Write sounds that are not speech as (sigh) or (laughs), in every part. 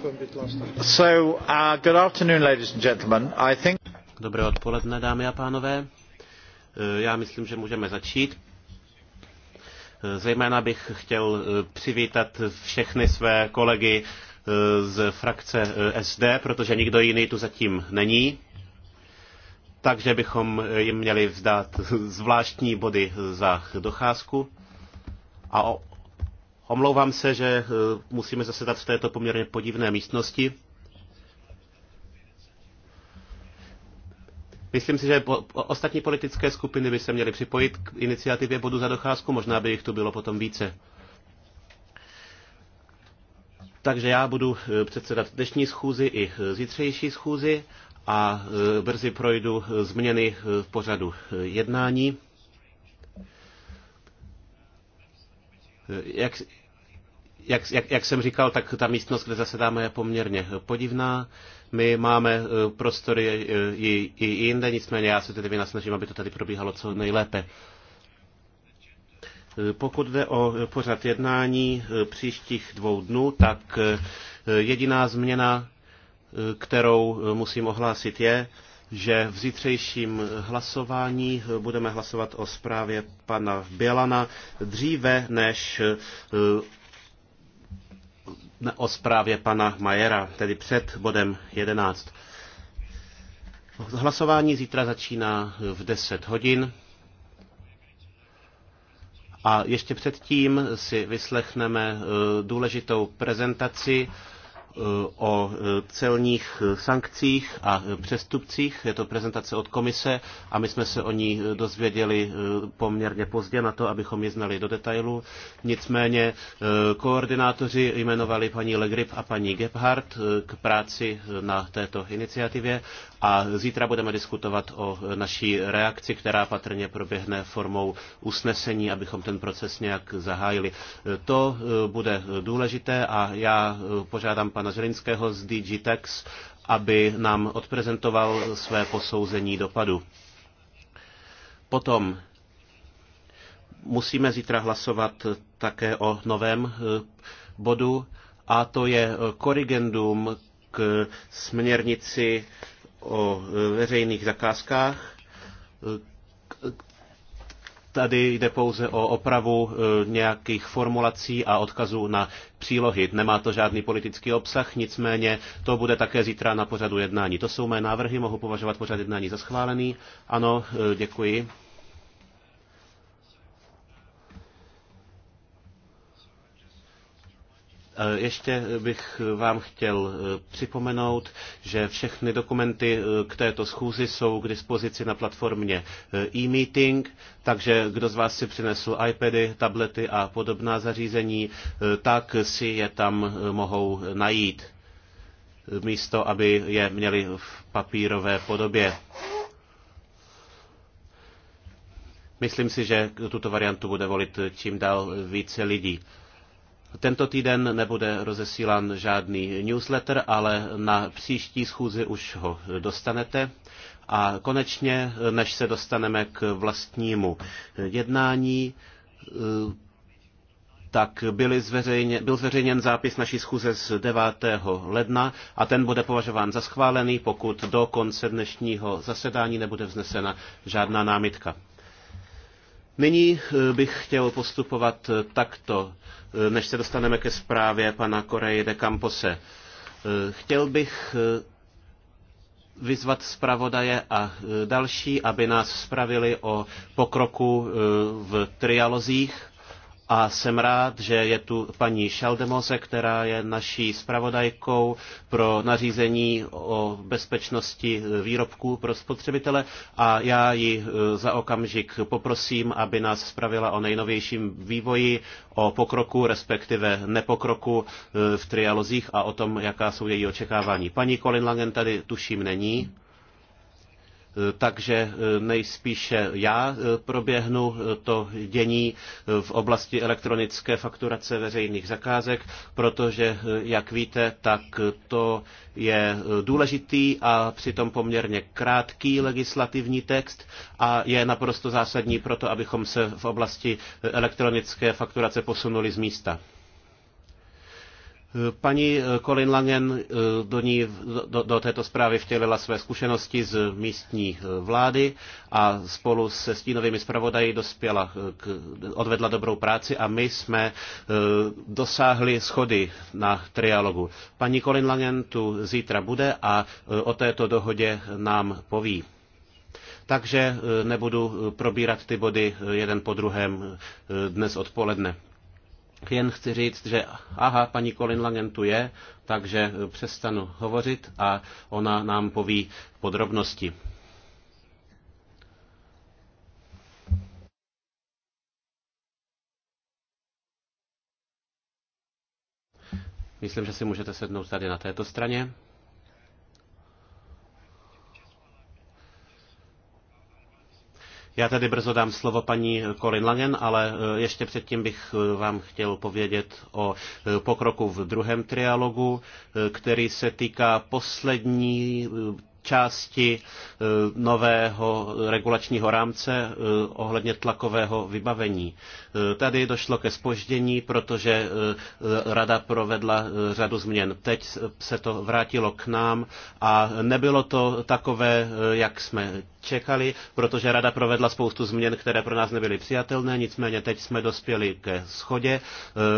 Uh, Dobré odpoledne, dámy a pánové. Eh, já myslím, že můžeme začít. Eh, zejména bych chtěl eh, přivítat všechny své kolegy z frakce SD, protože nikdo jiný tu zatím není. Takže bychom jim měli vzdát (laughs) zvláštní body za docházku a Omlouvám se, že eh, musíme zasedat v této poměrně podivné místnosti. Myslím si, že ostatní politické skupiny by se měly připojit k iniciativě bodu za docházku, možná by jich tu bylo potom více. Takže já budu eh, předsedat dnešní schůzi i eh, zítřejší schůzi a brzy projdu změny v pořadu jednání. Jak, jak, jak, jak jsem říkal, tak ta místnost, kde zasedáme, je poměrně podivná. My máme eh, prostory eh, i, i jinde, nicméně já se tedy vynasnažím, aby to tady probíhalo co nejlépe. Eh, pokud jde o pořad jednání příštích dvou dnů, tak jediná změna, kterou musím ohlásit, je, že v zítřejším hlasování budeme hlasovat o zprávě pana Bělana dříve než o zprávě pana Majera, tedy před bodem 11. Hlasování zítra začíná v 10 hodin. A ještě předtím si vyslechneme eh, důležitou prezentaci Eh, o eh, celních eh, sankcích a přestupcích. Je to prezentace od komise a my jsme se o ní dozvěděli poměrně pozdě na to, abychom ji znali do detailu. Nicméně koordinátoři jmenovali paní Legrip a paní Gebhardt k práci na této iniciativě a zítra budeme diskutovat o naší reakci, která patrně proběhne formou usnesení, abychom ten proces nějak zahájili. To eh, bude důležité a já eh, požádám pana Želinského z DigiTex, aby nám odprezentoval své posouzení dopadu. Potom musíme zítra hlasovat také o novém eh, bodu, a to je korigendum k směrnici o e, veřejných zakázkách. E, tady jde pouze o opravu e, nějakých formulací a odkazů na přílohy. Nemá to žádný politický obsah, nicméně to bude také zítra na pořadu jednání. To jsou mé návrhy, mohu považovat pořad jednání za schválený. Ano, děkuji. E, ještě bych vám chtěl e, připomenout, že všechny dokumenty e, k této schůzi jsou k dispozici na platformě e-meeting, takže kdo z vás si přinesl iPady, tablety a podobná zařízení, tak si je tam mohou najít místo, aby je měli v papírové podobě. Myslím si, že tuto variantu bude volit čím dál více lidí. Tento týden nebude rozesílán žádný newsletter, ale na příští schůzi už ho dostanete. A konečně, než se dostaneme k vlastnímu jednání, eh, tak byly zveřejně, byl zveřejněn zápis naší schůze z 9. ledna a ten bude považován za schválený, pokud do konce dnešního zasedání nebude vznesena žádná námitka. Nyní eh, bych chtěl postupovat eh, takto, eh, než se dostaneme ke zprávě pana Koreje de Campose. Chtěl bych vyzvat zpravodaje a další, aby nás spravili o pokroku v trialozích a jsem rád, že je tu paní Šaldemose, která je naší zpravodajkou pro nařízení o bezpečnosti výrobků pro spotřebitele a já ji e, za okamžik poprosím, aby nás zpravila o nejnovějším vývoji, o pokroku, respektive nepokroku e, v trialozích a o tom, jaká jsou její očekávání. Paní Colin Langen tady tuším není. Eh, takže eh, nejspíše já eh, proběhnu to dění v oblasti elektronické fakturace veřejných zakázek, protože, jak víte, tak to je důležitý a přitom poměrně krátký legislativní text a je naprosto zásadní proto, abychom se v oblasti elektronické fakturace posunuli z místa. Paní eh, Colin Langen eh, do, ní, do, do této zprávy vtělila své zkušenosti z místní eh, vlády a spolu se stínovými zpravodaji dospěla k, odvedla dobrou práci a my jsme dosáhli schody na trialogu. Paní Colin Langen tu zítra bude a o této dohodě nám poví. Takže nebudu probírat ty body jeden po druhém dnes odpoledne. Jen chci říct, že aha, paní Colin Langen tu je, takže přestanu hovořit a ona nám poví podrobnosti. Myslím, že si můžete sednout tady na této straně. Já tady brzo dám slovo paní Colin Langen, ale e, ještě předtím bych e, vám chtěl povědět o e, pokroku v druhém trialogu, který se týká poslední části eh, nového regulačního rámce eh, ohledně tlakového vybavení. Eh, tady došlo ke spoždění, protože rada provedla řadu změn. Teď se to vrátilo k nám a nebylo to takové, jak jsme čekali, protože rada provedla spoustu změn, které pro nás nebyly přijatelné, nicméně teď jsme dospěli ke schodě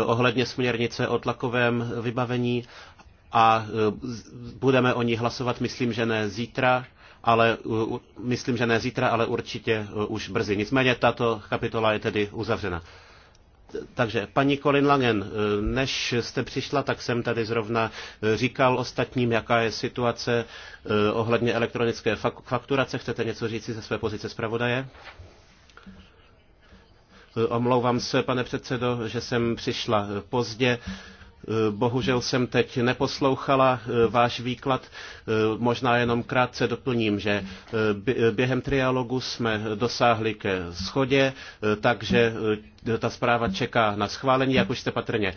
ohledně směrnice o tlakovém vybavení a e, budeme o ní hlasovat, myslím, že ne zítra, ale myslím, že ne zítra, ale určitě e, už brzy. Nicméně tato kapitola je tedy uzavřena. Takže paní Colin Langen, e, než jste přišla, tak jsem tady zrovna říkal ostatním, jaká je situace ohledně elektronické fakturace. Chcete něco říci ze své pozice zpravodaje? Omlouvám se, pane předsedo, že jsem přišla pozdě. Eh, bohužel jsem teď neposlouchala eh, váš výklad. Eh, možná jenom krátce doplním, že během trialogu jsme dosáhli ke schodě, takže ta zpráva čeká na schválení, jak už jste patrně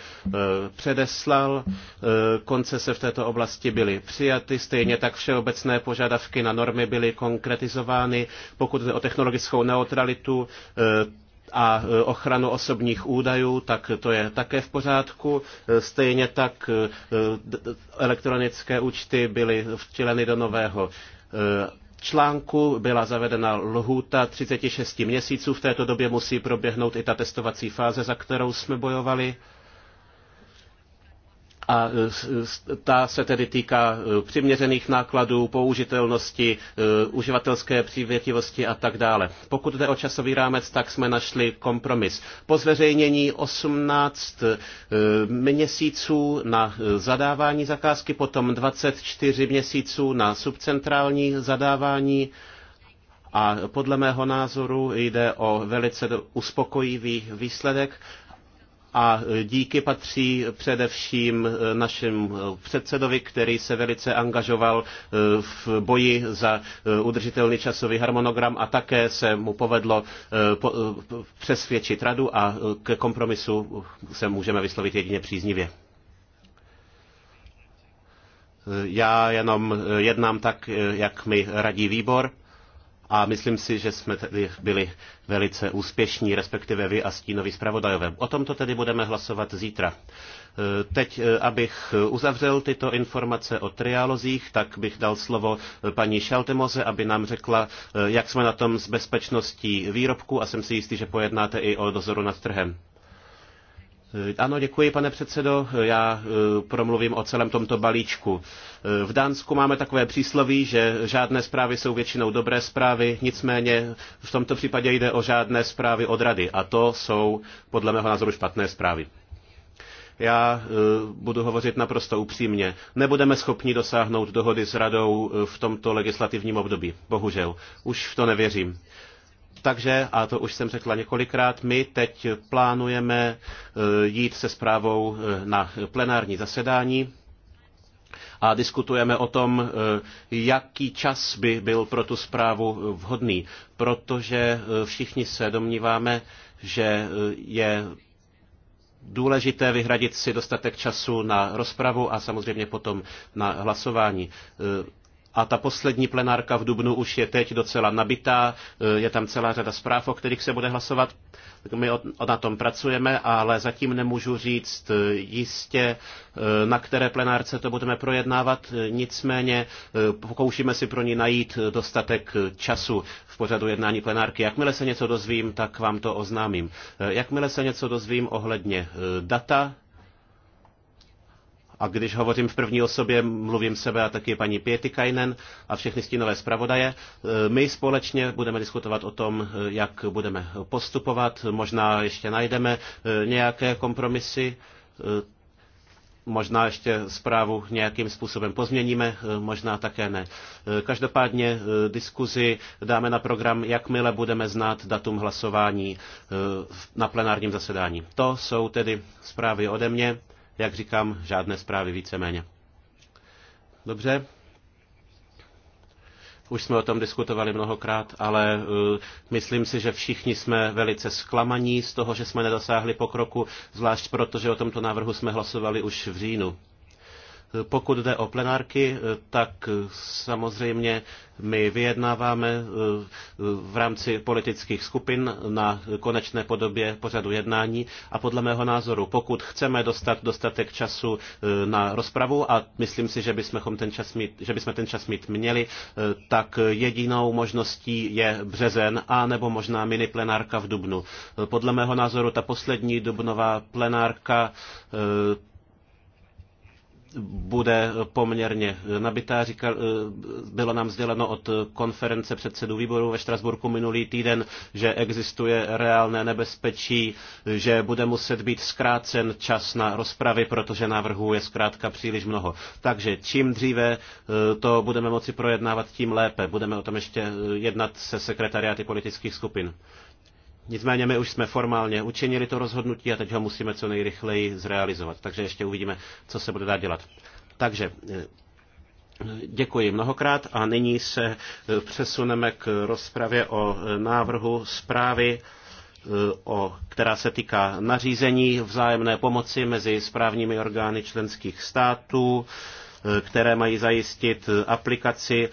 předeslal. Konce se v této oblasti byly přijaty, stejně tak všeobecné požadavky na normy byly konkretizovány. Pokud jde o technologickou neutralitu, a e, ochranu osobních údajů, tak to je také v pořádku. E, stejně tak e, elektronické účty byly vtěleny do nového článku byla zavedena lhůta 36 měsíců. V této době musí proběhnout i ta testovací fáze, za kterou jsme bojovali a e, ta se tedy týká e, přiměřených nákladů, použitelnosti, e, uživatelské přívětivosti a tak dále. Pokud jde o časový rámec, tak jsme našli kompromis. Po zveřejnění 18 měsíců na zadávání zakázky, potom 24 měsíců na subcentrální zadávání a podle mého názoru jde o velice uspokojivý výsledek a díky patří především našemu předsedovi, který se velice angažoval eh, v boji za eh, udržitelný časový harmonogram a také se mu povedlo eh, přesvědčit radu a ke kompromisu se můžeme vyslovit jedině příznivě. Já jenom jednám tak, jak mi radí výbor a myslím si, že jsme tedy byli velice úspěšní, respektive vy a stínoví zpravodajové. O tomto tedy budeme hlasovat zítra. E, teď, e, abych uzavřel tyto informace o triálozích, tak bych dal slovo paní Šaltemoze, aby nám řekla, e, jak jsme na tom s bezpečností výrobku a jsem si jistý, že pojednáte i o dozoru nad trhem. Eh, ano, děkuji, pane předsedo. Eh, já eh, promluvím o celém tomto balíčku. V Dánsku máme takové přísloví, že žádné zprávy jsou většinou dobré zprávy, nicméně v tomto případě jde o žádné zprávy od rady a to jsou podle mého názoru špatné zprávy. Já budu hovořit naprosto upřímně. Nebudeme schopni dosáhnout dohody s radou v tomto legislativním období. Bohužel. Už v to nevěřím. Takže, a to už jsem řekla několikrát, my teď plánujeme e, jít se zprávou e, na plenární zasedání a diskutujeme o tom, e, jaký čas by byl pro tu zprávu vhodný, protože všichni se domníváme, že je důležité vyhradit si dostatek času na rozpravu a samozřejmě potom na hlasování a ta poslední plenárka v Dubnu už je teď docela nabitá, e, je tam celá řada zpráv, o kterých se bude hlasovat. My na tom pracujeme, ale zatím nemůžu říct e, jistě, e, na které plenárce to budeme projednávat. Nicméně pokoušíme si pro ní najít dostatek času v pořadu jednání plenárky. Jakmile se něco dozvím, tak vám to oznámím. Jakmile se něco dozvím ohledně data, a když hovořím v první osobě, mluvím sebe a taky paní Kajnen a všechny stínové zpravodaje. E, my společně budeme diskutovat o tom, e, jak budeme postupovat. Možná ještě najdeme e, nějaké kompromisy možná ještě zprávu nějakým způsobem pozměníme, možná také ne. Každopádně diskuzi dáme na program, jakmile budeme znát datum hlasování na plenárním zasedání. To jsou tedy zprávy ode mě. Jak říkám, žádné zprávy víceméně. Dobře, už jsme o tom diskutovali mnohokrát, ale eh, myslím si, že všichni jsme velice zklamaní z toho, že jsme nedosáhli pokroku, zvlášť proto, že o tomto návrhu jsme hlasovali už v říjnu. Pokud jde o plenárky, eh, tak samozřejmě my vyjednáváme eh, v rámci politických skupin na konečné podobě pořadu jednání a podle mého názoru, pokud chceme dostat dostatek času eh, na rozpravu a myslím si, že bychom ten čas mít, že bychom ten čas mít měli, tak jedinou možností je březen a nebo možná mini plenárka v Dubnu. Podle mého názoru ta poslední dubnová plenárka bude poměrně nabitá. Říkal, eh, bylo nám sděleno od konference předsedů výboru ve Štrasburku minulý týden, že existuje reálné nebezpečí, že bude muset být zkrácen čas na rozpravy, protože návrhů je zkrátka příliš mnoho. Takže čím dříve eh, to budeme moci projednávat, tím lépe. Budeme o tom ještě eh, jednat se sekretariáty politických skupin. Nicméně my už jsme formálně učinili to rozhodnutí a teď ho musíme co nejrychleji zrealizovat. Takže ještě uvidíme, co se bude dát dělat. Takže eh, Děkuji mnohokrát a nyní se eh, přesuneme k rozpravě o eh, návrhu zprávy, o, která se týká nařízení vzájemné pomoci mezi správními orgány členských států, které mají zajistit aplikaci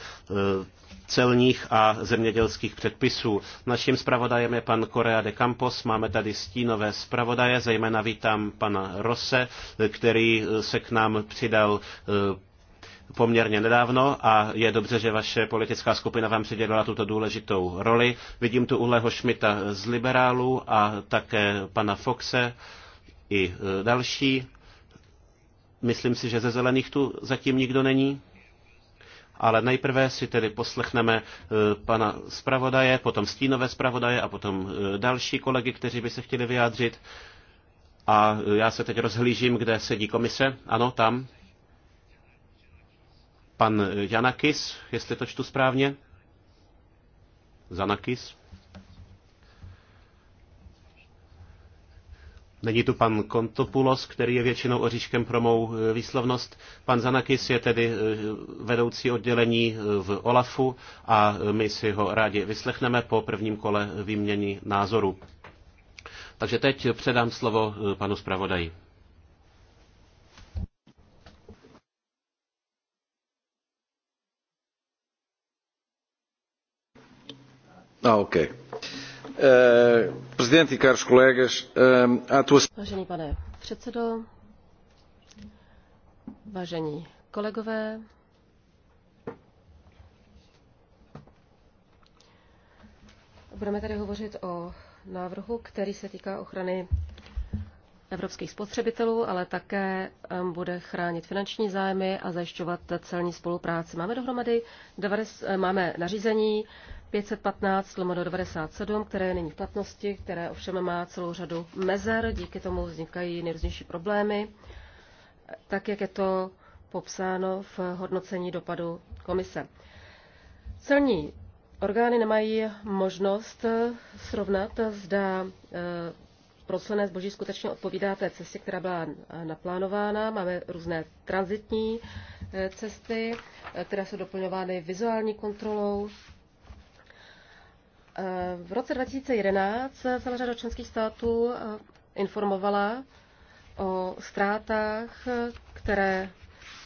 celních a zemědělských předpisů. Naším zpravodajem je pan Korea de Campos, máme tady stínové zpravodaje, zejména vítám pana Rose, který se k nám přidal eh, poměrně nedávno a je dobře, že vaše politická skupina vám přidělila tuto důležitou roli. Vidím tu Uleho Šmita z liberálů a také pana Foxe i eh, další. Myslím si, že ze zelených tu zatím nikdo není. Ale nejprve si tedy poslechneme eh, pana zpravodaje, potom stínové zpravodaje a potom eh, další kolegy, kteří by se chtěli vyjádřit. A eh, já se teď rozhlížím, kde sedí komise. Ano, tam. Pan Janakis, jestli to čtu správně. Zanakis. Není tu pan Kontopulos, který je většinou oříškem pro mou e, výslovnost. Pan Zanakis je tedy e, vedoucí oddělení e, v OLAFu a my si ho rádi vyslechneme po prvním kole výměny názorů. Takže teď předám slovo panu zpravodaji. Ah, okay. Eh, e eh, Vážený pane předsedo, vážení kolegové, budeme tady hovořit o návrhu, který se týká ochrany evropských spotřebitelů, ale také eh, bude chránit finanční zájmy a zajišťovat celní spolupráci. Máme dohromady 90, máme nařízení 515 lomeno 97, které není v platnosti, které ovšem má celou řadu mezer, díky tomu vznikají nejrůznější problémy, tak jak je to popsáno v hodnocení dopadu komise. Celní orgány nemají možnost srovnat, zda e, proslené zboží skutečně odpovídá té cestě, která byla naplánována. Máme různé transitní e, cesty, e, které jsou doplňovány vizuální kontrolou, Eh, v roce 2011 celá řada členských států eh, informovala o ztrátách, které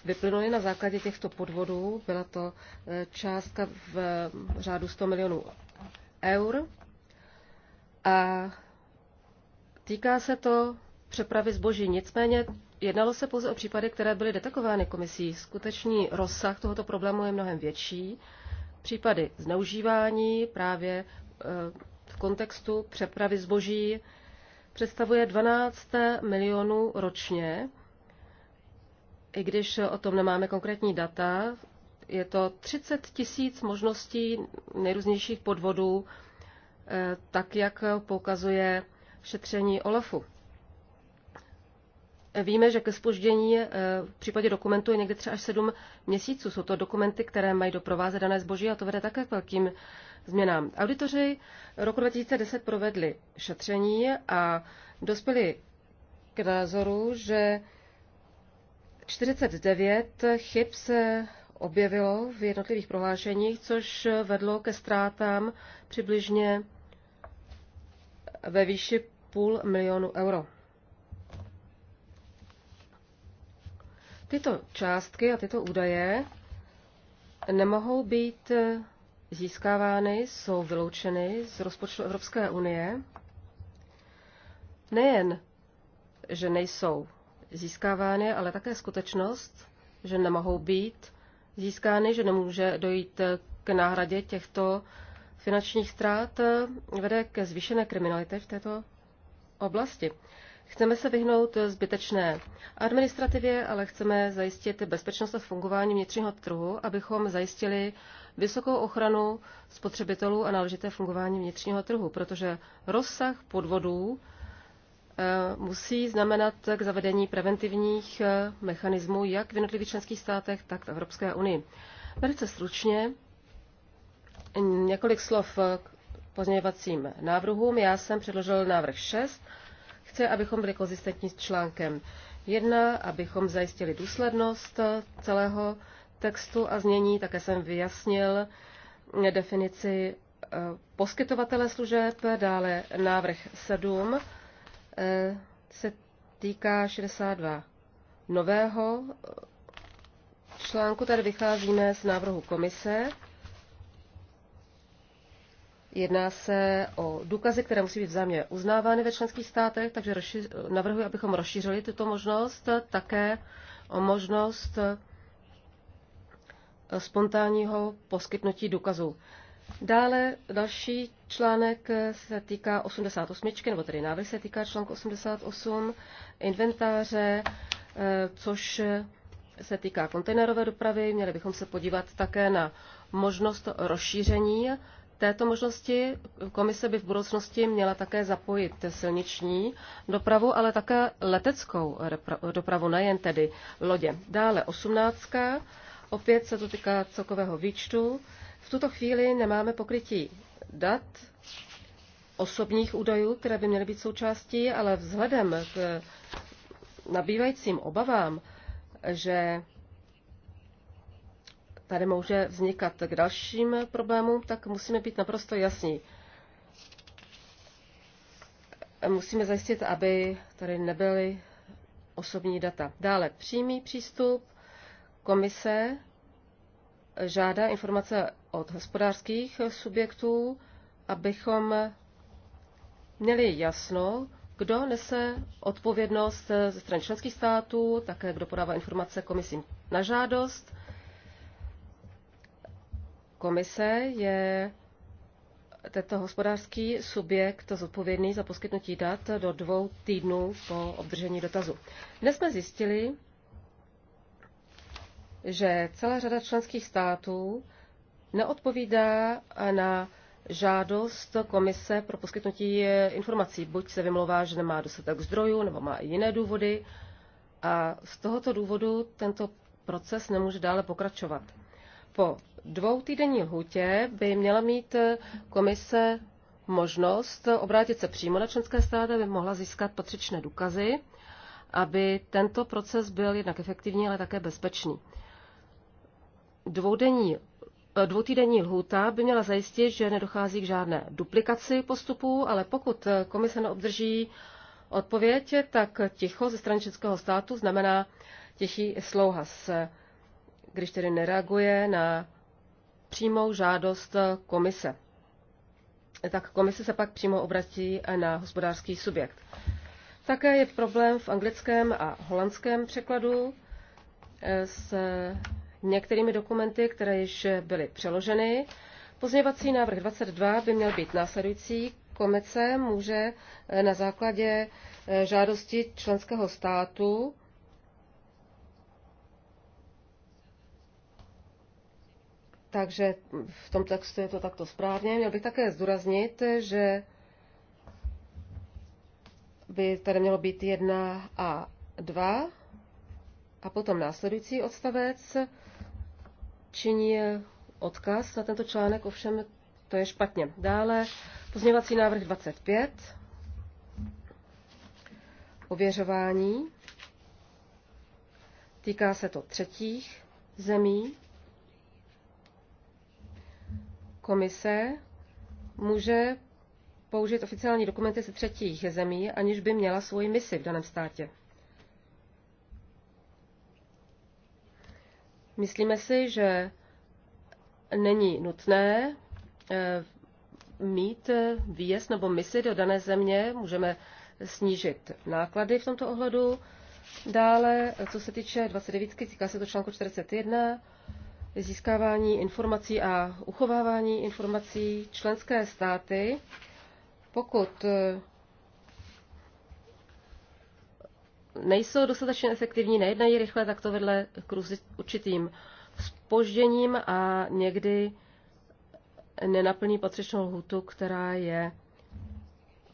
vyplynuly na základě těchto podvodů. Byla to eh, částka v řádu 100 milionů eur. A týká se to přepravy zboží. Nicméně jednalo se pouze o případy, které byly detekovány komisí. Skutečný rozsah tohoto problému je mnohem větší případy zneužívání právě eh, v kontextu přepravy zboží představuje 12 milionů ročně. I když o tom nemáme konkrétní data, je to 30 tisíc možností nejrůznějších podvodů, eh, tak jak poukazuje šetření OLAFu. Víme, že ke spoždění eh, v případě dokumentů je někdy třeba až sedm měsíců. Jsou to dokumenty, které mají doprovázet dané zboží a to vede také k velkým změnám. Auditoři roku 2010 provedli šetření a dospěli k názoru, že 49 chyb se objevilo v jednotlivých prohlášeních, což vedlo ke ztrátám přibližně ve výši půl milionu euro. Tyto částky a tyto údaje nemohou být eh, získávány, jsou vyloučeny z rozpočtu Evropské unie. Nejen, že nejsou získávány, ale také skutečnost, že nemohou být získány, že nemůže dojít eh, k náhradě těchto finančních ztrát, eh, vede ke zvýšené kriminalitě v této oblasti. Chceme se vyhnout zbytečné administrativě, ale chceme zajistit bezpečnost a fungování vnitřního trhu, abychom zajistili vysokou ochranu spotřebitelů a náležité fungování vnitřního trhu, protože rozsah podvodů eh, musí znamenat k zavedení preventivních eh, mechanismů jak v jednotlivých členských státech, tak v Evropské unii. Velice stručně několik slov k pozměňovacím návrhům. Já jsem předložil návrh 6 chce, abychom byli konzistentní s článkem 1, abychom zajistili důslednost celého textu a znění. Také jsem vyjasnil definici eh, poskytovatele služeb, dále návrh 7 eh, se týká 62 nového eh, článku. Tady vycházíme z návrhu komise Jedná se o důkazy, které musí být vzájemně uznávány ve členských státech, takže navrhuji, abychom rozšířili tuto možnost také o možnost eh, spontánního poskytnutí důkazů. Dále další článek eh, se týká 88, nebo tedy návrh se týká článku 88, inventáře, eh, což se týká kontejnerové dopravy. Měli bychom se podívat také na možnost rozšíření této možnosti komise by v budoucnosti měla také zapojit silniční dopravu, ale také leteckou dopravu, nejen tedy lodě. Dále osmnáctka, opět se to týká celkového výčtu. V tuto chvíli nemáme pokrytí dat, osobních údajů, které by měly být součástí, ale vzhledem k nabývajícím obavám, že tady může vznikat k dalším problémům, tak musíme být naprosto jasní. Musíme zajistit, aby tady nebyly osobní data. Dále přímý přístup komise žádá informace od hospodářských subjektů, abychom měli jasno, kdo nese odpovědnost ze strany členských států, také kdo podává informace komisím na žádost, Komise je tento hospodářský subjekt zodpovědný za poskytnutí dat do dvou týdnů po obdržení dotazu. Dnes jsme zjistili, že celá řada členských států neodpovídá na žádost komise pro poskytnutí informací. Buď se vymlouvá, že nemá dostatek zdrojů, nebo má i jiné důvody. A z tohoto důvodu tento proces nemůže dále pokračovat. Po dvoutýdenní lhutě by měla mít eh, komise možnost obrátit se přímo na členské státy, aby mohla získat patřičné důkazy, aby tento proces byl jednak efektivní, ale také bezpečný. Dvoudenní eh, Dvoutýdenní lhůta by měla zajistit, že nedochází k žádné duplikaci postupů, ale pokud eh, komise neobdrží odpověď, tak ticho ze strany českého státu znamená tichý slouhas, když tedy nereaguje na přímou žádost komise. Tak komise se pak přímo obrací na hospodářský subjekt. Také je problém v anglickém a holandském překladu eh, s některými dokumenty, které již byly přeloženy. Pozměvací návrh 22 by měl být následující. Komise může eh, na základě eh, žádosti členského státu Takže v tom textu je to takto správně. Měl bych také zdůraznit, že by tady mělo být jedna a dva, a potom následující odstavec činí odkaz na tento článek, ovšem to je špatně. Dále pozměvací návrh 25, ověřování, týká se to třetích zemí, Komise může použít oficiální dokumenty ze třetích zemí, aniž by měla svoji misi v daném státě. Myslíme si, že není nutné eh, mít výjezd nebo misi do dané země, můžeme snížit náklady v tomto ohledu. Dále, co se týče 29, týká se to článku 41, získávání informací a uchovávání informací členské státy, pokud eh, nejsou dostatečně efektivní, nejednají rychle, tak to vedle k určitým spožděním a někdy nenaplní patřičnou lhutu, která je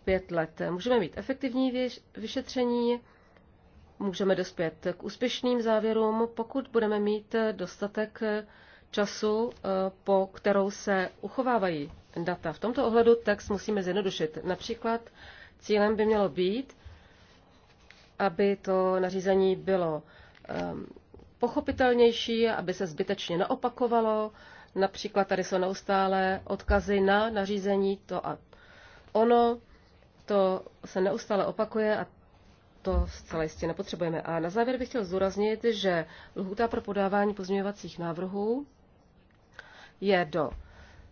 pět let. Můžeme mít efektivní vyšetření, můžeme dospět k úspěšným závěrům, pokud budeme mít dostatek času, eh, po kterou se uchovávají data. V tomto ohledu text musíme zjednodušit. Například cílem by mělo být, aby to nařízení bylo ehm, pochopitelnější, aby se zbytečně neopakovalo. Například tady jsou neustále odkazy na nařízení to a ono. To se neustále opakuje a to zcela jistě nepotřebujeme. A na závěr bych chtěl zdůraznit, že lhůta pro podávání pozměňovacích návrhů je do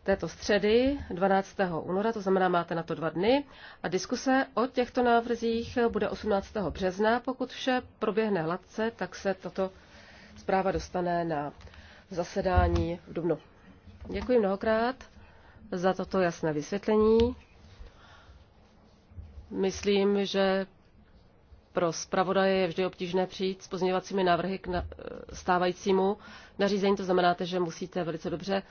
této středy 12. února, to znamená, máte na to dva dny. A diskuse o těchto návrzích bude 18. března. Pokud vše proběhne hladce, tak se tato zpráva dostane na zasedání v Dubnu. Děkuji mnohokrát za toto jasné vysvětlení. Myslím, že pro zpravodaje je vždy obtížné přijít s pozměňovacími návrhy k e, stávajícímu nařízení, to znamená, že musíte velice dobře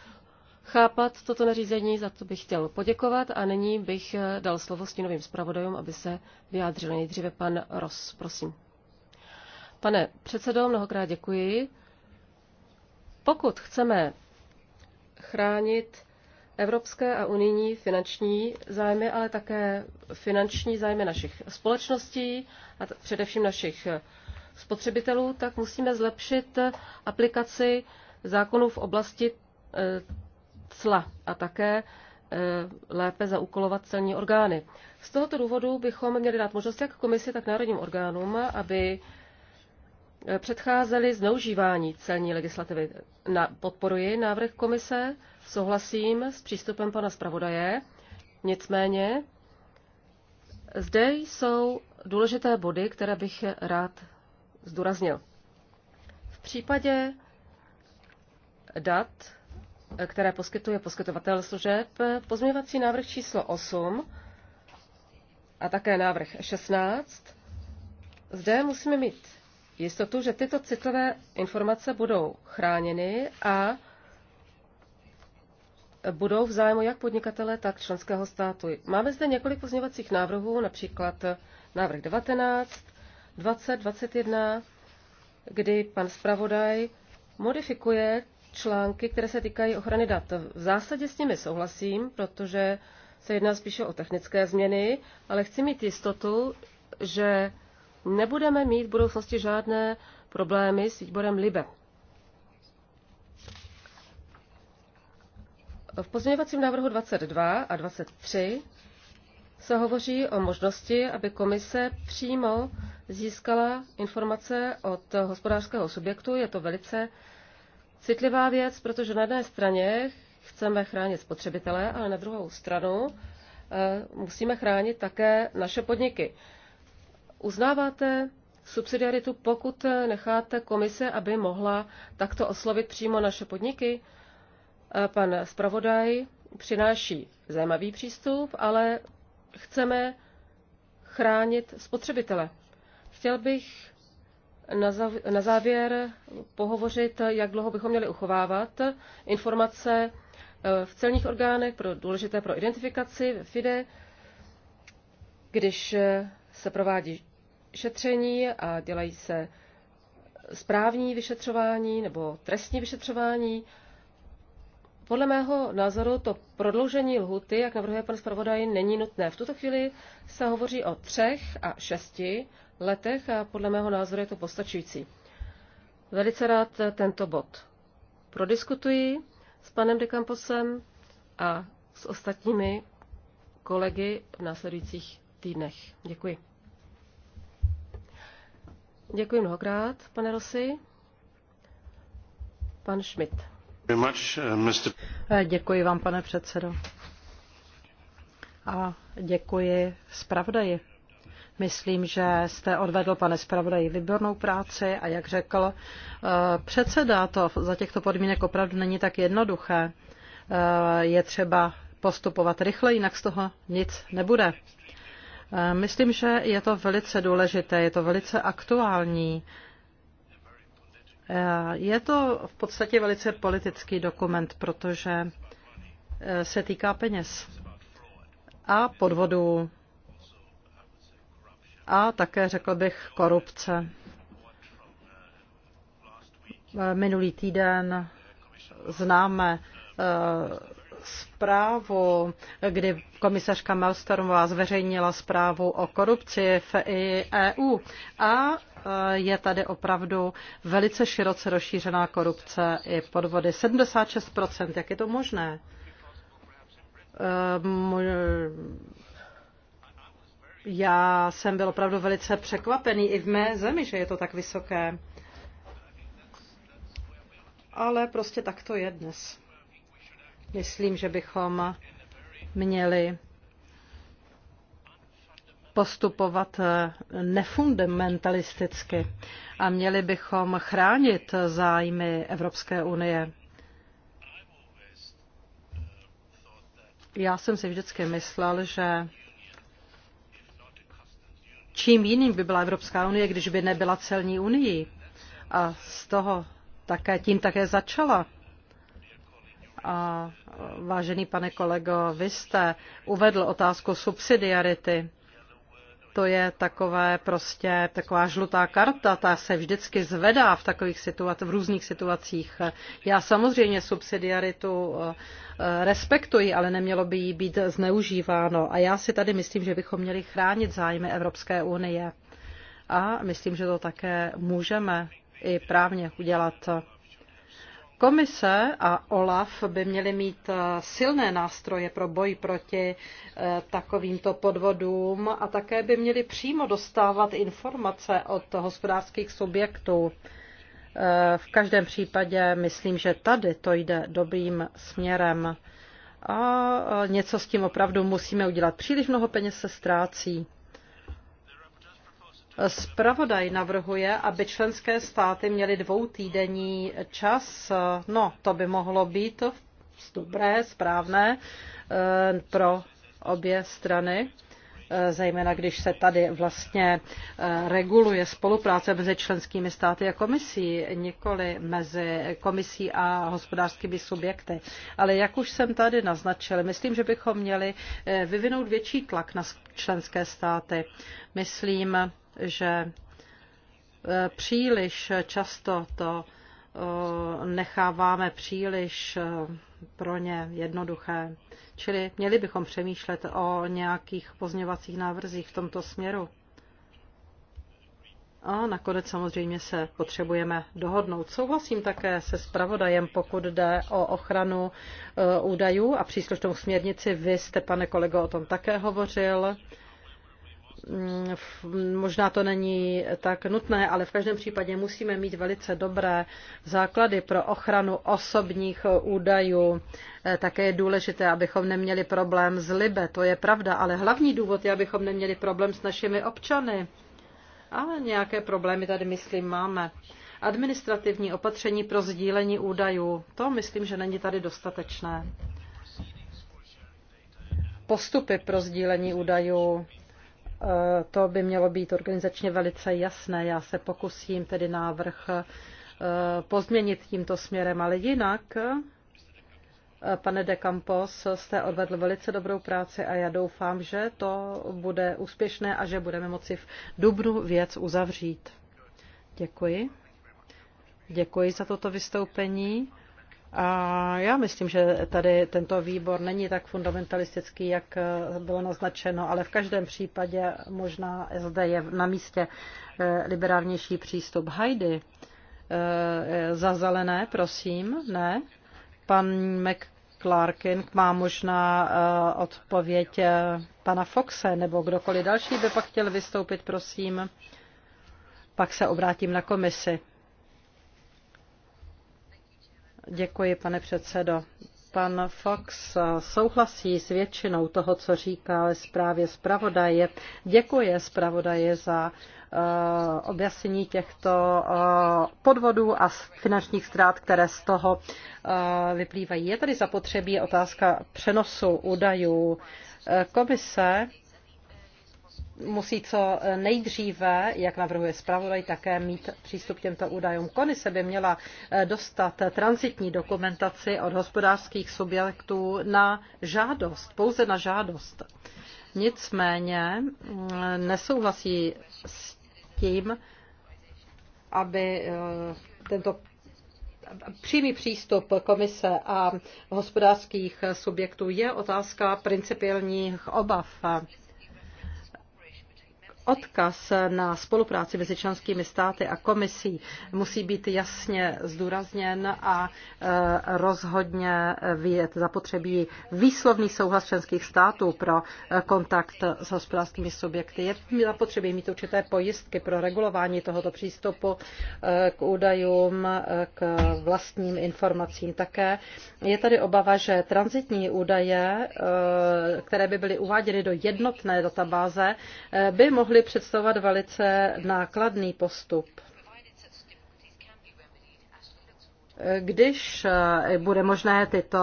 chápat toto nařízení, za to bych chtěl poděkovat a nyní bych e, dal slovo stínovým zpravodajům, aby se vyjádřil nejdříve pan Ros, prosím. Pane předsedo, mnohokrát děkuji. Pokud chceme chránit evropské a unijní finanční zájmy, ale také finanční zájmy našich společností a především našich eh, spotřebitelů, tak musíme zlepšit eh, aplikaci zákonů v oblasti eh, cla a také lépe zaúkolovat celní orgány. Z tohoto důvodu bychom měli dát možnost jak komisi, tak národním orgánům, aby Eh, předcházely zneužívání celní legislativy. Na, podporuji návrh komise, souhlasím s přístupem pana zpravodaje, nicméně zde jsou důležité body, které bych rád zdůraznil. V případě dat, eh, které poskytuje poskytovatel služeb, pozměvací návrh číslo 8 a také návrh 16, zde musíme mít jistotu, že tyto citlivé informace budou chráněny a budou v zájmu jak podnikatele, tak členského státu. Máme zde několik pozměňovacích návrhů, například návrh 19, 20, 21, kdy pan zpravodaj modifikuje články, které se týkají ochrany dat. V zásadě s nimi souhlasím, protože se jedná spíše o technické změny, ale chci mít jistotu, že nebudeme mít v budoucnosti žádné problémy s výborem LIBE. V pozměňovacím návrhu 22 a 23 se hovoří o možnosti, aby komise přímo získala informace od hospodářského subjektu. Je to velice citlivá věc, protože na jedné straně chceme chránit spotřebitele, ale na druhou stranu eh, musíme chránit také naše podniky. Uznáváte subsidiaritu, pokud necháte komise, aby mohla takto oslovit přímo naše podniky? Eh, pan zpravodaj přináší zajímavý přístup, ale chceme chránit spotřebitele. Chtěl bych na závěr pohovořit, jak dlouho bychom měli uchovávat informace eh, v celních orgánech, pro, důležité pro identifikaci, FIDE, když eh, se provádí šetření a dělají se správní vyšetřování nebo trestní vyšetřování. Podle mého názoru to prodloužení lhuty, jak navrhuje pan zpravodaj, není nutné. V tuto chvíli se hovoří o třech a šesti letech a podle mého názoru je to postačující. Velice rád tento bod prodiskutuji s panem Dekamposem a s ostatními kolegy v následujících týdnech. Děkuji. Děkuji mnohokrát, pane Rosy. Pan Schmidt. Uh, eh, děkuji vám, pane předsedo. A děkuji zpravodaji. Myslím, že jste odvedl, pane zpravodaji, výbornou práci a jak řekl eh, předseda, to za těchto podmínek opravdu není tak jednoduché. Eh, je třeba postupovat rychle, jinak z toho nic nebude. Eh, myslím, že je to velice důležité, je to velice aktuální. Eh, je to v podstatě velice politický dokument, protože eh, se týká peněz a podvodů a také, řekl bych, korupce. Minulý týden známe zprávu, kdy komisařka Malmstrmová zveřejnila zprávu o korupci v EU a e, je tady opravdu velice široce rozšířená korupce i podvody. 76%, jak je to možné? E, já jsem byl opravdu velice překvapený i v mé zemi, že je to tak vysoké. Ale prostě tak to je dnes. Myslím, že bychom měli postupovat eh, nefundamentalisticky a měli bychom chránit zájmy Evropské unie. Já jsem si vždycky myslel, že čím jiným by byla Evropská unie, když by nebyla celní unii. A z toho také tím také začala a vážený pane kolego, vy jste uvedl otázku subsidiarity. To je takové prostě taková žlutá karta, ta se vždycky zvedá v takových situacích, v různých situacích. Já samozřejmě subsidiaritu eh, eh, respektuji, ale nemělo by jí být zneužíváno. A já si tady myslím, že bychom měli chránit zájmy Evropské unie. A myslím, že to také můžeme i právně udělat. Komise a OLAF by měly mít eh, silné nástroje pro boj proti eh, takovýmto podvodům a také by měly přímo dostávat informace od hospodářských subjektů. Eh, v každém případě myslím, že tady to jde dobrým směrem a něco s tím opravdu musíme udělat. Příliš mnoho peněz se ztrácí. Spravodaj navrhuje, aby členské státy měly dvoutýdenní čas. No, to by mohlo být dobré, správné eh, pro obě strany eh, zejména když se tady vlastně eh, reguluje spolupráce mezi členskými státy a komisí, nikoli mezi komisí a hospodářskými subjekty. Ale jak už jsem tady naznačil, myslím, že bychom měli vyvinout větší tlak na členské státy. Myslím, že eh, příliš často to eh, necháváme příliš eh, pro ně jednoduché. Čili měli bychom přemýšlet o nějakých pozměvacích návrzích v tomto směru. A nakonec samozřejmě se potřebujeme dohodnout. Souhlasím také se spravodajem, pokud jde o ochranu údajů a příslušnou směrnici. Vy jste, pane kolego, o tom také hovořil. Mm, možná to není tak nutné, ale v každém případě musíme mít velice dobré základy pro ochranu osobních údajů. Eh, také je důležité, abychom neměli problém s Libe, to je pravda, ale hlavní důvod je, abychom neměli problém s našimi občany. Ale nějaké problémy tady, myslím, máme. Administrativní opatření pro sdílení údajů, to myslím, že není tady dostatečné. Postupy pro sdílení údajů Eh, to by mělo být organizačně velice jasné. Já se pokusím tedy návrh eh, pozměnit tímto směrem, ale jinak, eh, pane de Campos, jste odvedl velice dobrou práci a já doufám, že to bude úspěšné a že budeme moci v dubnu věc uzavřít. Děkuji. Děkuji za toto vystoupení. A já myslím, že tady tento výbor není tak fundamentalistický, jak bylo naznačeno, ale v každém případě možná zde je na místě eh, liberálnější přístup. Heidi, eh, za zelené, prosím, ne? Pan Mc má možná eh, odpověď pana Foxe, nebo kdokoliv další by pak chtěl vystoupit, prosím. Pak se obrátím na komisi. Děkuji, pane předsedo. Pan Fox souhlasí s většinou toho, co říká ve zprávě zpravodaje. Děkuje zpravodaje za eh, objasnění těchto eh, podvodů a finančních ztrát, které z toho eh, vyplývají. Je tady zapotřebí otázka přenosu údajů. Komise musí co eh, nejdříve, jak navrhuje zpravodaj, také mít přístup k těmto údajům. Komise by měla eh, dostat transitní dokumentaci od hospodářských subjektů na žádost, pouze na žádost. Nicméně mm, nesouhlasí s tím, aby eh, tento přímý přístup komise a hospodářských subjektů je otázka principiálních obav odkaz na spolupráci mezi členskými státy a komisí musí být jasně zdůrazněn a e, rozhodně vědět zapotřebí výslovný souhlas členských států pro e, kontakt s hospodářskými subjekty. Je zapotřebí mít určité pojistky pro regulování tohoto přístupu e, k údajům, k vlastním informacím také. Je tady obava, že transitní údaje, které by byly uváděny do jednotné databáze, by mohly mohly představovat velice nákladný postup. Když eh, bude možné tyto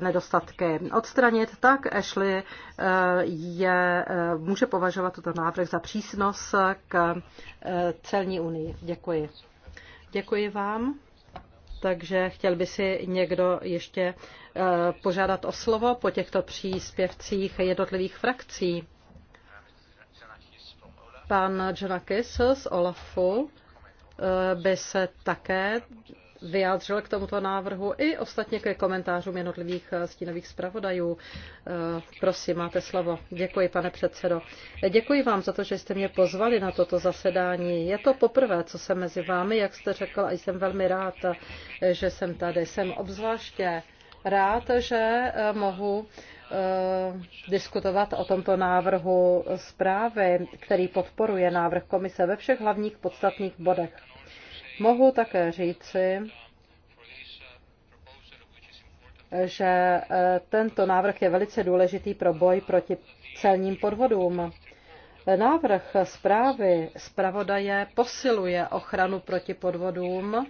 nedostatky odstranit, tak Ashley eh, je, eh, může považovat tuto návrh za přísnost k celní unii. Děkuji. Děkuji vám. Takže chtěl by si někdo ještě požádat o slovo po těchto příspěvcích jednotlivých frakcí. Pan Džonakis z OLAFu eh, by se také vyjádřil k tomuto návrhu i ostatně ke komentářům jednotlivých eh, stínových zpravodajů. Eh, prosím, máte slovo. Děkuji, pane předsedo. Děkuji vám za to, že jste mě pozvali na toto zasedání. Je to poprvé, co jsem mezi vámi, jak jste řekl, a jsem velmi rád, že jsem tady. Jsem obzvláště rád, že mohu Eh, diskutovat o tomto návrhu zprávy, který podporuje návrh komise ve všech hlavních podstatných bodech. Mohu také říci, že eh, tento návrh je velice důležitý pro boj proti celním podvodům. Návrh zprávy zpravodaje posiluje ochranu proti podvodům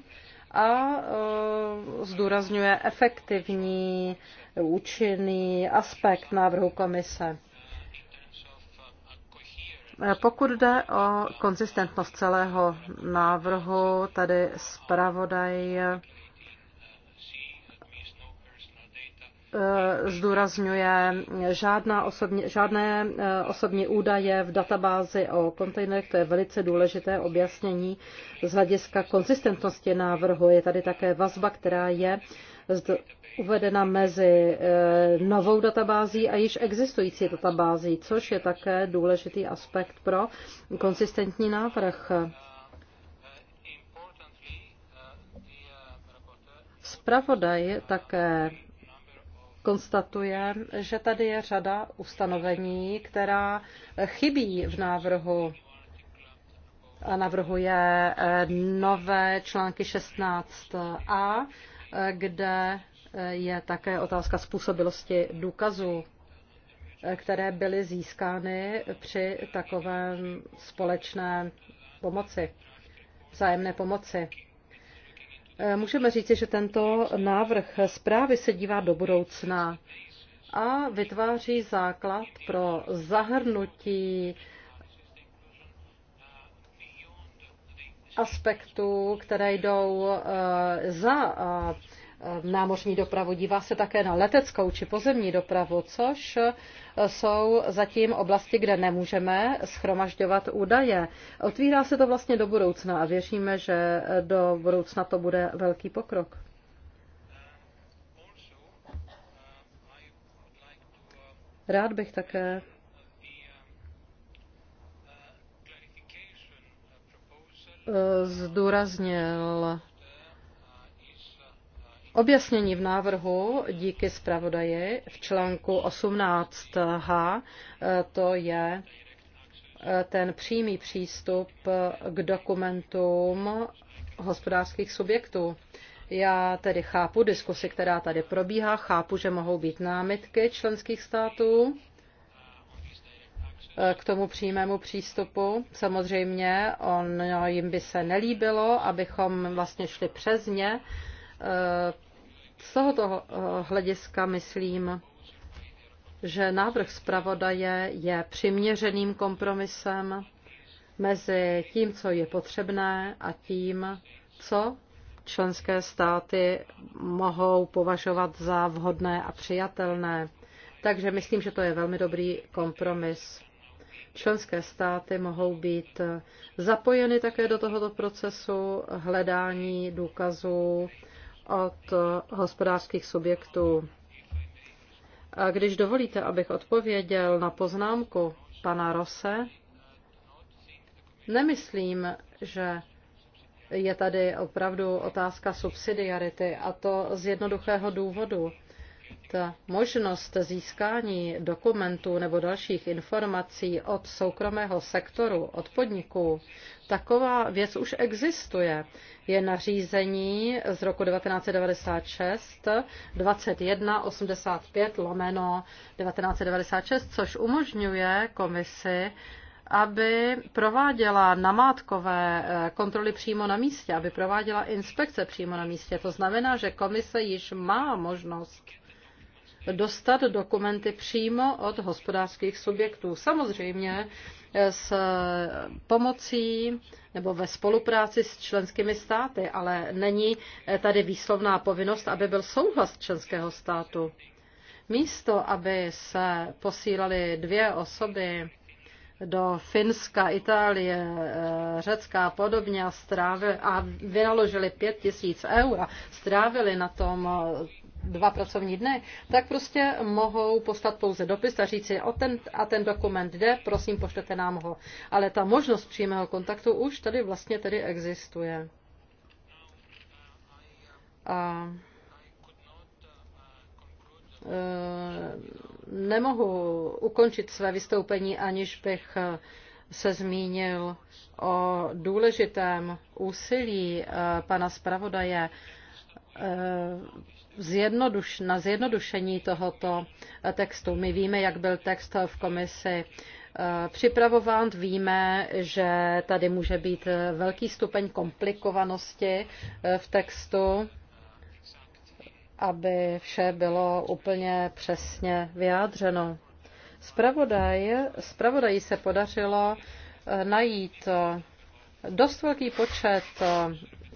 a e, zdůrazňuje efektivní, účinný aspekt návrhu komise. E, pokud jde o konzistentnost celého návrhu, tady zpravodaj Eh, zdůrazňuje žádná osobní, žádné eh, osobní údaje v databázi o kontejnerech. To je velice důležité objasnění z hlediska konzistentnosti návrhu. Je tady také vazba, která je uvedena mezi eh, novou databází a již existující databází, což je také důležitý aspekt pro konsistentní návrh. Spravodaj také konstatuje, že tady je řada ustanovení, která chybí v návrhu a navrhuje eh, nové články 16a, eh, kde eh, je také otázka způsobilosti důkazů, které byly získány při takovém společné pomoci, vzájemné pomoci. Eh, můžeme říci, že tento návrh zprávy se dívá do budoucna a vytváří základ pro zahrnutí aspektů, které jdou eh, za eh, námořní dopravu. Dívá se také na leteckou či pozemní dopravu, což jsou zatím oblasti, kde nemůžeme schromažďovat údaje. Otvírá se to vlastně do budoucna a věříme, že do budoucna to bude velký pokrok. Rád bych také zdůraznil Objasnění v návrhu díky zpravodaji v článku 18h, eh, to je eh, ten přímý přístup eh, k dokumentům hospodářských subjektů. Já tedy chápu diskusi, která tady probíhá, chápu, že mohou být námitky členských států k tomu přímému přístupu. Samozřejmě on, jim by se nelíbilo, abychom vlastně šli přes ně z tohoto eh, hlediska myslím, že návrh zpravodaje je přiměřeným kompromisem mezi tím, co je potřebné a tím, co členské státy mohou považovat za vhodné a přijatelné. Takže myslím, že to je velmi dobrý kompromis. Členské státy mohou být zapojeny také do tohoto procesu hledání důkazů od hospodářských subjektů. A když dovolíte, abych odpověděl na poznámku pana Rose, nemyslím, že je tady opravdu otázka subsidiarity a to z jednoduchého důvodu ta možnost získání dokumentů nebo dalších informací od soukromého sektoru, od podniků, taková věc už existuje. Je nařízení z roku 1996 2185 lomeno 1996, což umožňuje komisi aby prováděla namátkové eh, kontroly přímo na místě, aby prováděla inspekce přímo na místě. To znamená, že komise již má možnost dostat dokumenty přímo od hospodářských subjektů. Samozřejmě s pomocí nebo ve spolupráci s členskými státy, ale není tady výslovná povinnost, aby byl souhlas členského státu. Místo, aby se posílali dvě osoby do Finska, Itálie, eh, Řecka a podobně a, strávili, a vynaložili pět tisíc eur a strávili na tom dva pracovní dny, tak prostě mohou poslat pouze dopis a říci, o ten a ten dokument jde, prosím, pošlete nám ho. Ale ta možnost přímého kontaktu už tady vlastně tedy existuje. A e, nemohu ukončit své vystoupení, aniž bych se zmínil o důležitém úsilí e, pana zpravodaje Eh, zjednoduš, na zjednodušení tohoto eh, textu. My víme, jak byl text v komisi eh, připravován. Víme, že tady může být velký stupeň komplikovanosti v textu, aby vše bylo úplně přesně vyjádřeno. Spravodaj, spravodají se podařilo najít dost velký počet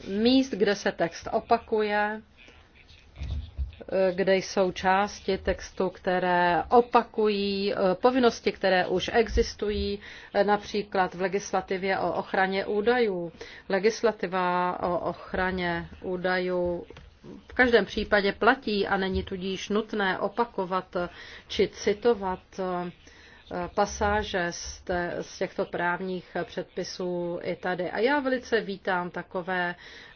míst, kde se text opakuje, eh, kde jsou části textu, které opakují eh, povinnosti, které už existují, eh, například v legislativě o ochraně údajů. Legislativa o ochraně údajů v každém případě platí a není tudíž nutné opakovat či citovat pasáže z, te, z těchto právních předpisů i tady. A já velice vítám takové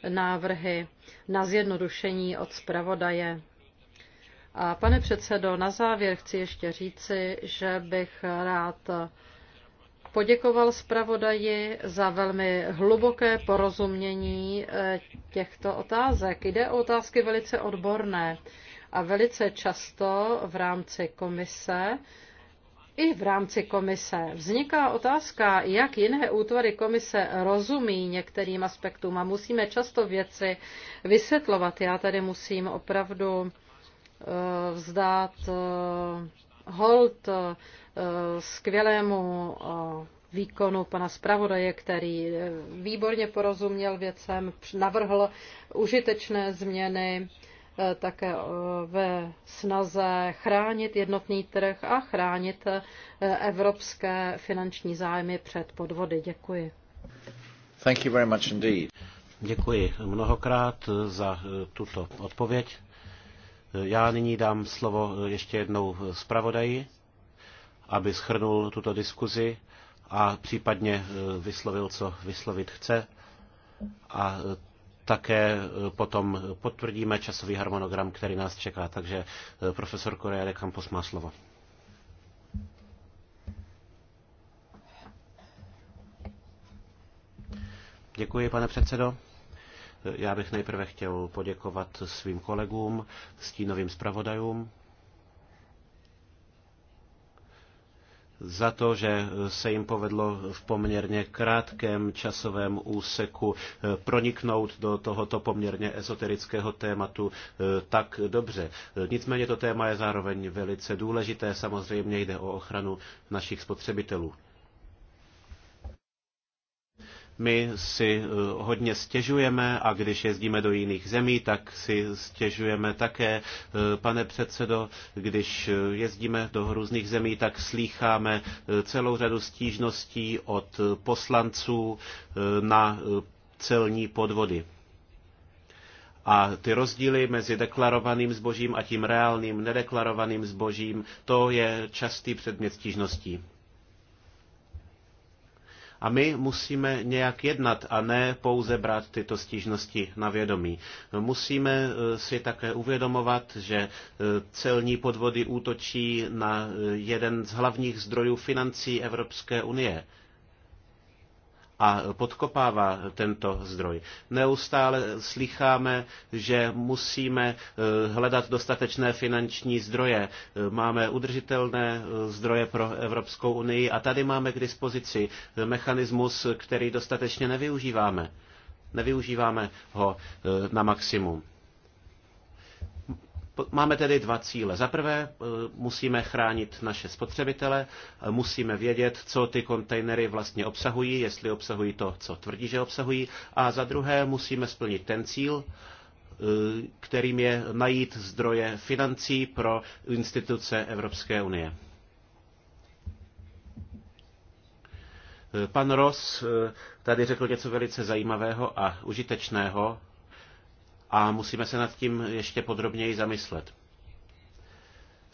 návrhy na zjednodušení od zpravodaje. A pane předsedo, na závěr chci ještě říci, že bych rád poděkoval zpravodaji za velmi hluboké porozumění eh, těchto otázek. Jde o otázky velice odborné a velice často v rámci komise i v rámci komise. Vzniká otázka, jak jiné útvary komise rozumí některým aspektům a musíme často věci vysvětlovat. Já tady musím opravdu eh, vzdát eh, hold eh, skvělému výkonu pana zpravodaje, který výborně porozuměl věcem, navrhl užitečné změny Eh, také eh, ve snaze chránit jednotný trh a chránit eh, evropské finanční zájmy před podvody. Děkuji. Thank you very much indeed. Děkuji mnohokrát za tuto odpověď. Já nyní dám slovo ještě jednou zpravodaji, aby schrnul tuto diskuzi a případně vyslovil, co vyslovit chce. A také eh, potom potvrdíme časový harmonogram, který nás čeká. Takže eh, profesor Korea de Campos má slovo. Děkuji, pane předsedo. Eh, já bych nejprve chtěl poděkovat svým kolegům, stínovým zpravodajům za to, že se jim povedlo v poměrně krátkém časovém úseku eh, proniknout do tohoto poměrně ezoterického tématu eh, tak dobře. Nicméně to téma je zároveň velice důležité. Samozřejmě jde o ochranu našich spotřebitelů. My si eh, hodně stěžujeme a když jezdíme do jiných zemí, tak si stěžujeme také, eh, pane předsedo, když eh, jezdíme do různých zemí, tak slýcháme celou řadu stížností od poslanců na celní podvody. A ty rozdíly mezi deklarovaným zbožím a tím reálným nedeklarovaným zbožím, to je častý předmět stížností. A my musíme nějak jednat a ne pouze brát tyto stížnosti na vědomí. Musíme eh, si také uvědomovat, že eh, celní podvody útočí na eh, jeden z hlavních zdrojů financí Evropské unie a podkopává tento zdroj. Neustále slycháme, že musíme eh, hledat dostatečné finanční zdroje. Eh, máme udržitelné eh, zdroje pro Evropskou unii a tady máme k dispozici mechanismus, který dostatečně nevyužíváme. Nevyužíváme ho na maximum. Máme tedy dva cíle. Za prvé eh, musíme chránit naše spotřebitele, eh, musíme vědět, co ty kontejnery vlastně obsahují, jestli obsahují to, co tvrdí, že obsahují. A za druhé musíme splnit ten cíl, eh, kterým je najít zdroje financí pro instituce Evropské unie. Pan Ross tady řekl něco velice zajímavého a užitečného a musíme se nad tím ještě podrobněji zamyslet.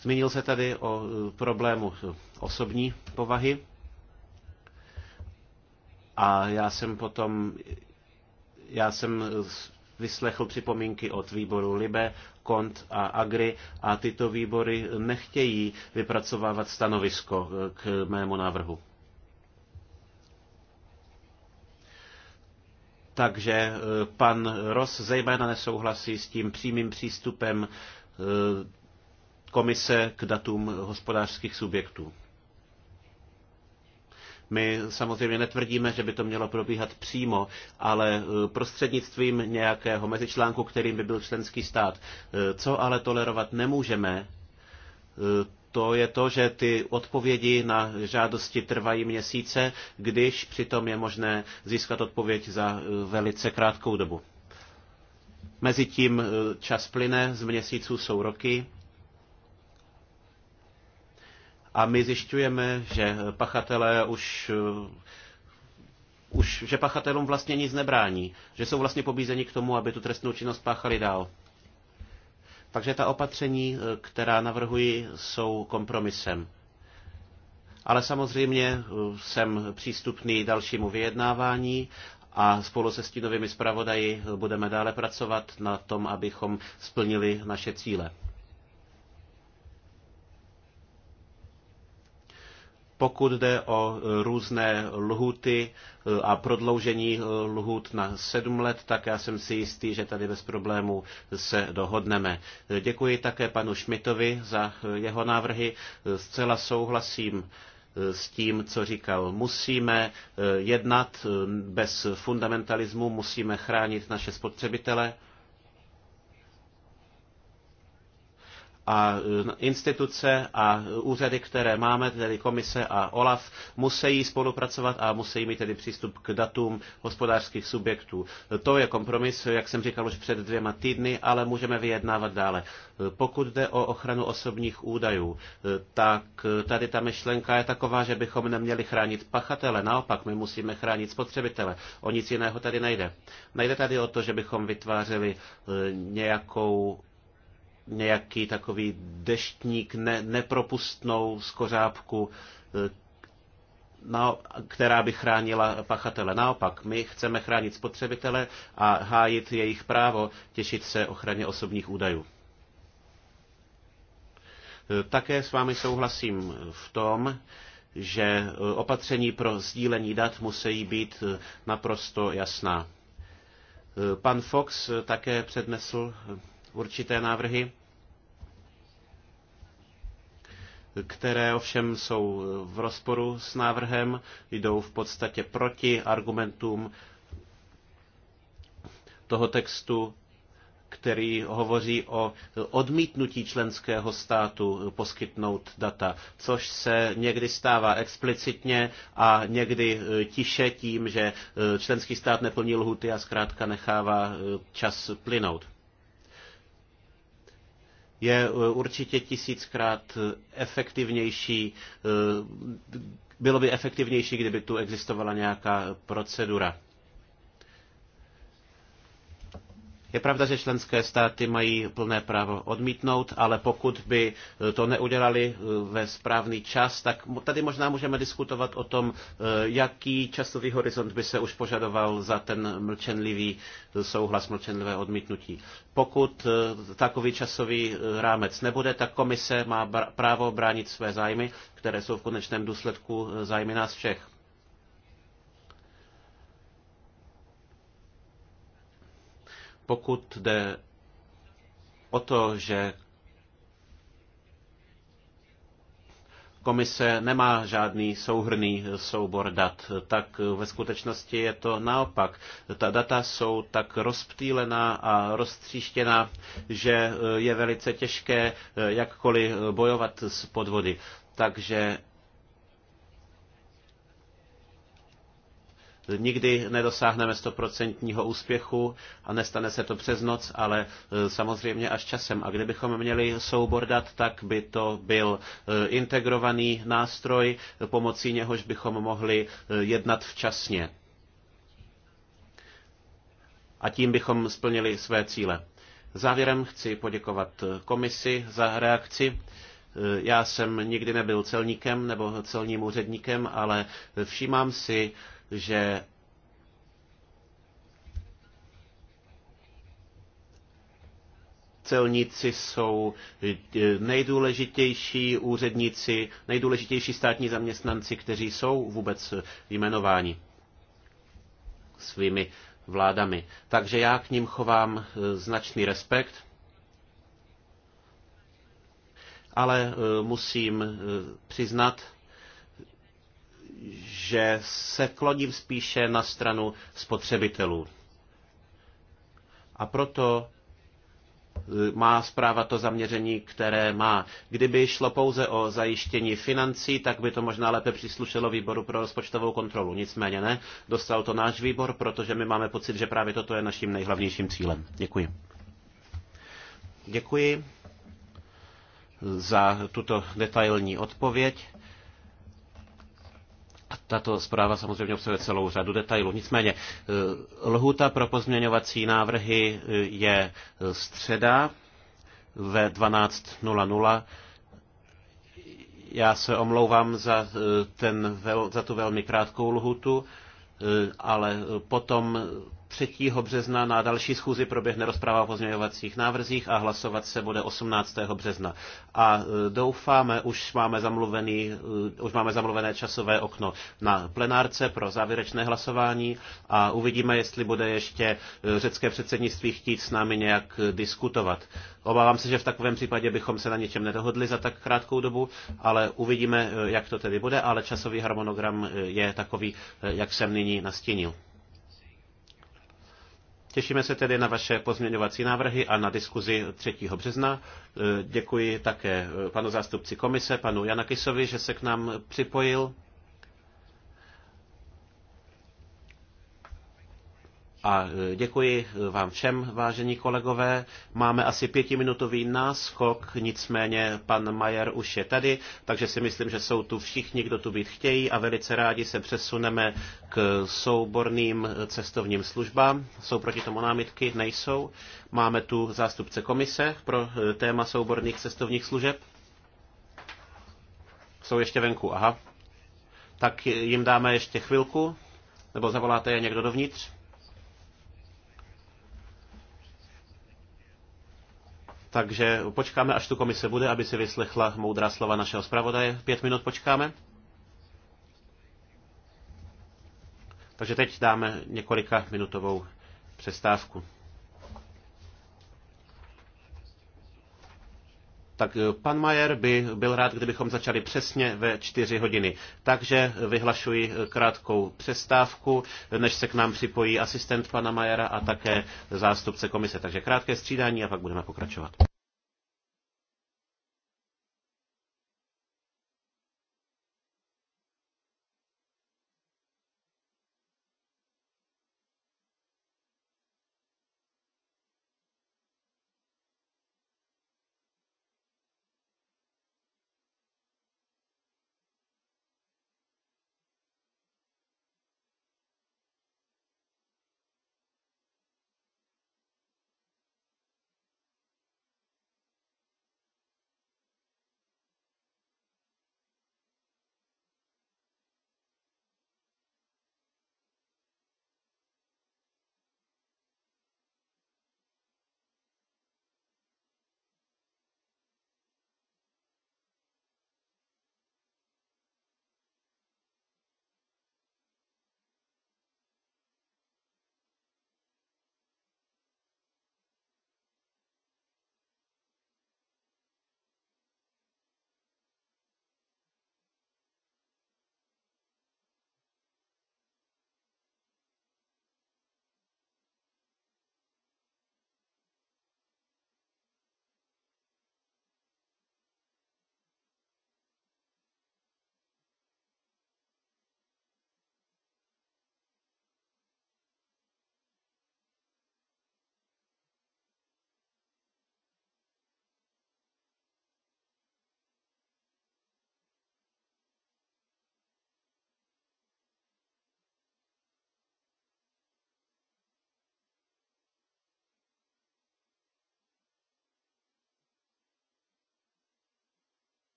Zmínil se tady o e, problému e, osobní povahy a já jsem potom, já jsem e, vyslechl připomínky od výboru Libe, Kont a Agri a tyto výbory nechtějí vypracovávat stanovisko k mému návrhu. Takže eh, pan Ross zejména nesouhlasí s tím přímým přístupem eh, komise k datům hospodářských subjektů. My samozřejmě netvrdíme, že by to mělo probíhat přímo, ale eh, prostřednictvím nějakého mezičlánku, kterým by byl členský stát. Co ale tolerovat nemůžeme, to je to, že ty odpovědi na žádosti trvají měsíce, když přitom je možné získat odpověď za eh, velice krátkou dobu. Mezitím eh, čas plyne, z měsíců jsou roky. A my zjišťujeme, že pachatelé už, eh, už že pachatelům vlastně nic nebrání, že jsou vlastně pobízeni k tomu, aby tu trestnou činnost páchali dál. Takže ta opatření, eh, která navrhuji, jsou kompromisem. Ale samozřejmě eh, jsem přístupný dalšímu vyjednávání a spolu se stínovými zpravodaji budeme dále pracovat na tom, abychom splnili naše cíle. pokud jde o e, různé lhuty e, a prodloužení e, lhut na sedm let, tak já jsem si jistý, že tady bez problémů se dohodneme. Děkuji také panu Šmitovi za jeho návrhy. Zcela souhlasím s tím, co říkal. Musíme jednat bez fundamentalismu, musíme chránit naše spotřebitele A e, instituce a úřady, které máme, tedy komise a OLAF, musí spolupracovat a musí mít tedy přístup k datům hospodářských subjektů. To je kompromis, jak jsem říkal už před dvěma týdny, ale můžeme vyjednávat dále. E, pokud jde o ochranu osobních údajů, e, tak tady ta myšlenka je taková, že bychom neměli chránit pachatele. Naopak, my musíme chránit spotřebitele. O nic jiného tady nejde. Nejde tady o to, že bychom vytvářeli nějakou nějaký takový deštník, ne, nepropustnou skořápku, eh, která by chránila pachatele. Naopak, my chceme chránit spotřebitele a hájit jejich právo těšit se ochraně osobních údajů. Eh, také s vámi souhlasím v tom, že eh, opatření pro sdílení dat musí být naprosto jasná. Pan Fox také přednesl určité návrhy, které ovšem jsou v rozporu s návrhem, jdou v podstatě proti argumentům toho textu, který hovoří o odmítnutí členského státu poskytnout data, což se někdy stává explicitně a někdy e, tiše tím, že e, členský stát neplní lhuty a zkrátka nechává e, čas plynout je eh, určitě tisíckrát eh, efektivnější, eh, bylo by efektivnější, kdyby tu existovala nějaká procedura. Je pravda, že členské státy mají plné právo odmítnout, ale pokud by eh, to neudělali eh, ve správný čas, tak tady možná můžeme diskutovat o tom, eh, jaký časový horizont by se už požadoval za ten mlčenlivý souhlas, mlčenlivé odmítnutí. Pokud takový časový rámec nebude, tak komise má právo bránit své zájmy, které jsou v konečném důsledku zájmy nás všech. Pokud jde o to, že komise nemá žádný souhrný soubor dat, tak ve skutečnosti je to naopak. Ta data jsou tak rozptýlená a roztříštěná, že je velice těžké jakkoliv bojovat s podvody. Takže Nikdy nedosáhneme stoprocentního úspěchu a nestane se to přes noc, ale e, samozřejmě až časem. A kdybychom měli soubor dat, tak by to byl e, integrovaný nástroj, pomocí něhož bychom mohli e, jednat včasně. A tím bychom splnili své cíle. Závěrem chci poděkovat komisi za reakci. Já jsem nikdy nebyl celníkem nebo celním úředníkem, ale všímám si, že celníci jsou eh, nejdůležitější úředníci, nejdůležitější státní zaměstnanci, kteří jsou vůbec jmenováni svými vládami. Takže já k ním chovám eh, značný respekt, ale eh, musím přiznat, že se kloním spíše na stranu spotřebitelů. A proto e, má zpráva to zaměření, které má. Kdyby šlo pouze o zajištění financí, tak by to možná lépe příslušelo výboru pro rozpočtovou kontrolu. Nicméně ne, dostal to náš výbor, protože my máme pocit, že právě toto je naším nejhlavnějším cílem. Děkuji. Děkuji za tuto detailní odpověď. A tato zpráva samozřejmě obsahuje celou řadu detailů. Nicméně eh, lhuta pro pozměňovací návrhy eh, je eh, středa ve 12.00. Já se omlouvám za, ten, za tu velmi krátkou lhutu, ale potom 3. března na další schůzi proběhne rozprava o pozměňovacích návrzích a hlasovat se bude 18. března. A e, doufáme, už máme, zamluvený, e, už máme zamluvené časové okno na plenárce pro závěrečné hlasování a uvidíme, jestli bude ještě e, řecké předsednictví chtít s námi nějak diskutovat. Obávám se, že v takovém případě bychom se na něčem nedohodli za tak krátkou dobu, ale uvidíme, jak to tedy bude, ale časový harmonogram je takový, jak jsem nyní nastínil. Těšíme se tedy na vaše pozměňovací návrhy a na diskuzi 3. března. E, děkuji také e, panu zástupci komise, panu Janakisovi, že se k nám připojil. A e, děkuji vám všem, vážení kolegové. Máme asi pětiminutový náskok, nicméně pan Majer už je tady, takže si myslím, že jsou tu všichni, kdo tu být chtějí a velice rádi se přesuneme k souborným cestovním službám. Jsou proti tomu námitky? Nejsou. Máme tu zástupce komise pro e, téma souborných cestovních služeb. Jsou ještě venku, aha. Tak jim dáme ještě chvilku, nebo zavoláte je někdo dovnitř? Takže počkáme, až tu komise bude, aby si vyslechla moudrá slova našeho zpravodaje. Pět minut počkáme. Takže teď dáme několika minutovou přestávku. Tak eh, pan Majer by byl rád, kdybychom začali přesně ve čtyři hodiny. Takže eh, vyhlašuji eh, krátkou přestávku, než se k nám připojí asistent pana Majera a také zástupce komise. Takže krátké střídání a pak budeme pokračovat.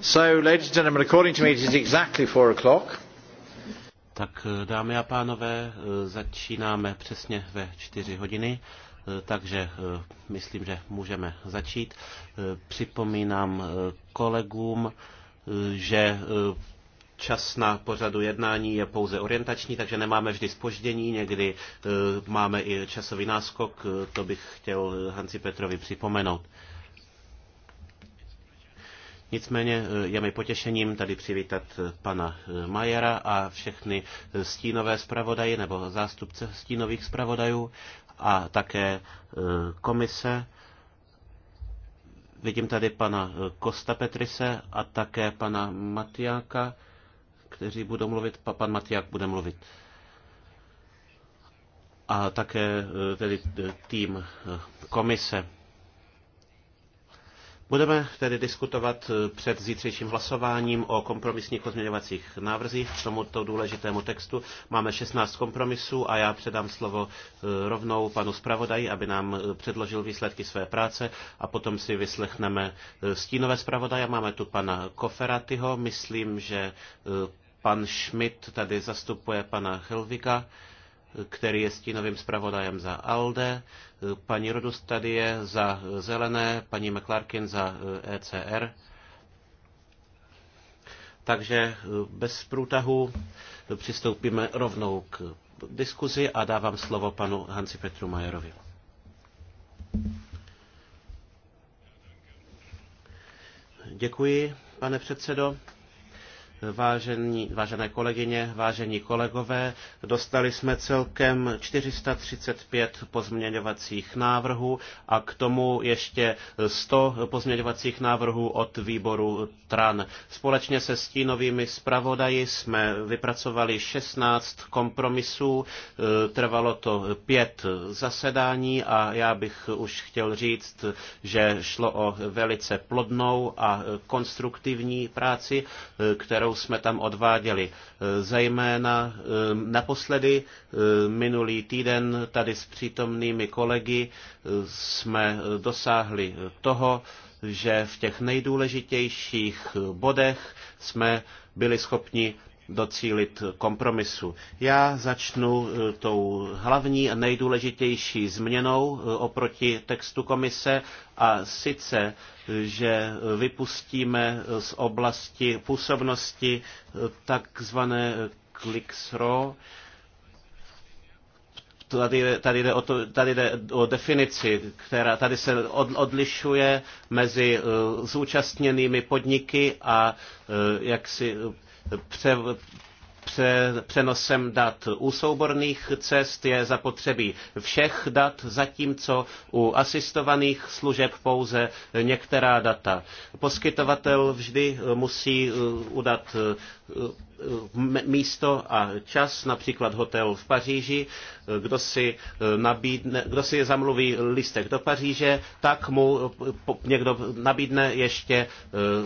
So, ladies and gentlemen, according to me, it is exactly four o'clock. Tak eh, dámy a pánové, eh, začínáme přesně ve čtyři hodiny, eh, takže myslím, že můžeme začít. Připomínám kolegům, že čas na pořadu jednání je pouze orientační, takže nemáme vždy spoždění, někdy máme i časový náskok, to bych chtěl Hanci Petrovi připomenout. Nicméně eh, je mi potěšením tady přivítat eh, pana eh, Majera a všechny stínové zpravodaje nebo zástupce stínových zpravodajů a také komise. Vidím tady pana Kosta Petrise a také pana Matiáka, kteří budou mluvit. Pan Matiák bude mluvit a také tedy tým komise. Budeme tedy diskutovat eh, před zítřejším hlasováním o kompromisních pozměňovacích návrzích k tomuto důležitému textu. Máme 16 kompromisů a já předám slovo eh, rovnou panu zpravodaji, aby nám eh, předložil výsledky své práce a potom si vyslechneme stínové zpravodaje. Máme tu pana Koferatyho, myslím, že pan Schmidt tady zastupuje pana Helvika který je stínovým zpravodajem za ALDE, paní Rodus tady je za Zelené, paní McClarkin za ECR. Eh, e Takže eh, bez průtahu přistoupíme rovnou k diskuzi a dávám slovo panu Hanci Petru Majerovi. Děkuji, pane předsedo. Vážení, vážené kolegyně, vážení kolegové, dostali jsme celkem 435 pozměňovacích návrhů a k tomu ještě 100 pozměňovacích návrhů od výboru TRAN. Společně se stínovými zpravodaji jsme vypracovali 16 kompromisů, e, trvalo to pět zasedání a já bych už chtěl říct, že šlo o velice plodnou a konstruktivní práci, e, kterou kterou jsme tam odváděli. E, zejména e, naposledy e, minulý týden tady s přítomnými kolegy jsme dosáhli toho, že v těch nejdůležitějších bodech jsme byli schopni docílit kompromisu. Já začnu eh, tou hlavní a nejdůležitější změnou eh, oproti textu komise a sice, eh, že vypustíme z oblasti působnosti takzvané clicksro, tady, tady, jde o to, tady jde o definici, která tady se od, odlišuje mezi uh, zúčastněnými podniky a uh, jaksi pře, pře, přenosem dat u souborných cest je zapotřebí všech dat, zatímco u asistovaných služeb pouze některá data. Poskytovatel vždy musí eh, udat eh, Eh, eh, místo a čas, například hotel v Paříži, eh, kdo si, nabídne, kdo si zamluví listek do Paříže, tak mu někdo nabídne ještě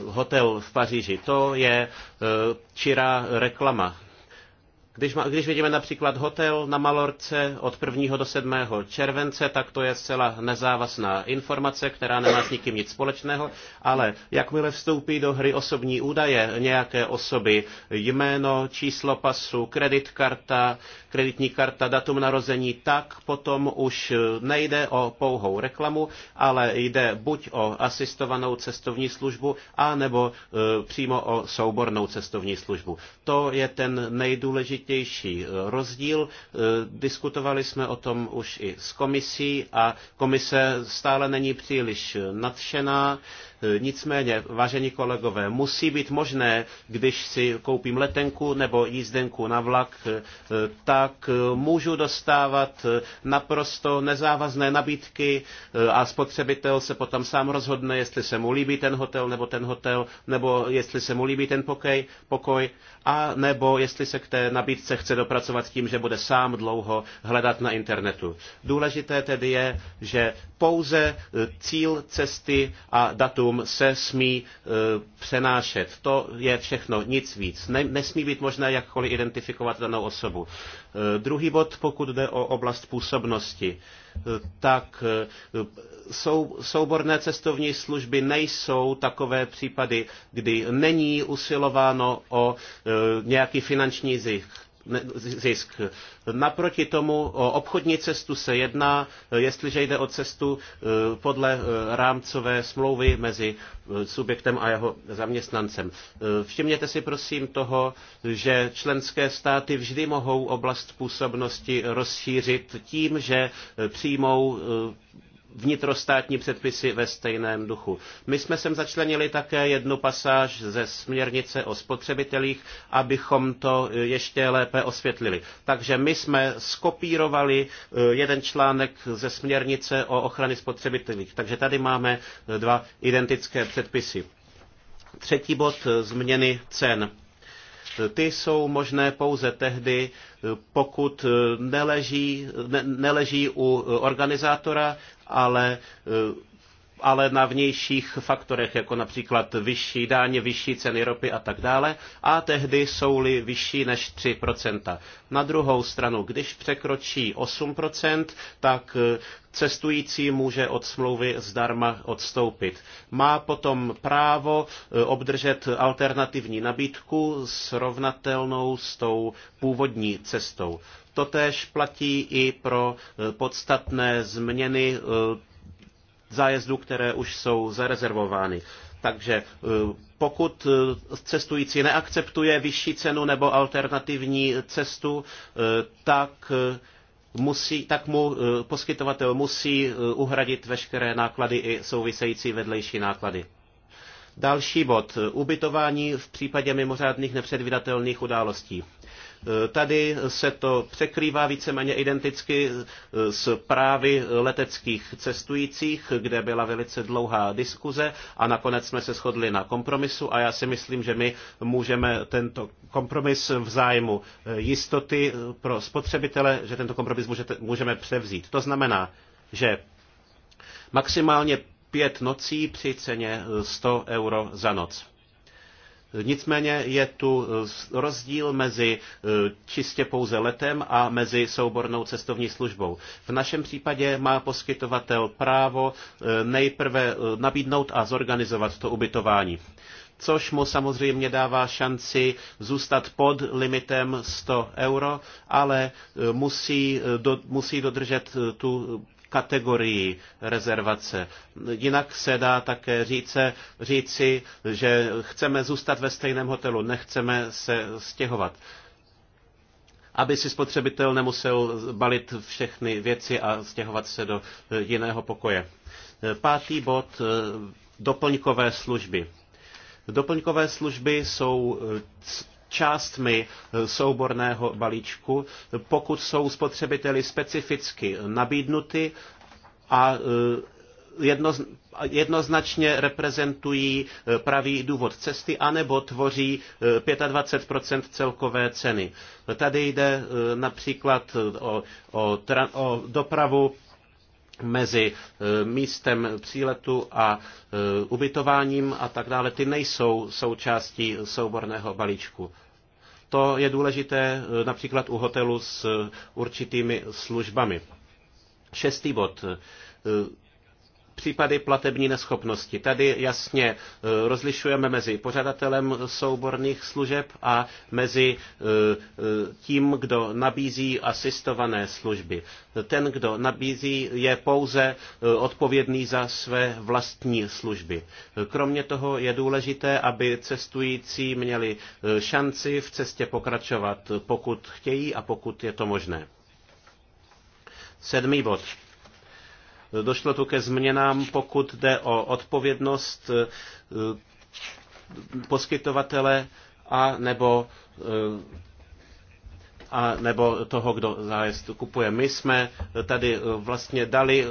hotel v Paříži. To je čirá reklama. Když, když vidíme například hotel na Malorce od 1. do 7. července, tak to je zcela nezávazná informace, která nemá s nikým nic společného, ale jakmile vstoupí do hry osobní údaje nějaké osoby, jméno, číslo pasu, kredit karta, kreditní karta, datum narození, tak potom už nejde o pouhou reklamu, ale jde buď o asistovanou cestovní službu, a nebo e, přímo o soubornou cestovní službu. To je ten nejdůležitější nejdůležitější rozdíl. E, diskutovali jsme o tom už i s komisí a komise stále není příliš nadšená Nicméně, vážení kolegové, musí být možné, když si koupím letenku nebo jízdenku na vlak, eh, tak eh, můžu dostávat eh, naprosto nezávazné nabídky a spotřebitel se potom sám rozhodne, jestli se mu líbí ten hotel nebo ten hotel, nebo jestli se mu líbí ten pokoj, pokoj a nebo jestli se k té nabídce chce dopracovat tím, že bude sám dlouho hledat na internetu. Důležité tedy je, že pouze cíl cesty a datum údajům se smí e, přenášet. To je všechno, nic víc. Ne, nesmí být možné jakkoliv identifikovat danou osobu. E, druhý bod, pokud jde o oblast působnosti, e, tak sou, souborné cestovní služby nejsou takové případy, kdy není usilováno o nějaký finanční zisk zisk. Naproti tomu o obchodní cestu se jedná, jestliže jde o cestu e, podle e, rámcové smlouvy mezi e, subjektem a jeho zaměstnancem. Všimněte si prosím toho, že členské státy vždy mohou oblast působnosti rozšířit tím, že přijmou vnitrostátní předpisy ve stejném duchu. My jsme sem začlenili také jednu pasáž ze směrnice o spotřebitelích, abychom to eh, ještě lépe osvětlili. Takže my jsme skopírovali eh, jeden článek ze směrnice o ochraně spotřebitelích. Takže tady máme eh, dva identické předpisy. Třetí bod změny cen. Ty jsou možné pouze tehdy, pokud neleží, ne, neleží u organizátora, ale ale na vnějších faktorech, jako například vyšší dáně, vyšší ceny ropy a tak dále, a tehdy jsou-li vyšší než 3%. Na druhou stranu, když překročí 8%, tak eh, cestující může od smlouvy zdarma odstoupit. Má potom právo eh, obdržet alternativní nabídku srovnatelnou s tou původní cestou. Totéž platí i pro eh, podstatné změny zájezdů, které už jsou zarezervovány. Takže eh, pokud eh, cestující neakceptuje vyšší cenu nebo alternativní cestu, eh, tak musí, tak mu poskytovatel musí uhradit veškeré náklady i související vedlejší náklady. Další bod. Ubytování v případě mimořádných nepředvydatelných událostí. Tady se to překrývá víceméně identicky s právy leteckých cestujících, kde byla velice dlouhá diskuze a nakonec jsme se shodli na kompromisu a já si myslím, že my můžeme tento kompromis v zájmu jistoty pro spotřebitele, že tento kompromis můžete, můžeme převzít. To znamená, že maximálně pět nocí při ceně 100 euro za noc. Nicméně je tu eh, rozdíl mezi eh, čistě pouze letem a mezi soubornou cestovní službou. V našem případě má poskytovatel právo eh, nejprve nabídnout a zorganizovat to ubytování což mu samozřejmě dává šanci zůstat pod limitem 100 euro, ale musí, do, musí dodržet tu kategorii rezervace. Jinak se dá také říce, říci, že chceme zůstat ve stejném hotelu, nechceme se stěhovat aby si spotřebitel nemusel balit všechny věci a stěhovat se do jiného pokoje. Pátý bod, doplňkové služby. Doplňkové služby jsou částmi eh, souborného balíčku, pokud jsou spotřebiteli specificky nabídnuty a eh, jedno, jednoznačně reprezentují eh, pravý důvod cesty anebo tvoří 25 celkové ceny. Tady jde například o, o, o dopravu mezi eh, místem příletu a eh, ubytováním a tak dále, ty nejsou součástí souborného balíčku. To je důležité eh, například u hotelu s určitými službami. Šestý bod případy platební neschopnosti. Tady jasně e, rozlišujeme mezi pořadatelem souborných služeb a mezi e, e, tím, kdo nabízí asistované služby. Ten, kdo nabízí, je pouze odpovědný za své vlastní služby. Kromě toho je důležité, aby cestující měli šanci v cestě pokračovat, pokud chtějí a pokud je to možné. Sedmý bod Došlo tu ke změnám, pokud jde o odpovědnost eh, poskytovatele a nebo eh, a nebo toho, kdo zájezd kupuje. My jsme tady eh, vlastně dali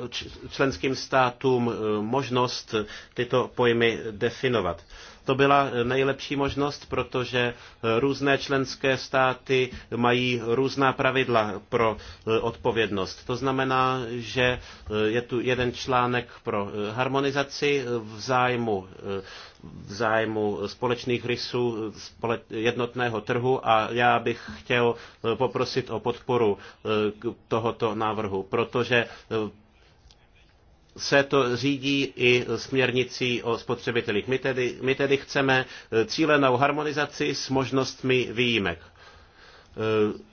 členským státům možnost tyto pojmy definovat. To byla nejlepší možnost, protože různé členské státy mají různá pravidla pro eh, odpovědnost. To znamená, že eh, je tu jeden článek pro eh, harmonizaci v zájmu v zájmu společných rysů jednotného trhu a já bych chtěl poprosit o podporu tohoto návrhu, protože se to řídí i směrnicí o spotřebitelích. My tedy, my tedy chceme eh, cílenou harmonizaci s možnostmi výjimek. Eh,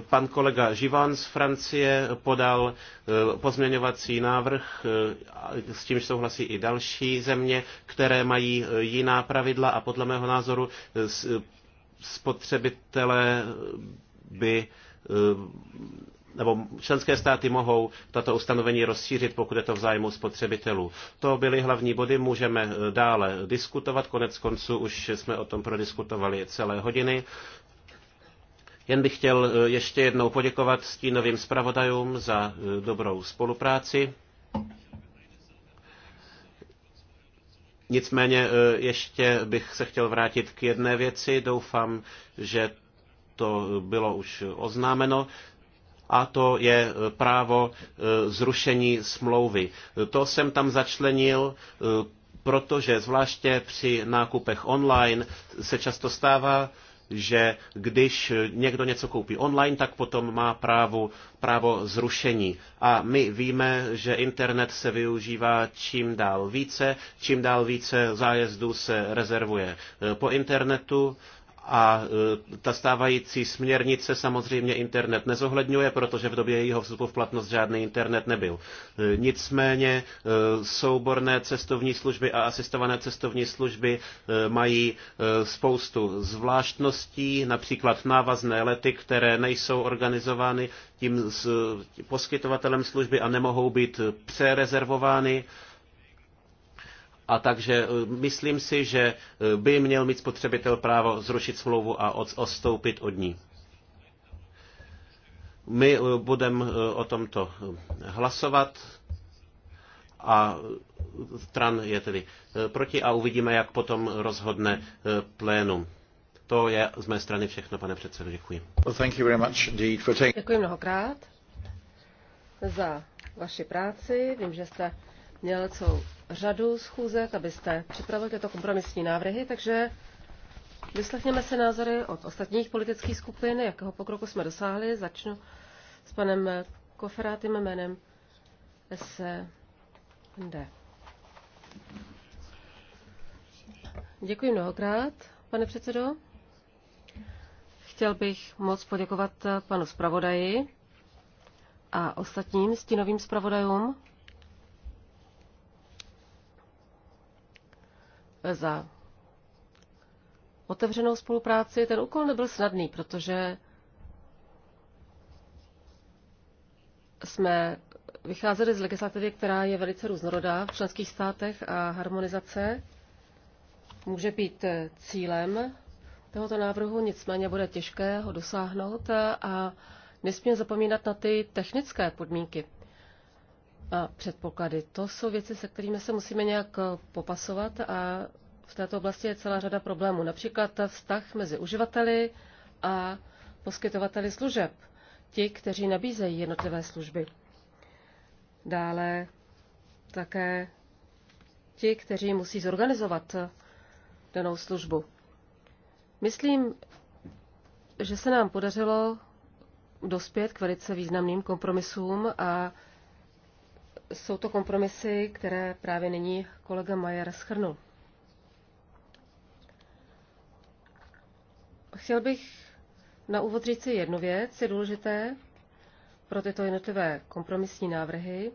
pan kolega Živan z Francie podal eh, pozměňovací návrh, s tím souhlasí i další země, které mají jiná pravidla a podle mého názoru spotřebitelé by nebo členské státy mohou tato ustanovení rozšířit, pokud je to v zájmu spotřebitelů. To byly hlavní body, můžeme eh, dále diskutovat, konec konců už jsme o tom prodiskutovali celé hodiny. Jen bych chtěl eh, ještě jednou poděkovat stínovým zpravodajům za eh, dobrou spolupráci. Nicméně ještě bych se chtěl vrátit k jedné věci. Doufám, že to bylo už oznámeno a to je e, právo e, zrušení smlouvy. To jsem tam začlenil, e, protože zvláště při nákupech online se často stává, že když někdo něco koupí online, tak potom má právo, právo zrušení. A my víme, že internet se využívá čím dál více, čím dál více zájezdů se rezervuje po internetu a e, ta stávající směrnice samozřejmě internet nezohledňuje, protože v době jejího vstupu v platnost žádný internet nebyl. E, nicméně e, souborné cestovní služby a asistované cestovní služby mají spoustu zvláštností, například návazné lety, které nejsou organizovány tím poskytovatelem služby a nemohou být přerezervovány a takže e, myslím si, že e, by měl mít spotřebitel právo zrušit smlouvu a odstoupit od ní. My e, budeme o tomto hlasovat a stran je tedy proti a uvidíme, jak potom rozhodne plénum. To je z mé strany všechno, pane předsedo. Děkuji. Děkuji mnohokrát za vaši práci. Vím, že jste měl co řadu schůzek, abyste připravili tyto kompromisní návrhy, takže vyslechněme se názory od ostatních politických skupin, jakého pokroku jsme dosáhli. Začnu s panem Koferátem jménem SND. Děkuji mnohokrát, pane předsedo. Chtěl bych moc poděkovat panu zpravodaji a ostatním stínovým zpravodajům za otevřenou spolupráci. Ten úkol nebyl snadný, protože jsme vycházeli z legislativy, která je velice různorodá v členských státech a harmonizace může být cílem tohoto návrhu, nicméně bude těžké ho dosáhnout a nesmíme zapomínat na ty technické podmínky předpoklady. To jsou věci, se kterými se musíme nějak eh, popasovat a v této oblasti je celá řada problémů. Například vztah mezi uživateli a poskytovateli služeb, ti, kteří nabízejí jednotlivé služby. Dále také ti, kteří musí zorganizovat eh, danou službu. Myslím, že se nám podařilo dospět k velice významným kompromisům a jsou to kompromisy, které právě nyní kolega Majer schrnul. Chtěl bych na úvod si jednu věc, je důležité pro tyto jednotlivé kompromisní návrhy,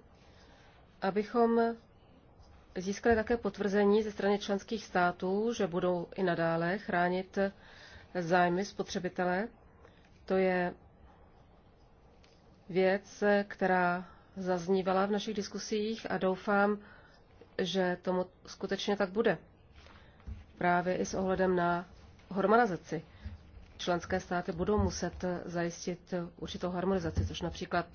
abychom získali také potvrzení ze strany členských států, že budou i nadále chránit zájmy spotřebitele. To je věc, která zaznívala v našich diskusích a doufám, že tomu skutečně tak bude. Právě i s ohledem na harmonizaci. Členské státy budou muset zajistit určitou harmonizaci, což například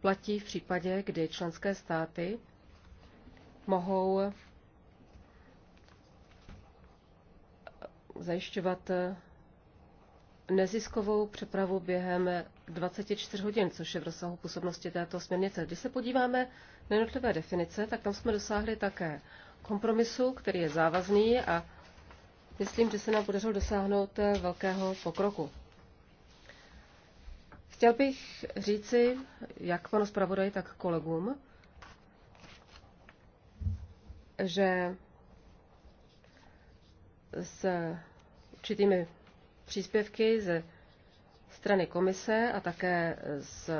platí v případě, kdy členské státy mohou zajišťovat neziskovou přepravu během 24 hodin, což je v rozsahu působnosti této směrnice. Když se podíváme na jednotlivé definice, tak tam jsme dosáhli také kompromisu, který je závazný a myslím, že se nám podařilo dosáhnout eh, velkého pokroku. Chtěl bych říci, jak panu zpravodaji, tak kolegům, že se určitými příspěvky ze strany komise a také z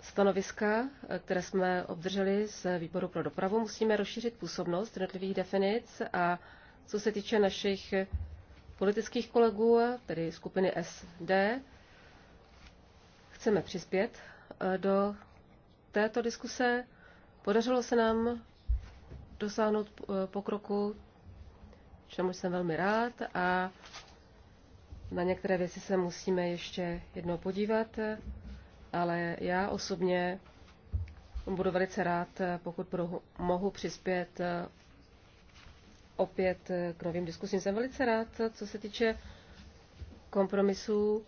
stanoviska, které jsme obdrželi z výboru pro dopravu, musíme rozšířit působnost jednotlivých definic a co se týče našich politických kolegů, tedy skupiny SD, chceme přispět eh, do této diskuse. Podařilo se nám dosáhnout eh, pokroku, čemu jsem velmi rád a na některé věci se musíme ještě jednou podívat, ale já osobně budu velice rád, pokud budu, mohu přispět eh, opět eh, k novým diskusím. Jsem velice rád, co se týče kompromisů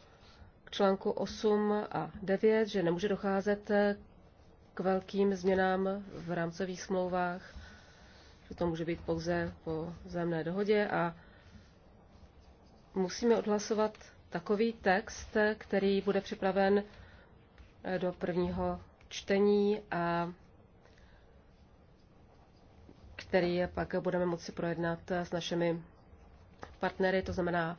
k článku 8 a 9, že nemůže docházet eh, k velkým změnám v rámcových smlouvách, že to může být pouze po vzájemné dohodě a musíme odhlasovat takový text, který bude připraven eh, do prvního čtení a který pak budeme moci projednat eh, s našimi partnery, to znamená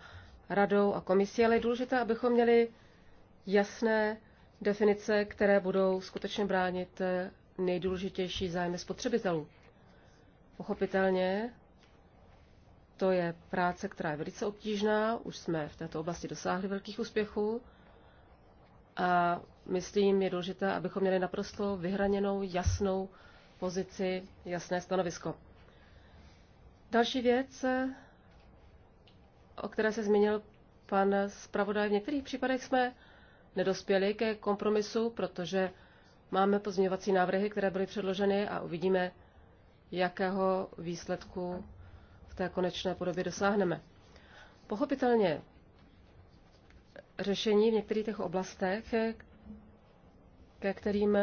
radou a komisí, ale je důležité, abychom měli jasné definice, které budou skutečně bránit eh, nejdůležitější zájmy spotřebitelů. Pochopitelně to je práce, která je velice obtížná, už jsme v této oblasti dosáhli velkých úspěchů a myslím, je důležité, abychom měli naprosto vyhraněnou, jasnou pozici, jasné stanovisko. Další věc, o které se zmínil pan zpravodaj, v některých případech jsme nedospěli ke kompromisu, protože máme pozměňovací návrhy, které byly předloženy a uvidíme, jakého výsledku k té konečné podobě dosáhneme. Pochopitelně řešení v některých těch oblastech, ke kterým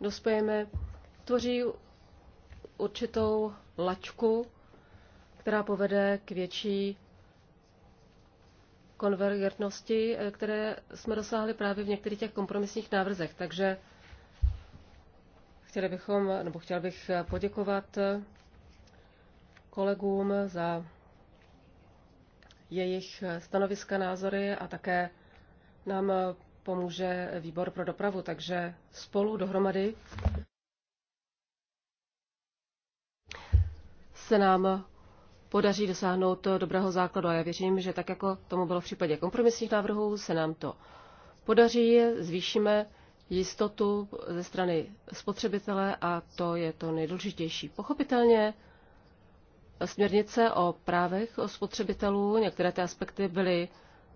dospějeme, tvoří určitou lačku, která povede k větší konvergentnosti, které jsme dosáhli právě v některých těch kompromisních návrzech. Takže chtěli bychom, nebo chtěl bych poděkovat kolegům za jejich stanoviska, názory a také nám pomůže výbor pro dopravu. Takže spolu dohromady se nám podaří dosáhnout dobrého základu. A já věřím, že tak jako tomu bylo v případě kompromisních návrhů, se nám to podaří, zvýšíme jistotu ze strany spotřebitele a to je to nejdůležitější. Pochopitelně směrnice o právech o spotřebitelů. Některé ty aspekty byly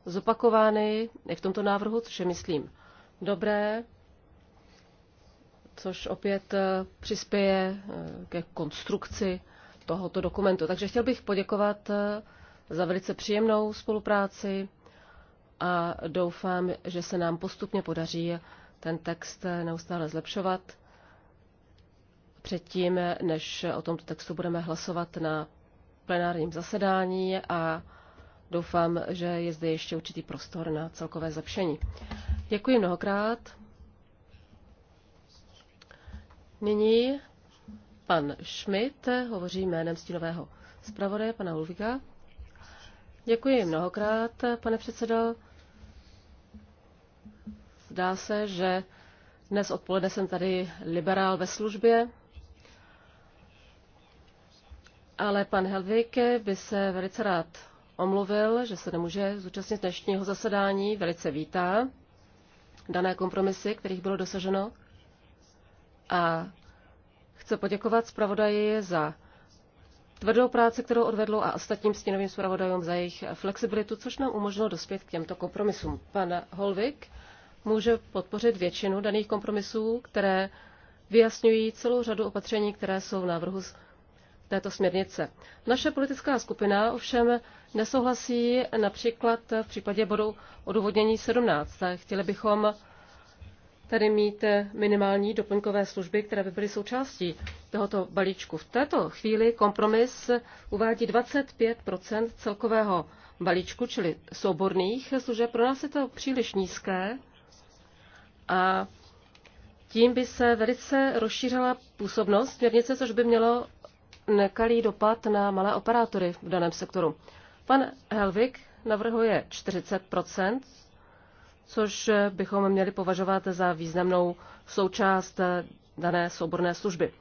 zopakovány i v tomto návrhu, což je, myslím, dobré, což opět eh, přispěje eh, ke konstrukci tohoto dokumentu. Takže chtěl bych poděkovat eh, za velice příjemnou spolupráci a doufám, že se nám postupně podaří ten text neustále zlepšovat předtím, než o tomto textu budeme hlasovat na plenárním zasedání a doufám, že je zde ještě určitý prostor na celkové zlepšení. Děkuji mnohokrát. Nyní pan Schmidt hovoří jménem stínového zpravodaje, pana Ulviga. Děkuji mnohokrát, pane předsedo. Zdá se, že dnes odpoledne jsem tady liberál ve službě ale pan Helvike by se velice rád omluvil, že se nemůže zúčastnit dnešního zasedání, velice vítá dané kompromisy, kterých bylo dosaženo a chce poděkovat zpravodaji za tvrdou práci, kterou odvedlo a ostatním stínovým zpravodajům za jejich flexibilitu, což nám umožnilo dospět k těmto kompromisům. Pan Holvik může podpořit většinu daných kompromisů, které vyjasňují celou řadu opatření, které jsou v návrhu této směrnice. Naše politická skupina ovšem nesouhlasí například v případě bodu odůvodnění 17. Chtěli bychom tedy mít minimální doplňkové služby, které by byly součástí tohoto balíčku. V této chvíli kompromis uvádí 25 celkového balíčku, čili souborných služeb. Pro nás je to příliš nízké a tím by se velice rozšířila působnost směrnice, což by mělo nekalý dopad na malé operátory v daném sektoru. Pan Helvik navrhuje 40 což bychom měli považovat za významnou součást dané souborné služby.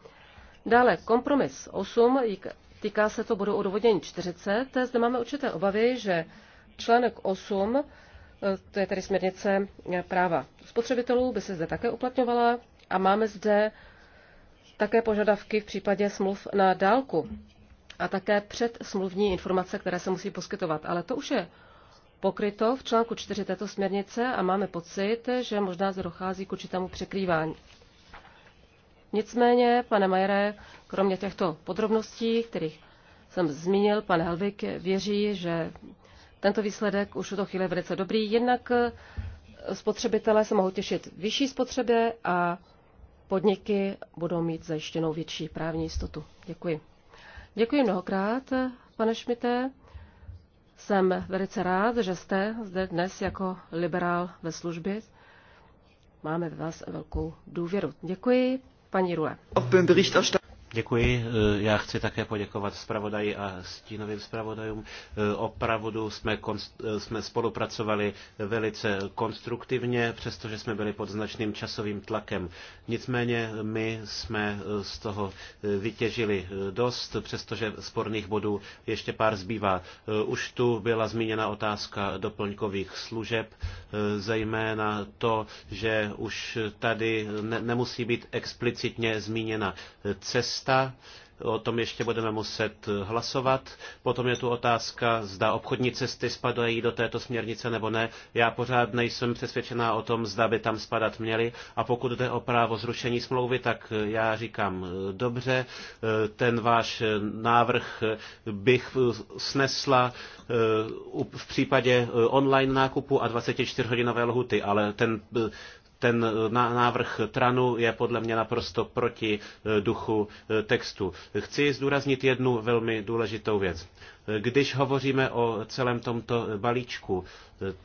Dále kompromis 8, týká se to bodu odůvodnění 40. Zde máme určité obavy, že článek 8, to je tedy směrnice práva spotřebitelů, by se zde také uplatňovala a máme zde také požadavky v případě smluv na dálku a také předsmluvní informace, které se musí poskytovat. Ale to už je pokryto v článku 4 této směrnice a máme pocit, že možná zde dochází k určitému překrývání. Nicméně, pane Majere, kromě těchto podrobností, kterých jsem zmínil, pan Helvik věří, že tento výsledek už v tuto chvíli je velice dobrý. Jednak eh, spotřebitelé se mohou těšit vyšší spotřebě a podniky budou mít zajištěnou větší právní jistotu. Děkuji. Děkuji mnohokrát, pane Šmité. Jsem velice rád, že jste zde dnes jako liberál ve službě. Máme ve vás velkou důvěru. Děkuji, paní Rule. Děkuji. Eh, já chci také poděkovat zpravodaji a stínovým zpravodajům. Eh, opravdu jsme, eh, jsme spolupracovali velice konstruktivně, přestože jsme byli pod značným časovým tlakem. Nicméně my jsme z toho vytěžili dost, přestože sporných bodů ještě pár zbývá. Už tu byla zmíněna otázka doplňkových služeb, zejména to, že už tady ne, nemusí být explicitně zmíněna cesta 300. O tom ještě budeme muset hlasovat. Potom je tu otázka, zda obchodní cesty spadají do této směrnice nebo ne. Já pořád nejsem přesvědčená o tom, zda by tam spadat měly. A pokud jde o právo zrušení smlouvy, tak já říkám eh, dobře, eh, ten váš návrh bych eh, snesla v případě online nákupu a 24-hodinové lhuty, ale ten ten eh, návrh Tranu je podle mě naprosto proti eh, duchu eh, textu. Chci zdůraznit jednu velmi důležitou věc. Když hovoříme o celém tomto balíčku,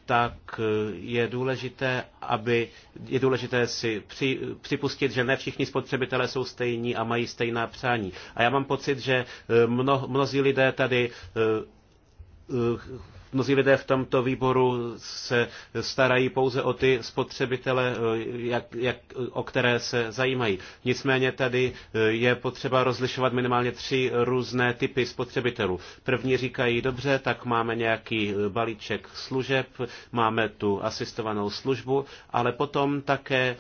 tak je důležité, aby, je důležité si při, připustit, že ne všichni spotřebitelé jsou stejní a mají stejná přání. A já mám pocit, že mno, mnozí lidé tady Mnozí lidé v tomto výboru se starají pouze o ty spotřebitele, eh, jak, jak, o které se zajímají. Nicméně tady eh, je potřeba rozlišovat minimálně tři různé typy spotřebitelů. První říkají, dobře, tak máme nějaký eh, balíček služeb, máme tu asistovanou službu, ale potom také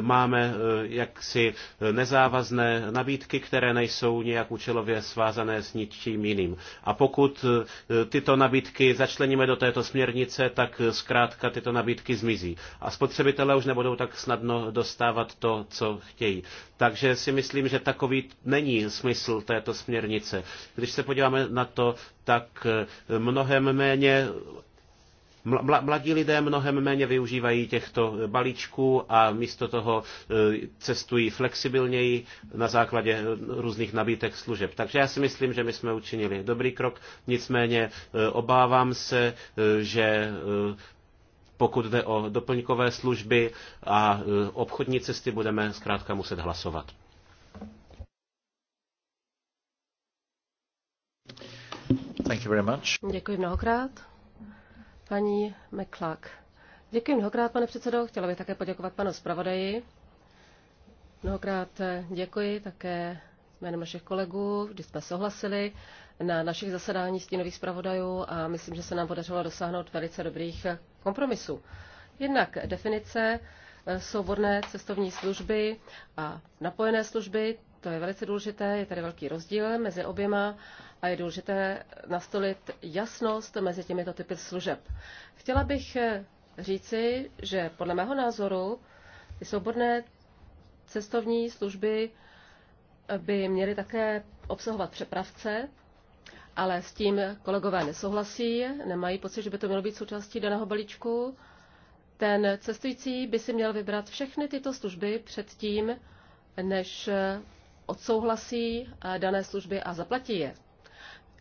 máme jaksi nezávazné nabídky, které nejsou nějak účelově svázané s ničím jiným. A pokud tyto nabídky začnou začleníme do této směrnice, tak zkrátka tyto nabídky zmizí. A spotřebitelé už nebudou tak snadno dostávat to, co chtějí. Takže si myslím, že takový není smysl této směrnice. Když se podíváme na to, tak mnohem méně Mladí lidé mnohem méně využívají těchto eh, balíčků a místo toho eh, cestují flexibilněji na základě eh, různých nabídek služeb. Takže já si myslím, že my jsme učinili dobrý krok, nicméně obávám se, že pokud jde o doplňkové služby a obchodní cesty, budeme zkrátka muset hlasovat. Thank you very much. Děkuji mnohokrát. Paní McClack. Děkuji mnohokrát, pane předsedo. Chtěla bych také poděkovat panu zpravodaji. Mnohokrát děkuji také jménem našich kolegů, vždy jsme souhlasili na našich zasedání stínových zpravodajů a myslím, že se nám podařilo dosáhnout velice dobrých kompromisů. Jednak definice eh, souborné cestovní služby a napojené služby, to je velice důležité, je tady velký rozdíl mezi oběma a je důležité nastolit jasnost mezi těmito typy služeb. Chtěla bych eh, říci, že podle mého názoru ty svobodné cestovní služby eh, by měly také obsahovat přepravce, ale s tím kolegové nesouhlasí, nemají pocit, že by to mělo být součástí daného balíčku. Ten cestující by si měl vybrat všechny tyto služby předtím, než eh, odsouhlasí eh, dané služby a zaplatí je.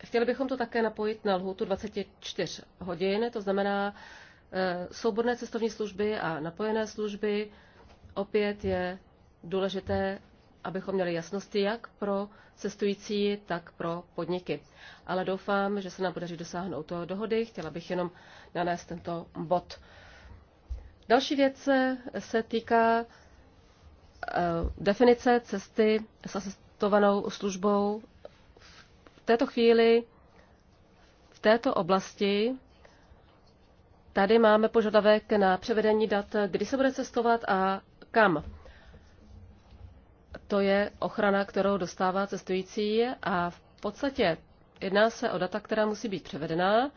Chtěli bychom to také napojit na lhůtu 24 hodin, to znamená eh, souborné cestovní služby a napojené služby. Opět je důležité, abychom měli jasnosti jak pro cestující, tak pro podniky. Ale doufám, že se nám podaří dosáhnout toho dohody. Chtěla bych jenom nanést tento bod. Další věc eh, se týká Eh, definice cesty s asistovanou službou v této chvíli, v této oblasti, tady máme požadavek na převedení dat, kdy se bude cestovat a kam. To je ochrana, kterou dostává cestující a v podstatě jedná se o data, která musí být převedená.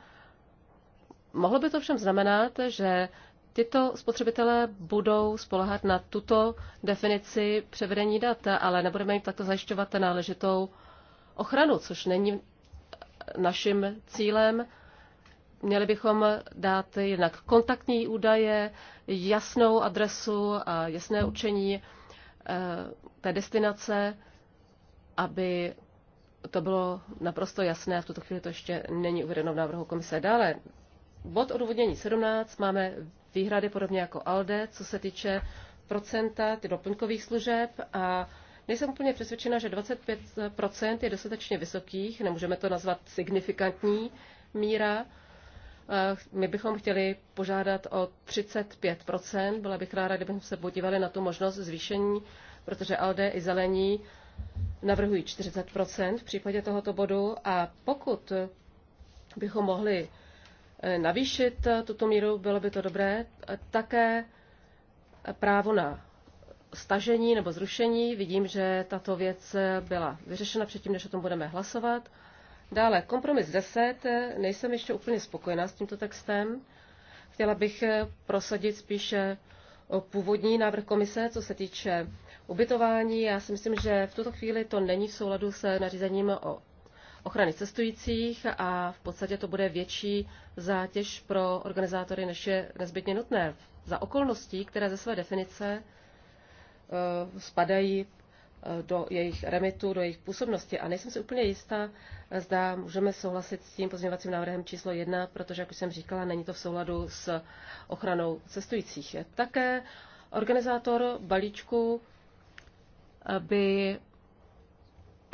Mohlo by to všem znamenat, že Tyto spotřebitelé budou spolehat na tuto definici převedení dat, ale nebudeme jim takto zajišťovat náležitou ochranu, což není naším cílem. Měli bychom dát jednak kontaktní údaje, jasnou adresu a jasné učení eh, té destinace, aby to bylo naprosto jasné. V tuto chvíli to ještě není uvedeno v návrhu komise. Dále bod odůvodnění 17 máme výhrady, podobně jako ALDE, co se týče procenta ty doplňkových služeb a nejsem úplně přesvědčena, že 25% je dostatečně vysokých, nemůžeme to nazvat signifikantní míra. Eh, my bychom chtěli požádat o 35%, byla bych ráda, kdybychom se podívali na tu možnost zvýšení, protože ALDE i zelení navrhují 40% v případě tohoto bodu a pokud bychom mohli Eh, navýšit eh, tuto míru, bylo by to dobré. Eh, také právo na stažení nebo zrušení. Vidím, že tato věc byla vyřešena předtím, než o tom budeme hlasovat. Dále kompromis 10. Nejsem ještě úplně spokojená s tímto textem. Chtěla bych prosadit spíše původní návrh komise, co se týče ubytování. Já si myslím, že v tuto chvíli to není v souladu se nařízením o ochrany cestujících a v podstatě to bude větší zátěž pro organizátory, než je nezbytně nutné. Za okolností, které ze své definice eh, spadají eh, do jejich remitu, do jejich působnosti. A nejsem si úplně jistá, zda můžeme souhlasit s tím pozměňovacím návrhem číslo jedna, protože, jak už jsem říkala, není to v souladu s ochranou cestujících. Také organizátor balíčku eh, by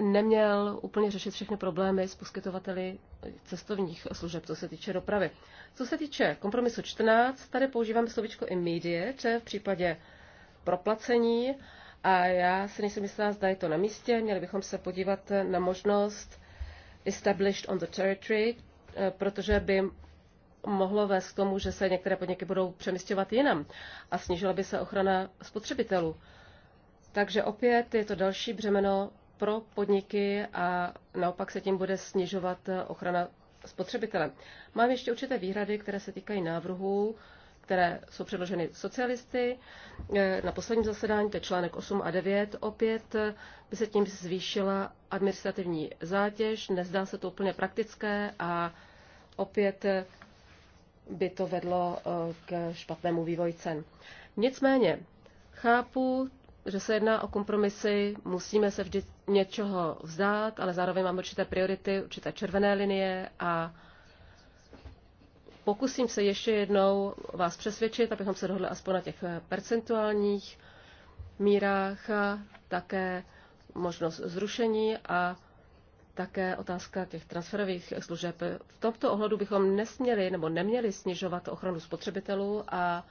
neměl úplně řešit všechny problémy s poskytovateli cestovních služeb, co se týče dopravy. Co se týče kompromisu 14, tady používám slovičko immediate v případě proplacení a já si nejsem jistá, zda je to na místě. Měli bychom se podívat na možnost established on the territory, eh, protože by mohlo vést k tomu, že se některé podniky budou přemysťovat jinam a snížila by se ochrana spotřebitelů. Takže opět je to další břemeno pro podniky a naopak se tím bude snižovat eh, ochrana spotřebitele. Mám ještě určité výhrady, které se týkají návrhů, které jsou předloženy socialisty. Eh, na posledním zasedání, to je článek 8 a 9, opět eh, by se tím zvýšila administrativní zátěž, nezdá se to úplně praktické a opět by to vedlo k špatnému vývoji cen. Nicméně chápu že se jedná o kompromisy, musíme se vždy něčeho vzdát, ale zároveň máme určité priority, určité červené linie a pokusím se ještě jednou vás přesvědčit, abychom se dohodli aspoň na těch percentuálních mírách, také možnost zrušení a také otázka těch transferových služeb. V tomto ohledu bychom nesměli nebo neměli snižovat ochranu spotřebitelů a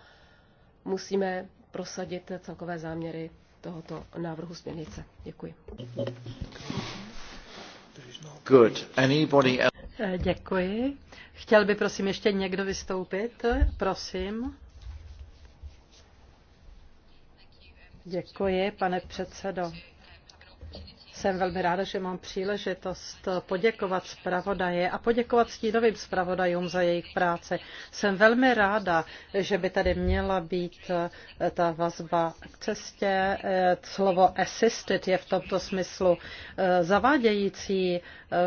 musíme prosadit celkové záměry tohoto návrhu směrnice. Děkuji. Good. Anybody else? Eh, děkuji. Chtěl by prosím ještě někdo vystoupit? Prosím. Děkuji, pane předsedo. Jsem velmi ráda, že mám příležitost poděkovat zpravodaje a poděkovat stínovým zpravodajům za jejich práce. Jsem velmi ráda, že by tady měla být eh, ta vazba k cestě. Eh, slovo assisted je v tomto smyslu eh, zavádějící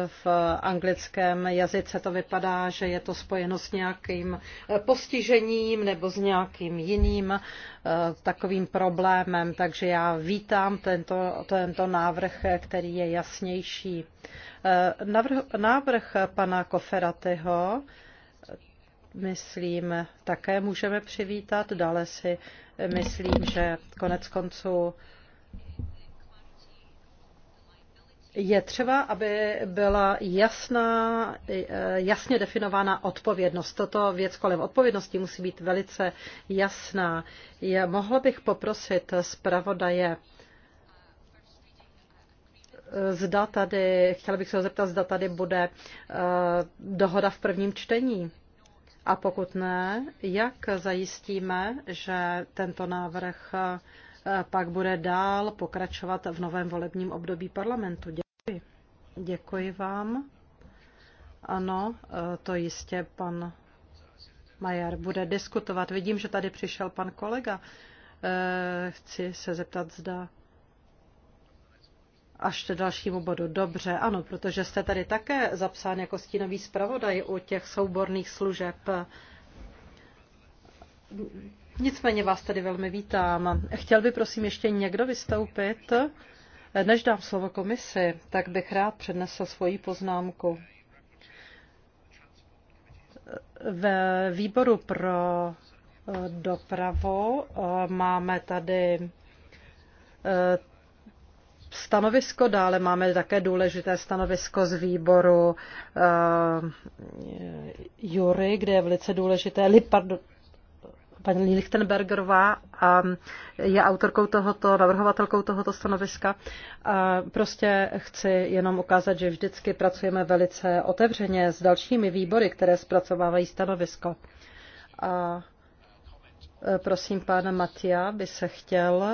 v anglickém jazyce. To vypadá, že je to spojeno s nějakým postižením nebo s nějakým jiným Eh, takovým problémem, takže já vítám tento, tento návrh, který je jasnější. Eh, návrh, návrh pana Koferatyho, myslím, také můžeme přivítat. Dále si myslím, že konec konců je třeba, aby byla jasná, eh, jasně definována odpovědnost. Toto věc kolem odpovědnosti musí být velice jasná. Je, mohla bych poprosit zpravodaje, eh, zda tady, chtěla bych se ho zeptat, zda tady bude eh, dohoda v prvním čtení. A pokud ne, jak zajistíme, že tento návrh pak bude dál pokračovat v novém volebním období parlamentu. Děkuji. Děkuji vám. Ano, e, to jistě pan Majer bude diskutovat. Vidím, že tady přišel pan kolega. E, chci se zeptat, zda až k dalšímu bodu. Dobře, ano, protože jste tady také zapsán jako stínový zpravodaj u těch souborných služeb. Nicméně vás tady velmi vítám. Chtěl by prosím ještě někdo vystoupit? Než dám slovo komisi, tak bych rád přednesl svoji poznámku. Ve výboru pro eh, dopravu eh, máme tady eh, stanovisko, dále máme také důležité stanovisko z výboru Jury, kde je velice důležité, pardon, paní Lichtenbergerová a ehm, je autorkou tohoto, navrhovatelkou tohoto stanoviska. A prostě chci jenom ukázat, že vždycky pracujeme velice otevřeně s dalšími výbory, které zpracovávají stanovisko. A e, Prosím, pána Matia by se chtěl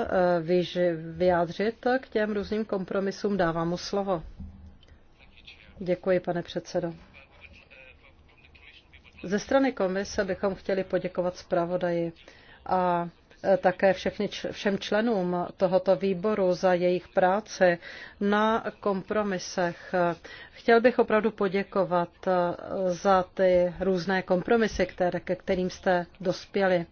e, vyjádřit k těm různým kompromisům. Dávám mu slovo. Děkuji, pane předsedo. Ze strany komise bychom chtěli poděkovat zpravodaji a e, také všechny, všem členům tohoto výboru za jejich práci na kompromisech. Chtěl bych opravdu poděkovat e, za ty různé kompromisy, které, ke kterým jste dospěli.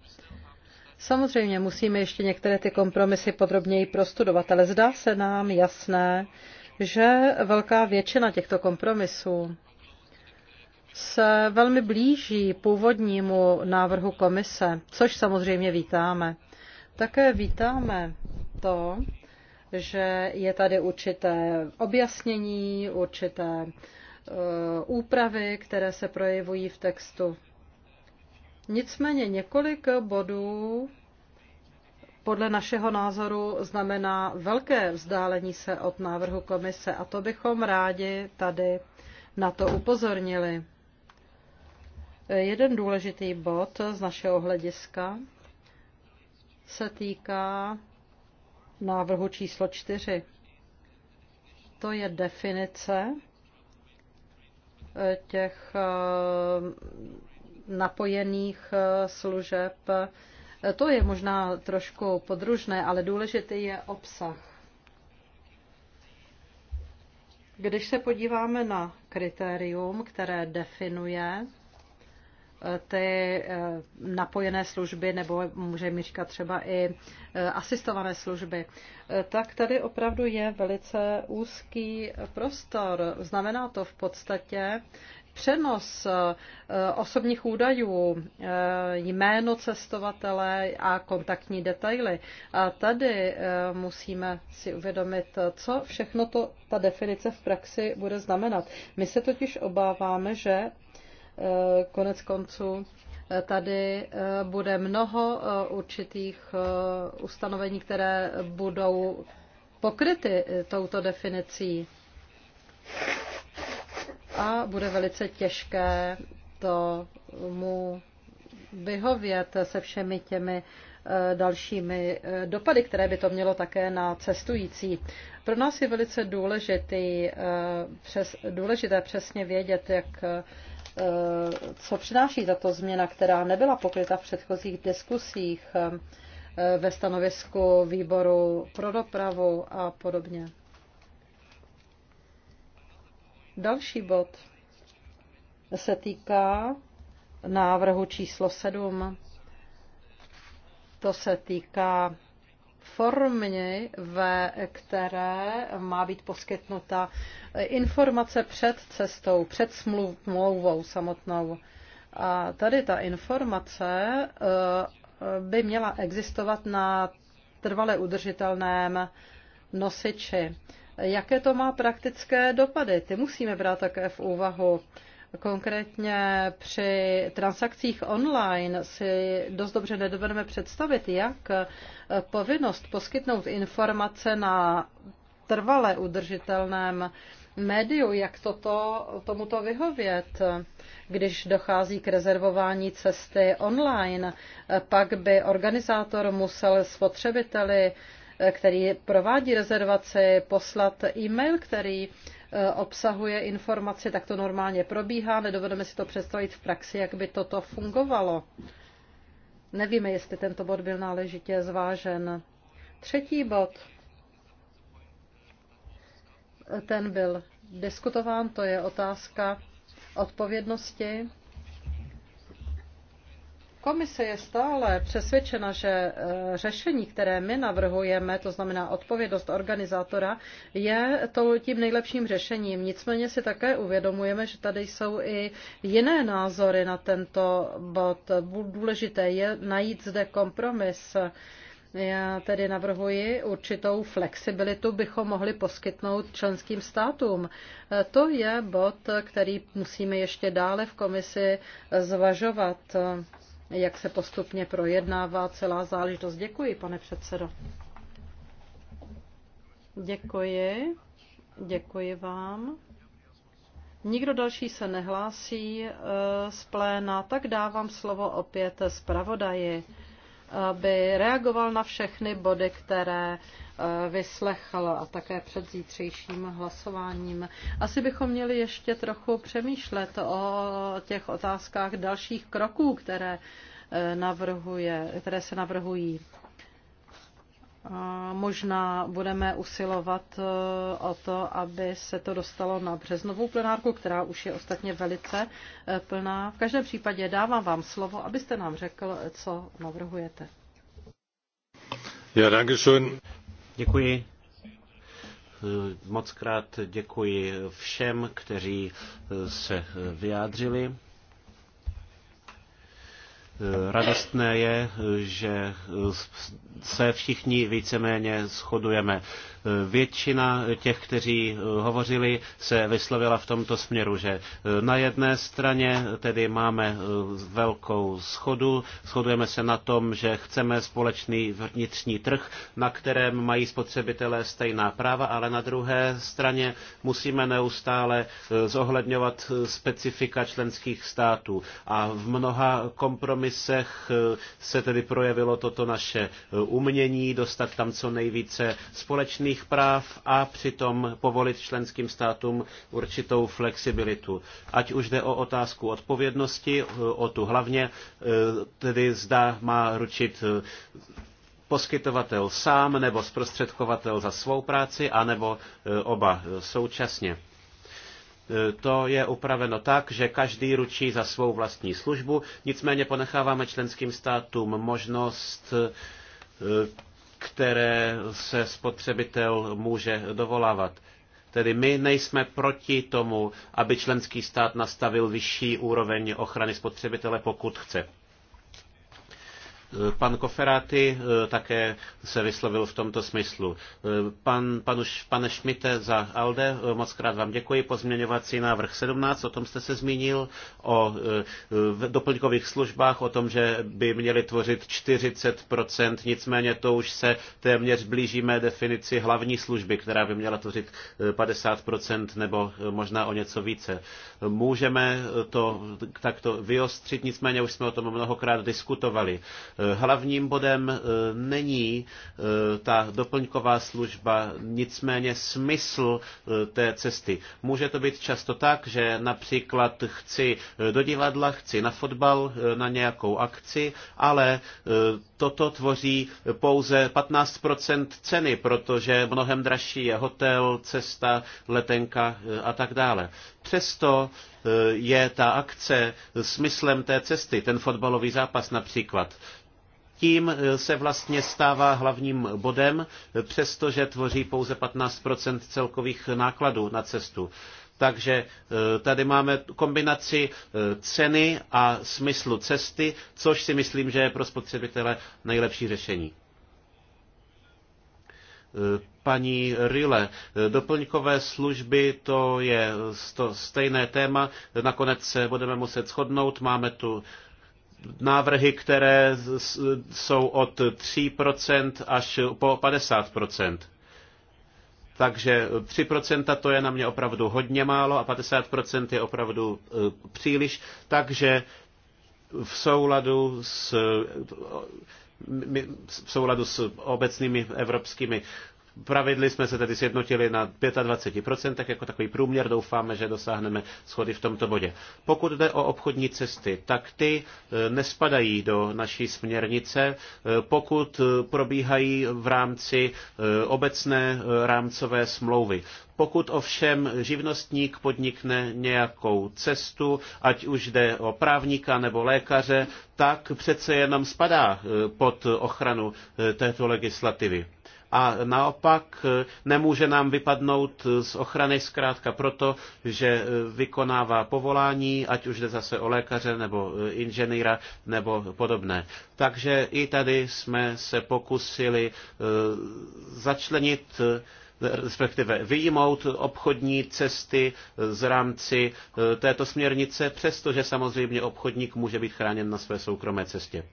Samozřejmě musíme ještě některé ty kompromisy podrobněji prostudovat, ale zdá se nám jasné, že velká většina těchto kompromisů se velmi blíží původnímu návrhu komise, což samozřejmě vítáme. Také vítáme to, že je tady určité objasnění, určité eh, úpravy, které se projevují v textu. Nicméně několik bodů podle našeho názoru znamená velké vzdálení se od návrhu komise a to bychom rádi tady na to upozornili. Jeden důležitý bod z našeho hlediska se týká návrhu číslo čtyři. To je definice eh, těch eh, napojených eh, služeb. To je možná trošku podružné, ale důležitý je obsah. Když se podíváme na kritérium, které definuje ty eh, napojené služby, nebo můžeme říkat třeba i eh, asistované služby, eh, tak tady opravdu je velice úzký prostor. Znamená to v podstatě, přenos osobních údajů, jméno cestovatele a kontaktní detaily. A tady musíme si uvědomit, co všechno to ta definice v praxi bude znamenat. My se totiž obáváme, že Eh, konec konců eh, tady eh, bude mnoho určitých ustanovení, které budou pokryty touto definicí. A bude velice těžké tomu vyhovět se všemi těmi dalšími dopady, které by to mělo také na cestující. Pro nás je velice důležitý, přes, důležité přesně vědět, jak Eh, co přináší tato změna, která nebyla pokryta v předchozích diskusích eh, ve stanovisku výboru pro dopravu a podobně. Další bod se týká návrhu číslo 7. To se týká formě, ve které má být poskytnuta informace před cestou, před smlouvou samotnou. A tady ta informace eh, by měla existovat na trvale udržitelném nosiči. Jaké to má praktické dopady? Ty musíme brát také v úvahu. Konkrétně při transakcích online si dost dobře nedovedeme představit, jak povinnost poskytnout informace na trvale udržitelném médiu, jak toto, tomuto vyhovět. Když dochází k rezervování cesty online, pak by organizátor musel spotřebiteli, který provádí rezervaci, poslat e-mail, který E, obsahuje informace, tak to normálně probíhá, nedovedeme si to představit v praxi, jak by toto fungovalo. Nevíme, jestli tento bod byl náležitě zvážen. Třetí bod, ten byl diskutován, to je otázka odpovědnosti Komise je stále přesvědčena, že e, řešení, které my navrhujeme, to znamená odpovědnost organizátora, je to tím nejlepším řešením. Nicméně si také uvědomujeme, že tady jsou i jiné názory na tento bod. Důležité je najít zde kompromis. Já tedy navrhuji určitou flexibilitu, bychom mohli poskytnout členským státům. E, to je bod, který musíme ještě dále v komisi zvažovat jak se postupně projednává celá záležitost. Děkuji, pane předsedo. Děkuji. Děkuji vám. Nikdo další se nehlásí eh, z pléna, tak dávám slovo opět zpravodaji, aby reagoval na všechny body, které Eh, vyslechl a také před zítřejším hlasováním. Asi bychom měli ještě trochu přemýšlet o těch otázkách dalších kroků, které, eh, navrhuje, které se navrhují. Možná budeme usilovat eh, o to, aby se to dostalo na březnovou plenárku, která už je ostatně velice plná. V každém případě dávám vám slovo, abyste nám řekl, co navrhujete. Ja, danke schön. Děkuji. Moc krát děkuji všem, kteří se vyjádřili. Radostné je, že se všichni víceméně shodujeme Většina těch, kteří eh, hovořili, se vyslovila v tomto směru, že eh, na jedné straně tedy máme eh, velkou schodu, shodujeme se na tom, že chceme společný vnitřní trh, na kterém mají spotřebitelé stejná práva, ale na druhé straně musíme neustále zohledňovat specifika členských států. A v mnoha kompromisech se tedy projevilo toto naše umění dostat tam co nejvíce společných lidských práv a přitom povolit členským státům určitou flexibilitu. Ať už jde o otázku odpovědnosti, o tu hlavně, e, tedy zda má ručit e, poskytovatel sám nebo zprostředkovatel za svou práci, anebo e, oba současně. To je upraveno tak, že každý ručí za svou vlastní službu, nicméně ponecháváme členským státům možnost které se spotřebitel může dovolávat. Tedy my nejsme proti tomu, aby členský stát nastavil vyšší úroveň ochrany spotřebitele, pokud chce. Pan Koferáty eh, také se vyslovil v tomto smyslu. Eh, pan, panu, pane Šmite za Alde, eh, moc krát vám děkuji. Pozměňovací návrh 17, o tom jste se zmínil, o doplňkových službách, o tom, že by měli tvořit 40%, nicméně to už se téměř blížíme definici hlavní služby, která by měla tvořit 50% nebo možná o něco více. Můžeme to takto vyostřit, nicméně už jsme o tom mnohokrát diskutovali. Hlavním bodem eh, není eh, ta doplňková služba, nicméně smysl eh, té cesty. Může to být často tak, že například chci do divadla, chci na fotbal, na nějakou akci, ale toto tvoří pouze 15% ceny, protože mnohem dražší je hotel, cesta, letenka a tak dále. Přesto je ta akce smyslem té cesty, ten fotbalový zápas například tím eh, se vlastně stává hlavním bodem, eh, přestože tvoří pouze 15 celkových nákladů na cestu. Takže eh, tady máme kombinaci ceny a smyslu cesty, což si myslím, že je pro spotřebitele nejlepší řešení paní Rile. Doplňkové služby, to je to stejné téma. Nakonec se budeme muset shodnout. Máme tu návrhy, které jsou od 3% až po 50%. Takže 3% to je na mě opravdu hodně málo a 50% je opravdu eh, příliš. Takže v souladu s eh, v souladu s obecnými evropskými pravidly jsme se tedy sjednotili na 25%, tak jako takový průměr doufáme, že dosáhneme schody v tomto bodě. Pokud jde o obchodní cesty, tak ty e, nespadají do naší směrnice, e, pokud e, probíhají v rámci obecné rámcové smlouvy. Pokud ovšem živnostník podnikne nějakou cestu, ať už jde o právníka nebo lékaře, tak přece jenom spadá pod ochranu této legislativy a naopak e, nemůže nám vypadnout z ochrany zkrátka proto, že e, vykonává povolání, ať už jde zase o lékaře nebo e, inženýra nebo podobné. Takže i tady jsme se pokusili začlenit respektive vyjmout obchodní cesty z rámci této směrnice, přestože samozřejmě obchodník může být chráněn na své soukromé cestě.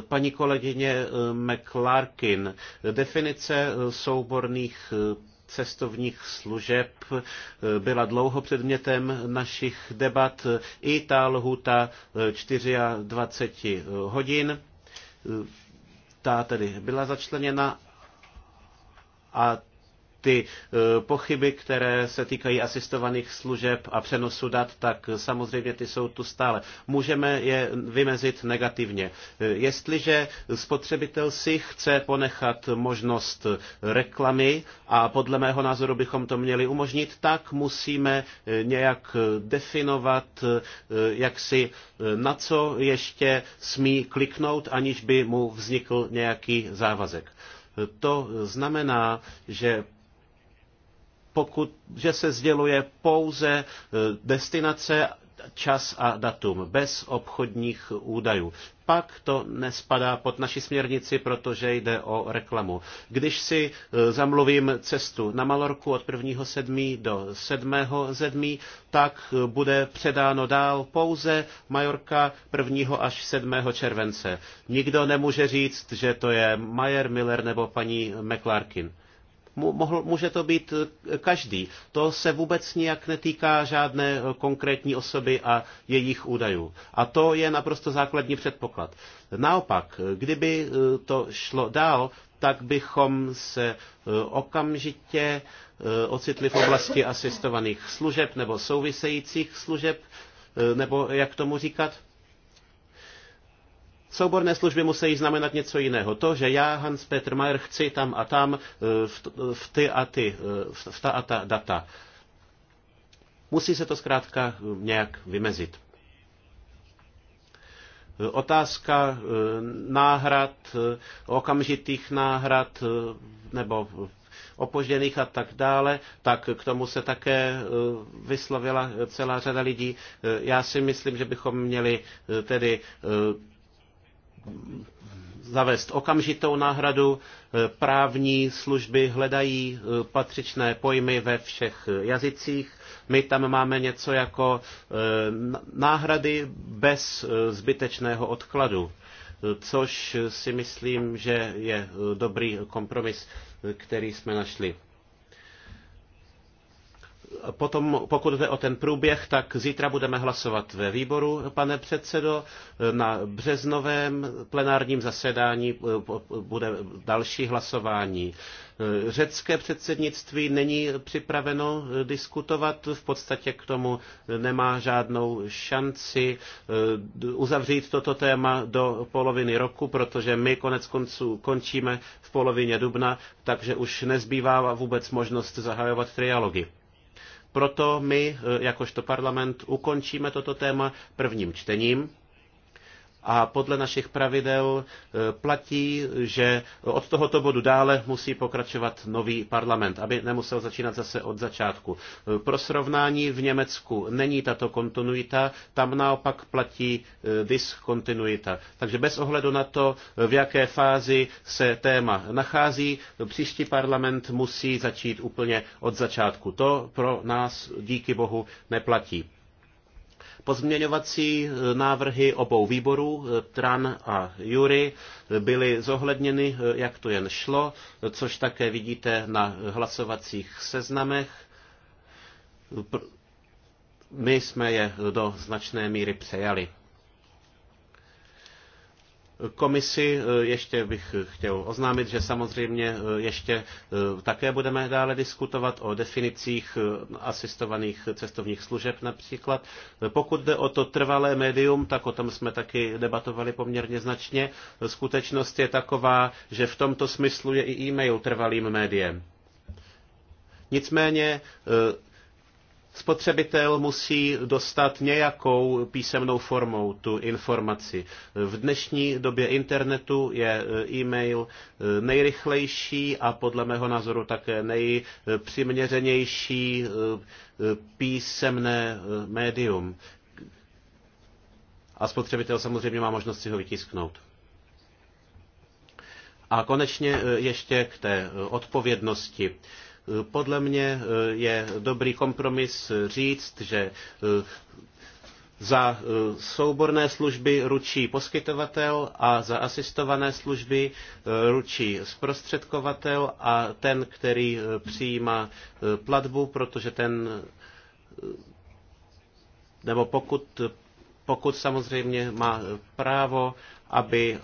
Paní kolegyně eh, McClarkin, definice eh, souborných eh, cestovních služeb byla dlouho předmětem našich debat. I ta lhuta 24 hodin, ta tedy byla začleněna a ty e, pochyby, které se týkají asistovaných služeb a přenosu dat, tak samozřejmě ty jsou tu stále. Můžeme je vymezit negativně. E, jestliže spotřebitel si chce ponechat možnost reklamy a podle mého názoru bychom to měli umožnit, tak musíme e, nějak definovat, jak si na co ještě smí kliknout, aniž by mu vznikl nějaký závazek. To znamená, že pokud, že se sděluje pouze e, destinace, čas a datum, bez obchodních údajů. Pak to nespadá pod naši směrnici, protože jde o reklamu. Když si e, zamluvím cestu na Malorku od 1.7. do 7.7., tak e, bude předáno dál pouze Majorka 1. až 7. července. Nikdo nemůže říct, že to je Mayer, Miller nebo paní McClarkin mohl, může to být eh, každý. To se vůbec nijak netýká žádné eh, konkrétní osoby a jejich údajů. A to je naprosto základní předpoklad. Naopak, eh, kdyby to šlo dál, tak bychom se okamžitě ocitli v oblasti asistovaných služeb nebo souvisejících služeb, nebo jak tomu říkat, Souborné služby musí znamenat něco jiného. To, že já, Hans Petr Mayer, chci tam a tam eh, v, v ty a ty, eh, v, v ta a ta data. Musí se to zkrátka eh, nějak vymezit. Otázka náhrad, okamžitých náhrad nebo opožděných a tak dále, tak k tomu se také vyslovila celá řada lidí. Já si myslím, že bychom měli tedy zavést okamžitou náhradu. Právní služby hledají eh, patřičné pojmy ve všech jazycích. My tam máme něco jako eh, náhrady bez eh, zbytečného odkladu, což si myslím, že je dobrý kompromis, který jsme našli. Potom, pokud jde o ten průběh, tak zítra budeme hlasovat ve výboru, pane předsedo. Na březnovém plenárním zasedání eh, bude další hlasování. Eh, řecké předsednictví není připraveno eh, diskutovat, v podstatě k tomu nemá žádnou šanci uzavřít toto téma do poloviny roku, protože my konec konců končíme v polovině dubna, takže už nezbývá vůbec možnost zahajovat trialogy. Proto my, eh, jakožto parlament, ukončíme toto téma prvním čtením a podle našich pravidel eh, platí, že od tohoto bodu dále musí pokračovat nový parlament, aby nemusel začínat zase od začátku. Eh, pro srovnání v Německu není tato kontinuita, tam naopak platí eh, diskontinuita. Takže bez ohledu na to, v jaké fázi se téma nachází, příští parlament musí začít úplně od začátku. To pro nás díky bohu neplatí. Pozměňovací eh, návrhy obou výborů, eh, TRAN a JURY, eh, byly zohledněny, jak to jen šlo, což také vidíte na hlasovacích seznamech. My jsme je do značné míry přejali. Komisi eh, ještě bych chtěl oznámit, že samozřejmě eh, ještě eh, také budeme dále diskutovat o definicích asistovaných cestovních služeb například. Pokud jde o to trvalé médium, tak o tom jsme taky debatovali poměrně značně. Skutečnost je taková, že v tomto smyslu je i e-mail trvalým médiem. Nicméně spotřebitel musí dostat nějakou písemnou formou tu informaci. V dnešní době internetu je eh, e-mail eh, nejrychlejší a podle mého názoru také nejpřiměřenější eh, písemné médium. A spotřebitel samozřejmě má možnost si ho vytisknout. A konečně ještě k té odpovědnosti. Podle mě eh, je dobrý kompromis říct, že eh, za eh, souborné služby ručí poskytovatel a za asistované služby ručí zprostředkovatel a ten, který přijímá platbu, protože ten, nebo pokud, pokud samozřejmě má právo, aby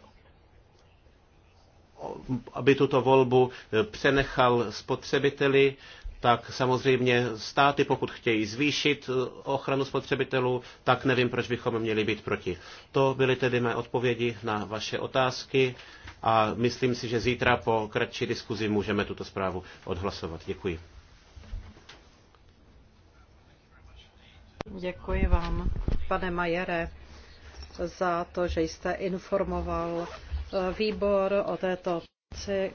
aby tuto volbu eh, přenechal spotřebiteli, tak samozřejmě státy, pokud chtějí zvýšit eh, ochranu spotřebitelů, tak nevím, proč bychom měli být proti. To byly tedy mé odpovědi na vaše otázky a myslím si, že zítra po kratší diskuzi můžeme tuto zprávu odhlasovat. Děkuji. Děkuji vám, pane Majere, za to, že jste informoval výbor o této věci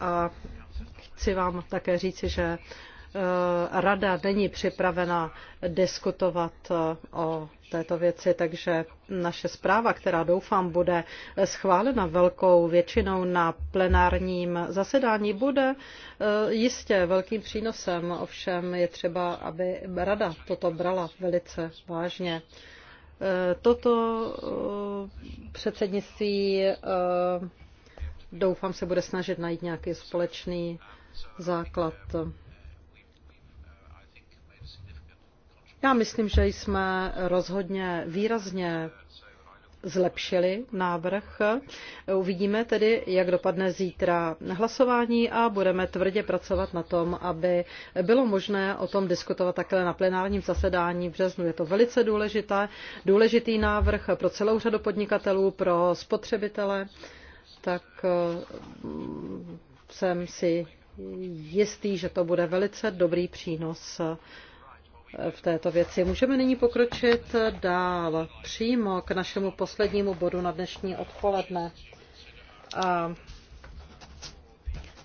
a chci vám také říci, že eh, rada není připravena diskutovat eh, o této věci, takže naše zpráva, která doufám bude schválena velkou většinou na plenárním zasedání, bude eh, jistě velkým přínosem, ovšem je třeba, aby rada toto brala velice vážně. Eh, toto eh, předsednictví eh, doufám se bude snažit najít nějaký společný základ. Já myslím, že jsme rozhodně výrazně zlepšili návrh. Uvidíme tedy, jak dopadne zítra hlasování a budeme tvrdě pracovat na tom, aby bylo možné o tom diskutovat také na plenárním zasedání v březnu. Je to velice důležité, důležitý návrh pro celou řadu podnikatelů, pro spotřebitele, tak eh, jsem si jistý, že to bude velice dobrý přínos v této věci. Můžeme nyní pokročit dál přímo k našemu poslednímu bodu na dnešní odpoledne. A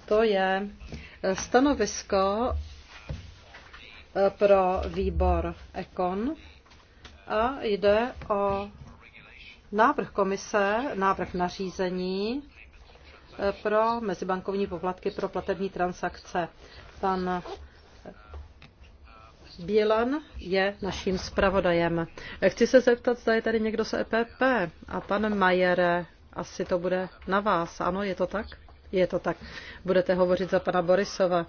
to je stanovisko eh, pro výbor Econ a jde o návrh komise, návrh nařízení eh, pro mezibankovní poplatky pro platební transakce. Pan Bílan je naším zpravodajem. Chci se zeptat, zda je tady někdo z EPP. A pane Majere, asi to bude na vás. Ano, je to tak? Je to tak. Budete hovořit za pana Borisova.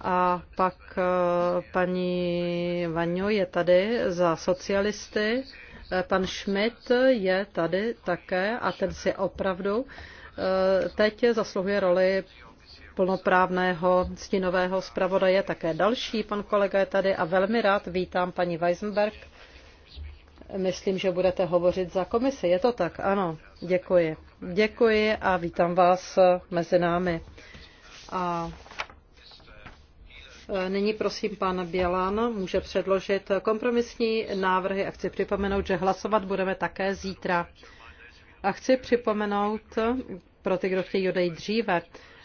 A pak eh, paní Vaňo je tady za socialisty. Eh, pan Schmidt je tady také a ten si opravdu eh, teď zasluhuje roli plnoprávného stínového zpravodaje, také další pan kolega je tady a velmi rád vítám paní Weisenberg. Myslím, že budete hovořit za komisi. Je to tak? Ano, děkuji. Děkuji a vítám vás mezi námi. A e, Nyní prosím pan Bělan, může předložit kompromisní návrhy a chci připomenout, že hlasovat budeme také zítra. A chci připomenout pro ty, kdo chtějí odejít dříve,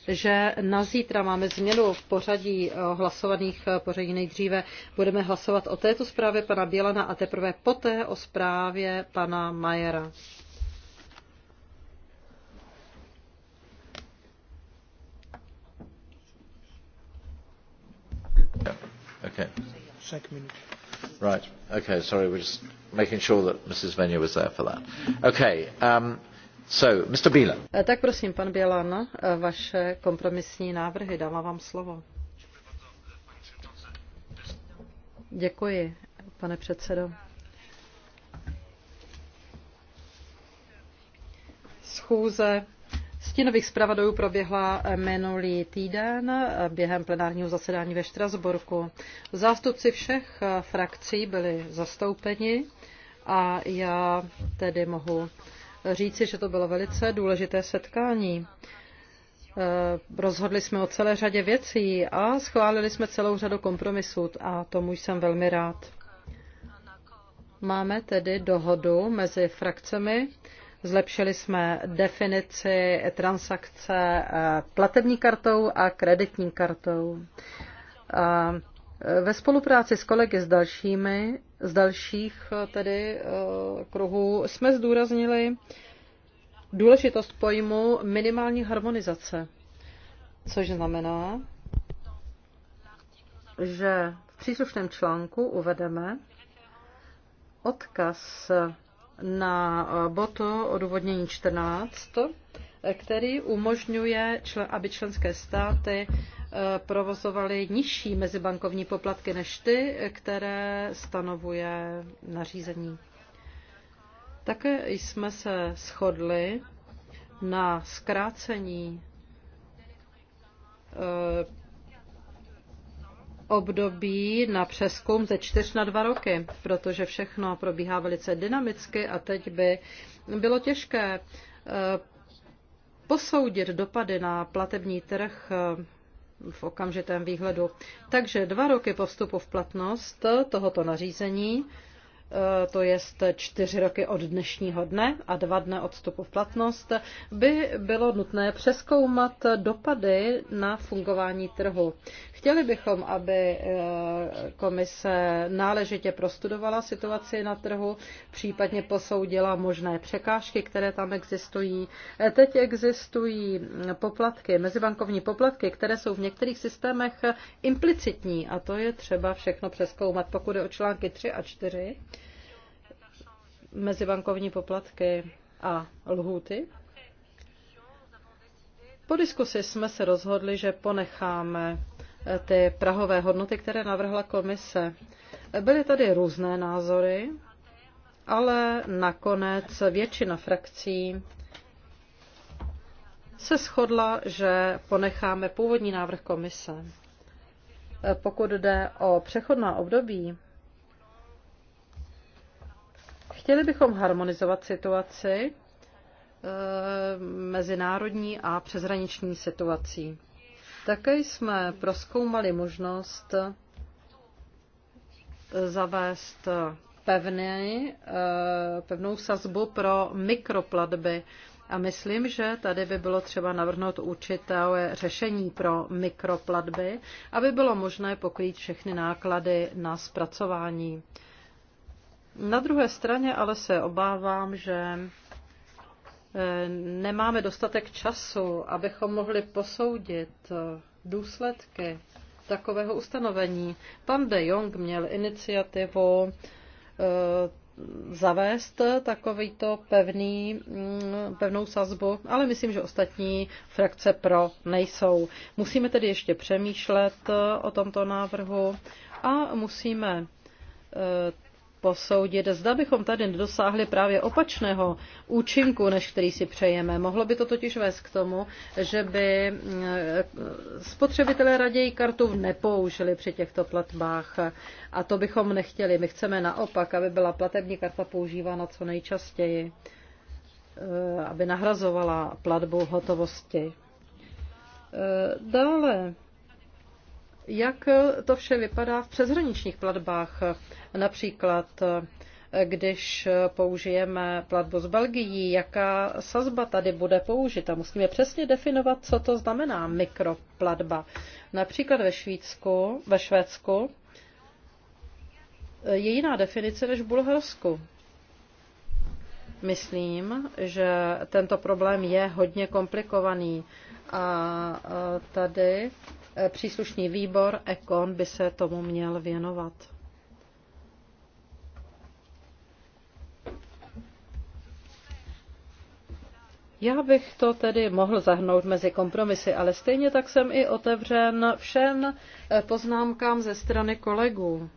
že na zítra máme změnu v pořadí eh, hlasovaných eh, pořadí. Nejdříve budeme hlasovat o této zprávě pana Bělana a teprve poté o zprávě pana Majera. Okay. Right. Okay. Sorry, we're just making sure that Mrs. Venya was there for that. Okay. Um, Eh, tak prosím, pan Bělan, no, eh, vaše kompromisní návrhy, dávám vám slovo. Děkuji, pane předsedo. Schůze stínových zpravodajů proběhla eh, minulý týden během plenárního zasedání ve Štrasburku. Zástupci všech frakcí byli zastoupeni a já tedy mohu říci, že to bylo velice důležité setkání. Eh, rozhodli jsme o celé řadě věcí a schválili jsme celou řadu kompromisů a tomu jsem velmi rád. Máme tedy dohodu mezi frakcemi. Zlepšili jsme definici transakce eh, platební kartou a kreditní kartou. Eh, Eh, ve spolupráci s kolegy s dalšími, z dalších eh, tedy eh, kruhů jsme zdůraznili důležitost pojmu minimální harmonizace, což znamená, že v příslušném článku uvedeme odkaz na boto odůvodnění 14, který umožňuje, aby členské státy Eh, provozovaly nižší mezibankovní poplatky než ty, které stanovuje nařízení. Také jsme se shodli na zkrácení eh, období na přeskum ze čtyř na dva roky, protože všechno probíhá velice dynamicky a teď by bylo těžké eh, posoudit dopady na platební trh v okamžitém výhledu. Takže dva roky po vstupu v platnost tohoto nařízení to jest čtyři roky od dnešního dne a dva dne od vstupu v platnost, by bylo nutné přeskoumat dopady na fungování trhu. Chtěli bychom, aby eh, komise náležitě prostudovala situaci na trhu, případně posoudila možné překážky, které tam existují. Eh, teď existují poplatky, mezibankovní poplatky, které jsou v některých systémech implicitní a to je třeba všechno přeskoumat, pokud je o články 3 a 4 mezibankovní poplatky a lhůty. Po diskusi jsme se rozhodli, že ponecháme eh, ty prahové hodnoty, které navrhla komise. Byly tady různé názory, ale nakonec většina frakcí se shodla, že ponecháme původní návrh komise. Eh, pokud jde o přechodná období, Chtěli bychom harmonizovat situaci eh, mezinárodní a přeshraniční situací. Také jsme proskoumali možnost eh, zavést eh, pevný, pevnou sazbu pro mikroplatby. A myslím, že tady by bylo třeba navrhnout určité řešení pro mikroplatby, aby bylo možné pokrýt všechny náklady na zpracování. Na druhé straně ale se obávám, že eh, nemáme dostatek času, abychom mohli posoudit eh, důsledky takového ustanovení. Pan de Jong měl iniciativu eh, zavést takovýto pevný, mm, pevnou sazbu, ale myslím, že ostatní frakce pro nejsou. Musíme tedy ještě přemýšlet o tomto návrhu a musíme posoudit, zda bychom tady nedosáhli právě opačného účinku, než který si přejeme. Mohlo by to totiž vést k tomu, že by eh, spotřebitelé raději kartu nepoužili při těchto platbách a to bychom nechtěli. My chceme naopak, aby byla platební karta používána co nejčastěji, eh, aby nahrazovala platbu hotovosti. Eh, dále, jak to vše vypadá v přeshraničních platbách? Například eh, když použijeme platbu z Belgií, jaká sazba tady bude použita. Musíme přesně definovat, co to znamená mikroplatba. Například ve Švýcku, ve Švédsku eh, je jiná definice než v Bulharsku. Myslím, že tento problém je hodně komplikovaný a tady eh, příslušný výbor Ekon by se tomu měl věnovat. Já bych to tedy mohl zahrnout mezi kompromisy, ale stejně tak jsem i otevřen všem eh, poznámkám ze strany kolegů.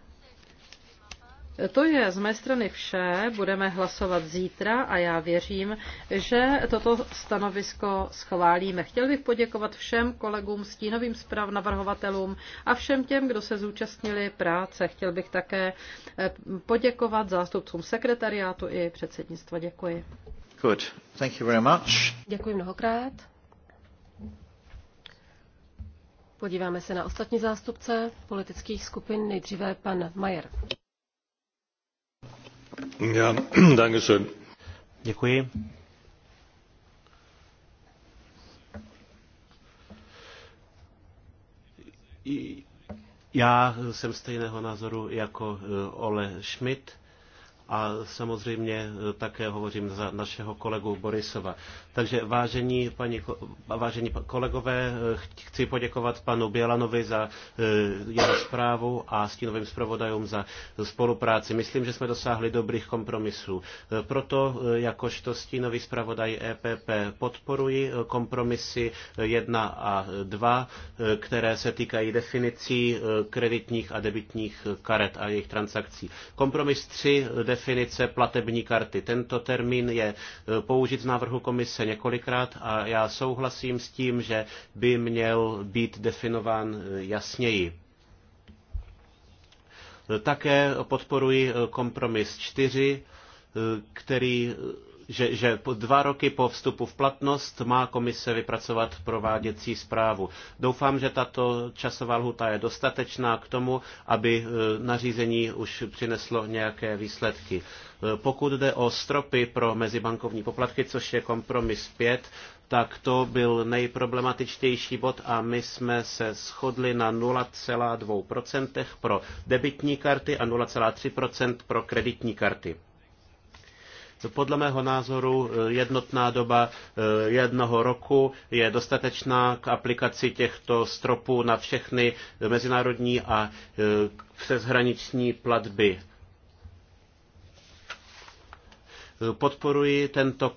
To je z mé strany vše, budeme hlasovat zítra a já věřím, že toto stanovisko schválíme. Chtěl bych poděkovat všem kolegům, stínovým zpráv, navrhovatelům a všem těm, kdo se zúčastnili práce. Chtěl bych také eh, poděkovat zástupcům sekretariátu i předsednictva. Děkuji. Děkuji mnohokrát. Podíváme se na ostatní zástupce politických skupin. Nejdříve pan Majer. Ja, danke schön. Děkuji. Já jsem stejného názoru jako eh, Ole Schmidt a samozřejmě eh, také hovořím za našeho kolegu Borisova. Takže vážení, paní, vážení kolegové, eh, chci poděkovat panu Bělanovi za eh, jeho zprávu a stínovým zpravodajům za spolupráci. Myslím, že jsme dosáhli dobrých kompromisů. Proto jakožto stínový zpravodaj EPP podporuji kompromisy 1 a 2, které se týkají definicí kreditních a debitních karet a jejich transakcí. Kompromis 3 definice platební karty. Tento termín je e, použit v návrhu komise několikrát a já souhlasím s tím, že by měl být definován e, jasněji. E, také podporuji kompromis 4, který že, že dva roky po vstupu v platnost má komise vypracovat prováděcí zprávu. Doufám, že tato časová lhuta je dostatečná k tomu, aby e, nařízení už přineslo nějaké výsledky. E, pokud jde o stropy pro mezibankovní poplatky, což je kompromis 5, tak to byl nejproblematičtější bod a my jsme se shodli na 0,2% pro debitní karty a 0,3% pro kreditní karty. Podle mého názoru eh, jednotná doba eh, jednoho roku je dostatečná k aplikaci těchto stropů na všechny mezinárodní a eh, přeshraniční platby Podporuji tento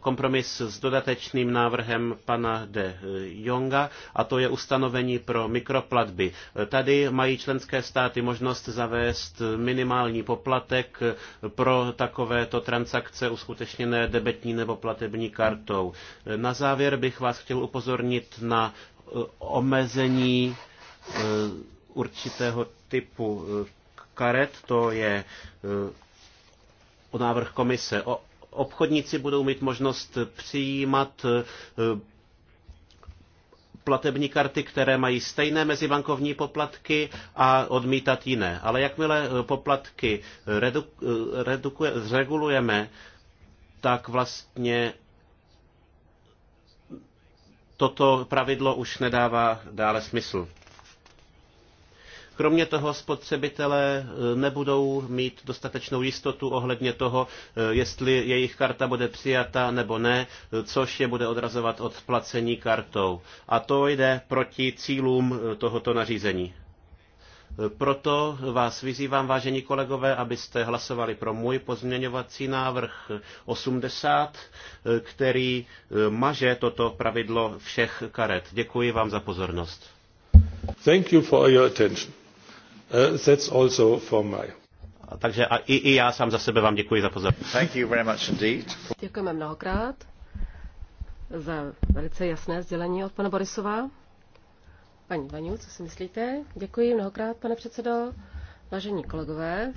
kompromis s dodatečným návrhem pana de Jonga, a to je ustanovení pro mikroplatby. Tady mají členské státy možnost zavést minimální poplatek pro takovéto transakce uskutečněné debetní nebo platební kartou. Na závěr bych vás chtěl upozornit na e, omezení e, určitého typu e, karet, to je o návrh komise. O, obchodníci budou mít možnost přijímat e, platební karty, které mají stejné mezibankovní poplatky a odmítat jiné. Ale jakmile e, poplatky redu, e, redukuje, zregulujeme, tak vlastně toto pravidlo už nedává dále smysl. Kromě toho spotřebitelé eh, nebudou mít dostatečnou jistotu ohledně toho, eh, jestli jejich karta bude přijata nebo ne, eh, což je bude odrazovat od placení kartou. A to jde proti cílům tohoto nařízení. Proto vás vyzývám, vážení kolegové, abyste hlasovali pro můj pozměňovací návrh 80, který maže toto pravidlo všech karet. Děkuji vám za pozornost. Thank you for your attention. Uh, that's also my. Takže a i, i já sám za sebe vám děkuji za pozornost. Thank you very much indeed. Děkujeme mnohokrát za velice jasné sdělení od pana Borisova. Paní Vaniu, co si myslíte? Děkuji mnohokrát, pane předsedo. Vážení kolegové,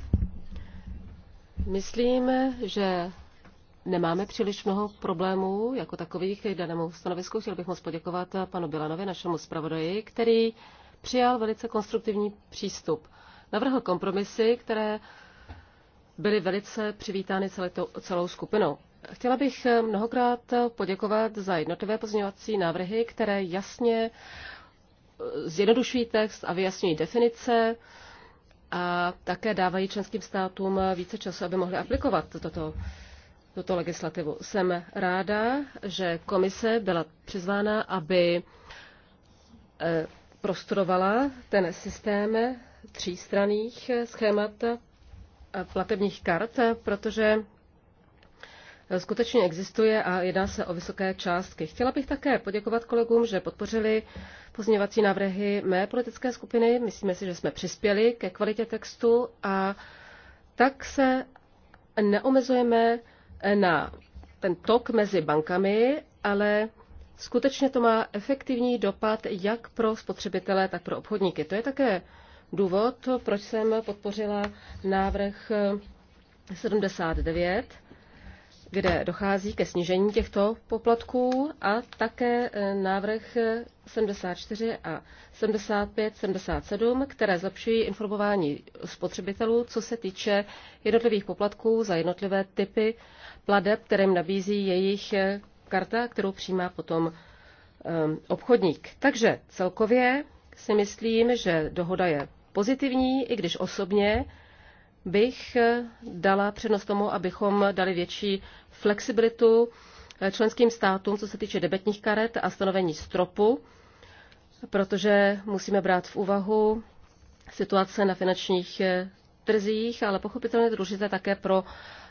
myslím, že nemáme příliš mnoho problémů jako takových k danému stanovisku. Chtěl bych moc poděkovat panu Bilanovi, našemu zpravodaji, který přijal velice konstruktivní přístup. Navrhl kompromisy, které byly velice přivítány celou skupinou. Chtěla bych eh, mnohokrát poděkovat za jednotlivé pozměňovací návrhy, které jasně eh, zjednodušují text a vyjasňují definice a také dávají členským státům více času, aby mohli aplikovat toto, tuto legislativu. Jsem ráda, že komise byla přizvána, aby eh, prostudovala ten systém třístraných schémat platebních kart, protože skutečně existuje a jedná se o vysoké částky. Chtěla bych také poděkovat kolegům, že podpořili pozměňovací návrhy mé politické skupiny. Myslíme si, že jsme přispěli ke kvalitě textu a tak se neomezujeme na ten tok mezi bankami, ale skutečně to má efektivní dopad jak pro spotřebitele, tak pro obchodníky. To je také důvod, proč jsem podpořila návrh 79, kde dochází ke snížení těchto poplatků a také eh, návrh 74 a 75, 77, které zlepšují informování spotřebitelů, co se týče jednotlivých poplatků za jednotlivé typy pladeb, kterým nabízí jejich eh, karta, kterou přijímá potom ehm, obchodník. Takže celkově si myslím, že dohoda je pozitivní, i když osobně bych eh, dala přednost tomu, abychom dali větší flexibilitu eh, členským státům, co se týče debetních karet a stanovení stropu, protože musíme brát v úvahu situace na finančních eh, trzích, ale pochopitelně důležité také pro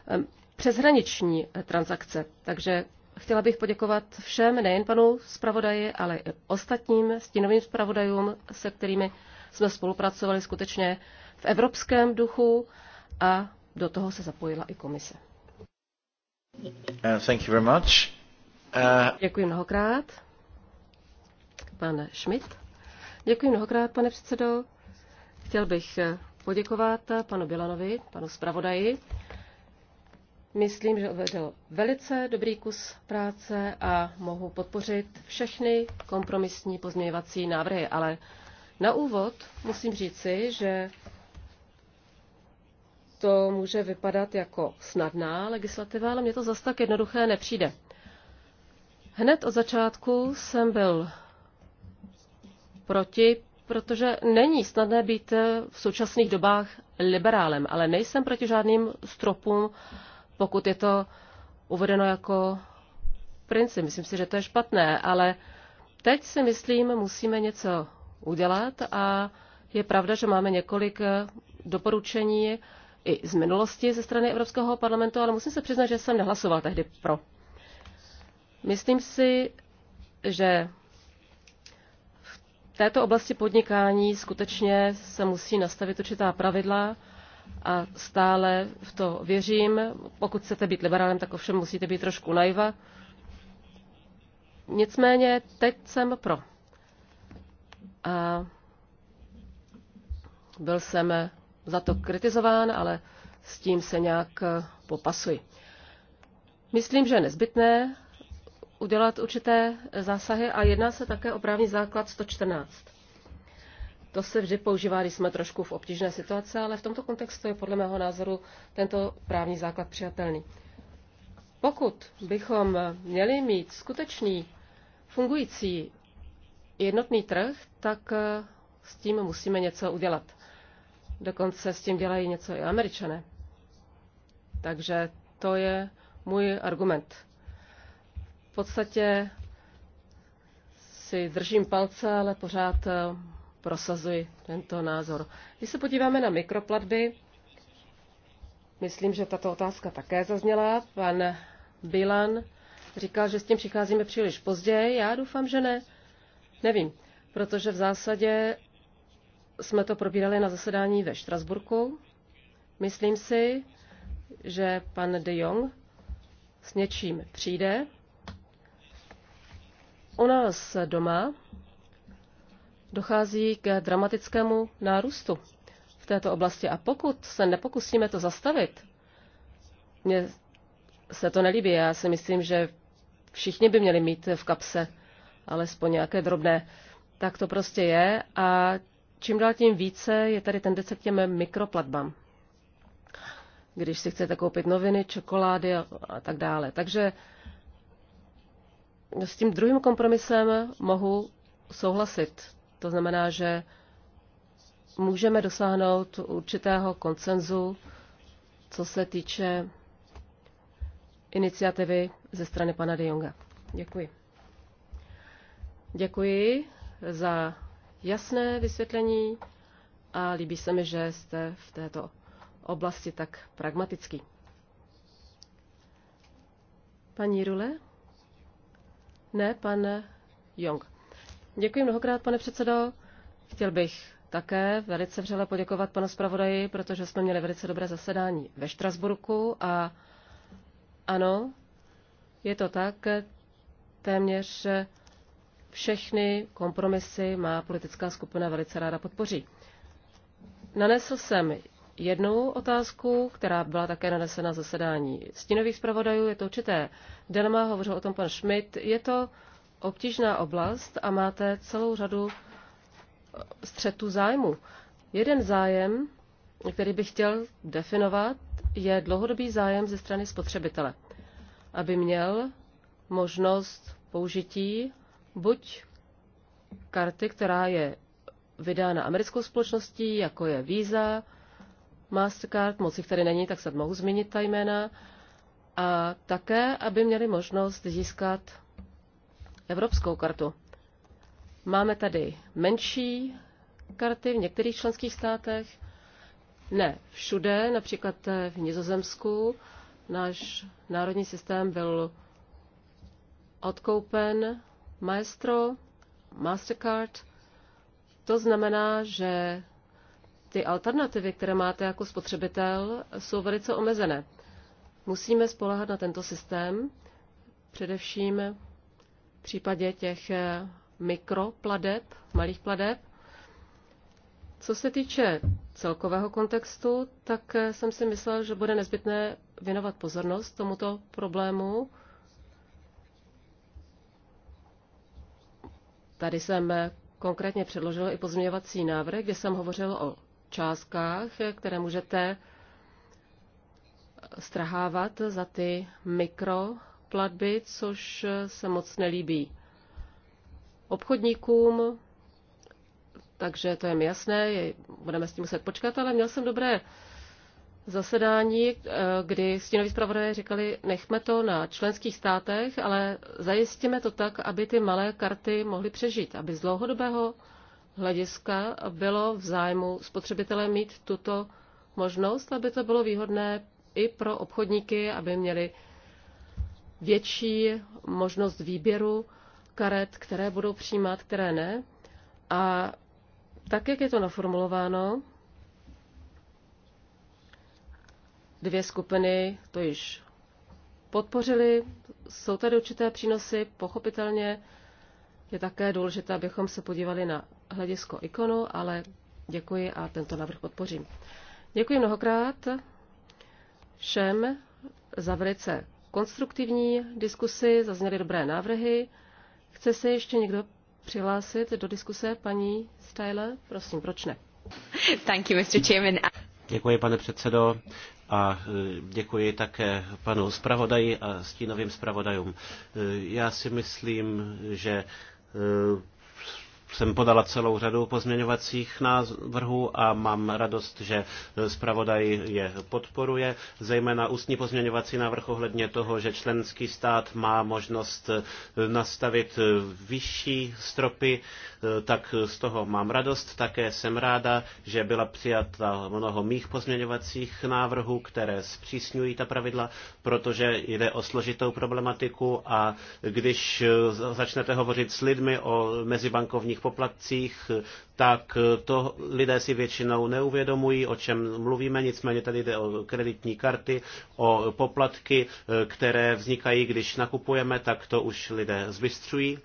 ehm, přeshraniční transakce. Takže Chtěla bych poděkovat všem, nejen panu zpravodaji, ale i ostatním stínovým zpravodajům, se kterými jsme spolupracovali skutečně v evropském duchu a do toho se zapojila i komise. Uh, thank you very much. Uh... Děkuji mnohokrát. pane Schmidt. Děkuji mnohokrát, pane předsedo. Chtěl bych poděkovat panu Bilanovi, panu zpravodaji, Myslím, že odvedl velice dobrý kus práce a mohu podpořit všechny kompromisní pozměňovací návrhy, ale na úvod musím říci, že to může vypadat jako snadná legislativa, ale mně to zase tak jednoduché nepřijde. Hned od začátku jsem byl proti, protože není snadné být v současných dobách liberálem, ale nejsem proti žádným stropům pokud je to uvedeno jako princip. Myslím si, že to je špatné, ale teď si myslím, musíme něco udělat a je pravda, že máme několik eh, doporučení i z minulosti ze strany Evropského parlamentu, ale musím se přiznat, že jsem nehlasoval tehdy pro. Myslím si, že v této oblasti podnikání skutečně se musí nastavit určitá pravidla, a stále v to věřím. Pokud chcete být liberálem, tak ovšem musíte být trošku naiva. Nicméně teď jsem pro. A byl jsem za to kritizován, ale s tím se nějak popasuji. Myslím, že je nezbytné udělat určité zásahy a jedná se také o právní základ 114. To se vždy používá, když jsme trošku v obtížné situaci, ale v tomto kontextu je podle mého názoru tento právní základ přijatelný. Pokud bychom měli mít skutečný fungující jednotný trh, tak eh, s tím musíme něco udělat. Dokonce s tím dělají něco i američané. Takže to je můj argument. V podstatě si držím palce, ale pořád eh, prosazuji tento názor. Když se podíváme na mikroplatby, myslím, že tato otázka také zazněla. Pan Bilan říkal, že s tím přicházíme příliš pozdě. Já doufám, že ne. Nevím, protože v zásadě jsme to probírali na zasedání ve Štrasburku. Myslím si, že pan de Jong s něčím přijde. U nás doma dochází k dramatickému nárůstu v této oblasti. A pokud se nepokusíme to zastavit, mně se to nelíbí. Já si myslím, že všichni by měli mít v kapse alespoň nějaké drobné. Tak to prostě je a čím dál tím více je tady tendence k těm mikroplatbám. Když si chcete koupit noviny, čokolády a tak dále. Takže s tím druhým kompromisem mohu souhlasit. To znamená, že můžeme dosáhnout určitého koncenzu, co se týče iniciativy ze strany pana de Jonga. Děkuji. Děkuji za jasné vysvětlení a líbí se mi, že jste v této oblasti tak pragmatický. Paní Rule? Ne, pan Jong. Děkuji mnohokrát, pane předsedo. Chtěl bych také velice vřele poděkovat panu zpravodaji, protože jsme měli velice dobré zasedání ve Štrasburku a ano, je to tak, téměř všechny kompromisy má politická skupina velice ráda podpoří. Nanesl jsem jednu otázku, která byla také nanesena zasedání stínových zpravodajů. Je to určité dilema, hovořil o tom pan Schmidt. Je to obtížná oblast a máte celou řadu eh, střetu zájmu. Jeden zájem, který bych chtěl definovat, je dlouhodobý zájem ze strany spotřebitele, aby měl možnost použití buď karty, která je vydána americkou společností, jako je Visa, Mastercard, moc jich tady není, tak se mohu zmínit ta jména, a také, aby měli možnost získat evropskou kartu. Máme tady menší karty v některých členských státech, ne všude, například v Nizozemsku. Náš národní systém byl odkoupen Maestro, Mastercard. To znamená, že ty alternativy, které máte jako spotřebitel, jsou velice omezené. Musíme spolehat na tento systém, především případě těch eh, mikropladeb, malých pladeb. Co se týče celkového kontextu, tak eh, jsem si myslel, že bude nezbytné věnovat pozornost tomuto problému. Tady jsem eh, konkrétně předložil i pozměňovací návrh, kde jsem hovořil o částkách, které můžete strahávat za ty mikro platby, což se moc nelíbí obchodníkům, takže to je mi jasné, budeme s tím muset počkat, ale měl jsem dobré zasedání, eh, kdy stínoví zpravodaje říkali, nechme to na členských státech, ale zajistíme to tak, aby ty malé karty mohly přežít, aby z dlouhodobého hlediska bylo v zájmu spotřebitele mít tuto možnost, aby to bylo výhodné i pro obchodníky, aby měli větší možnost výběru karet, které budou přijímat, které ne. A tak, jak je to naformulováno, dvě skupiny to již podpořili. Jsou tady určité přínosy, pochopitelně je také důležité, abychom se podívali na hledisko ikonu, ale děkuji a tento návrh podpořím. Děkuji mnohokrát všem za velice konstruktivní diskusi, zazněly dobré návrhy. Chce se ještě někdo přihlásit do diskuse, paní Style? Prosím, proč ne? Thank you, Mr. Chairman. Děkuji, pane předsedo, a e, děkuji také panu zpravodaji a stínovým zpravodajům. E, já si myslím, že e, jsem podala celou řadu pozměňovacích návrhů a mám radost, že zpravodaj je podporuje, zejména ústní pozměňovací návrh ohledně toho, že členský stát má možnost nastavit vyšší stropy, tak z toho mám radost. Také jsem ráda, že byla přijata mnoho mých pozměňovacích návrhů, které zpřísňují ta pravidla, protože jde o složitou problematiku a když začnete hovořit s lidmi o mezibankovních daňových poplatcích, tak to lidé si většinou neuvědomují, o čem mluvíme, nicméně tady jde o kreditní karty, o poplatky, které vznikají, když nakupujeme, tak to už lidé zbystřují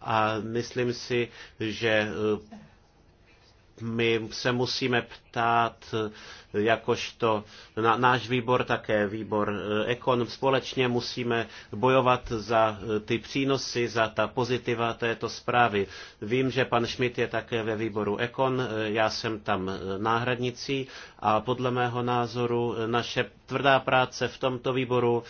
a myslím si, že my se musíme ptát, jakožto na, náš výbor, také výbor eh, Ekon, společně musíme bojovat za eh, ty přínosy, za ta pozitiva této zprávy. Vím, že pan Schmidt je také ve výboru Ekon, eh, já jsem tam náhradnicí a podle mého názoru naše tvrdá práce v tomto výboru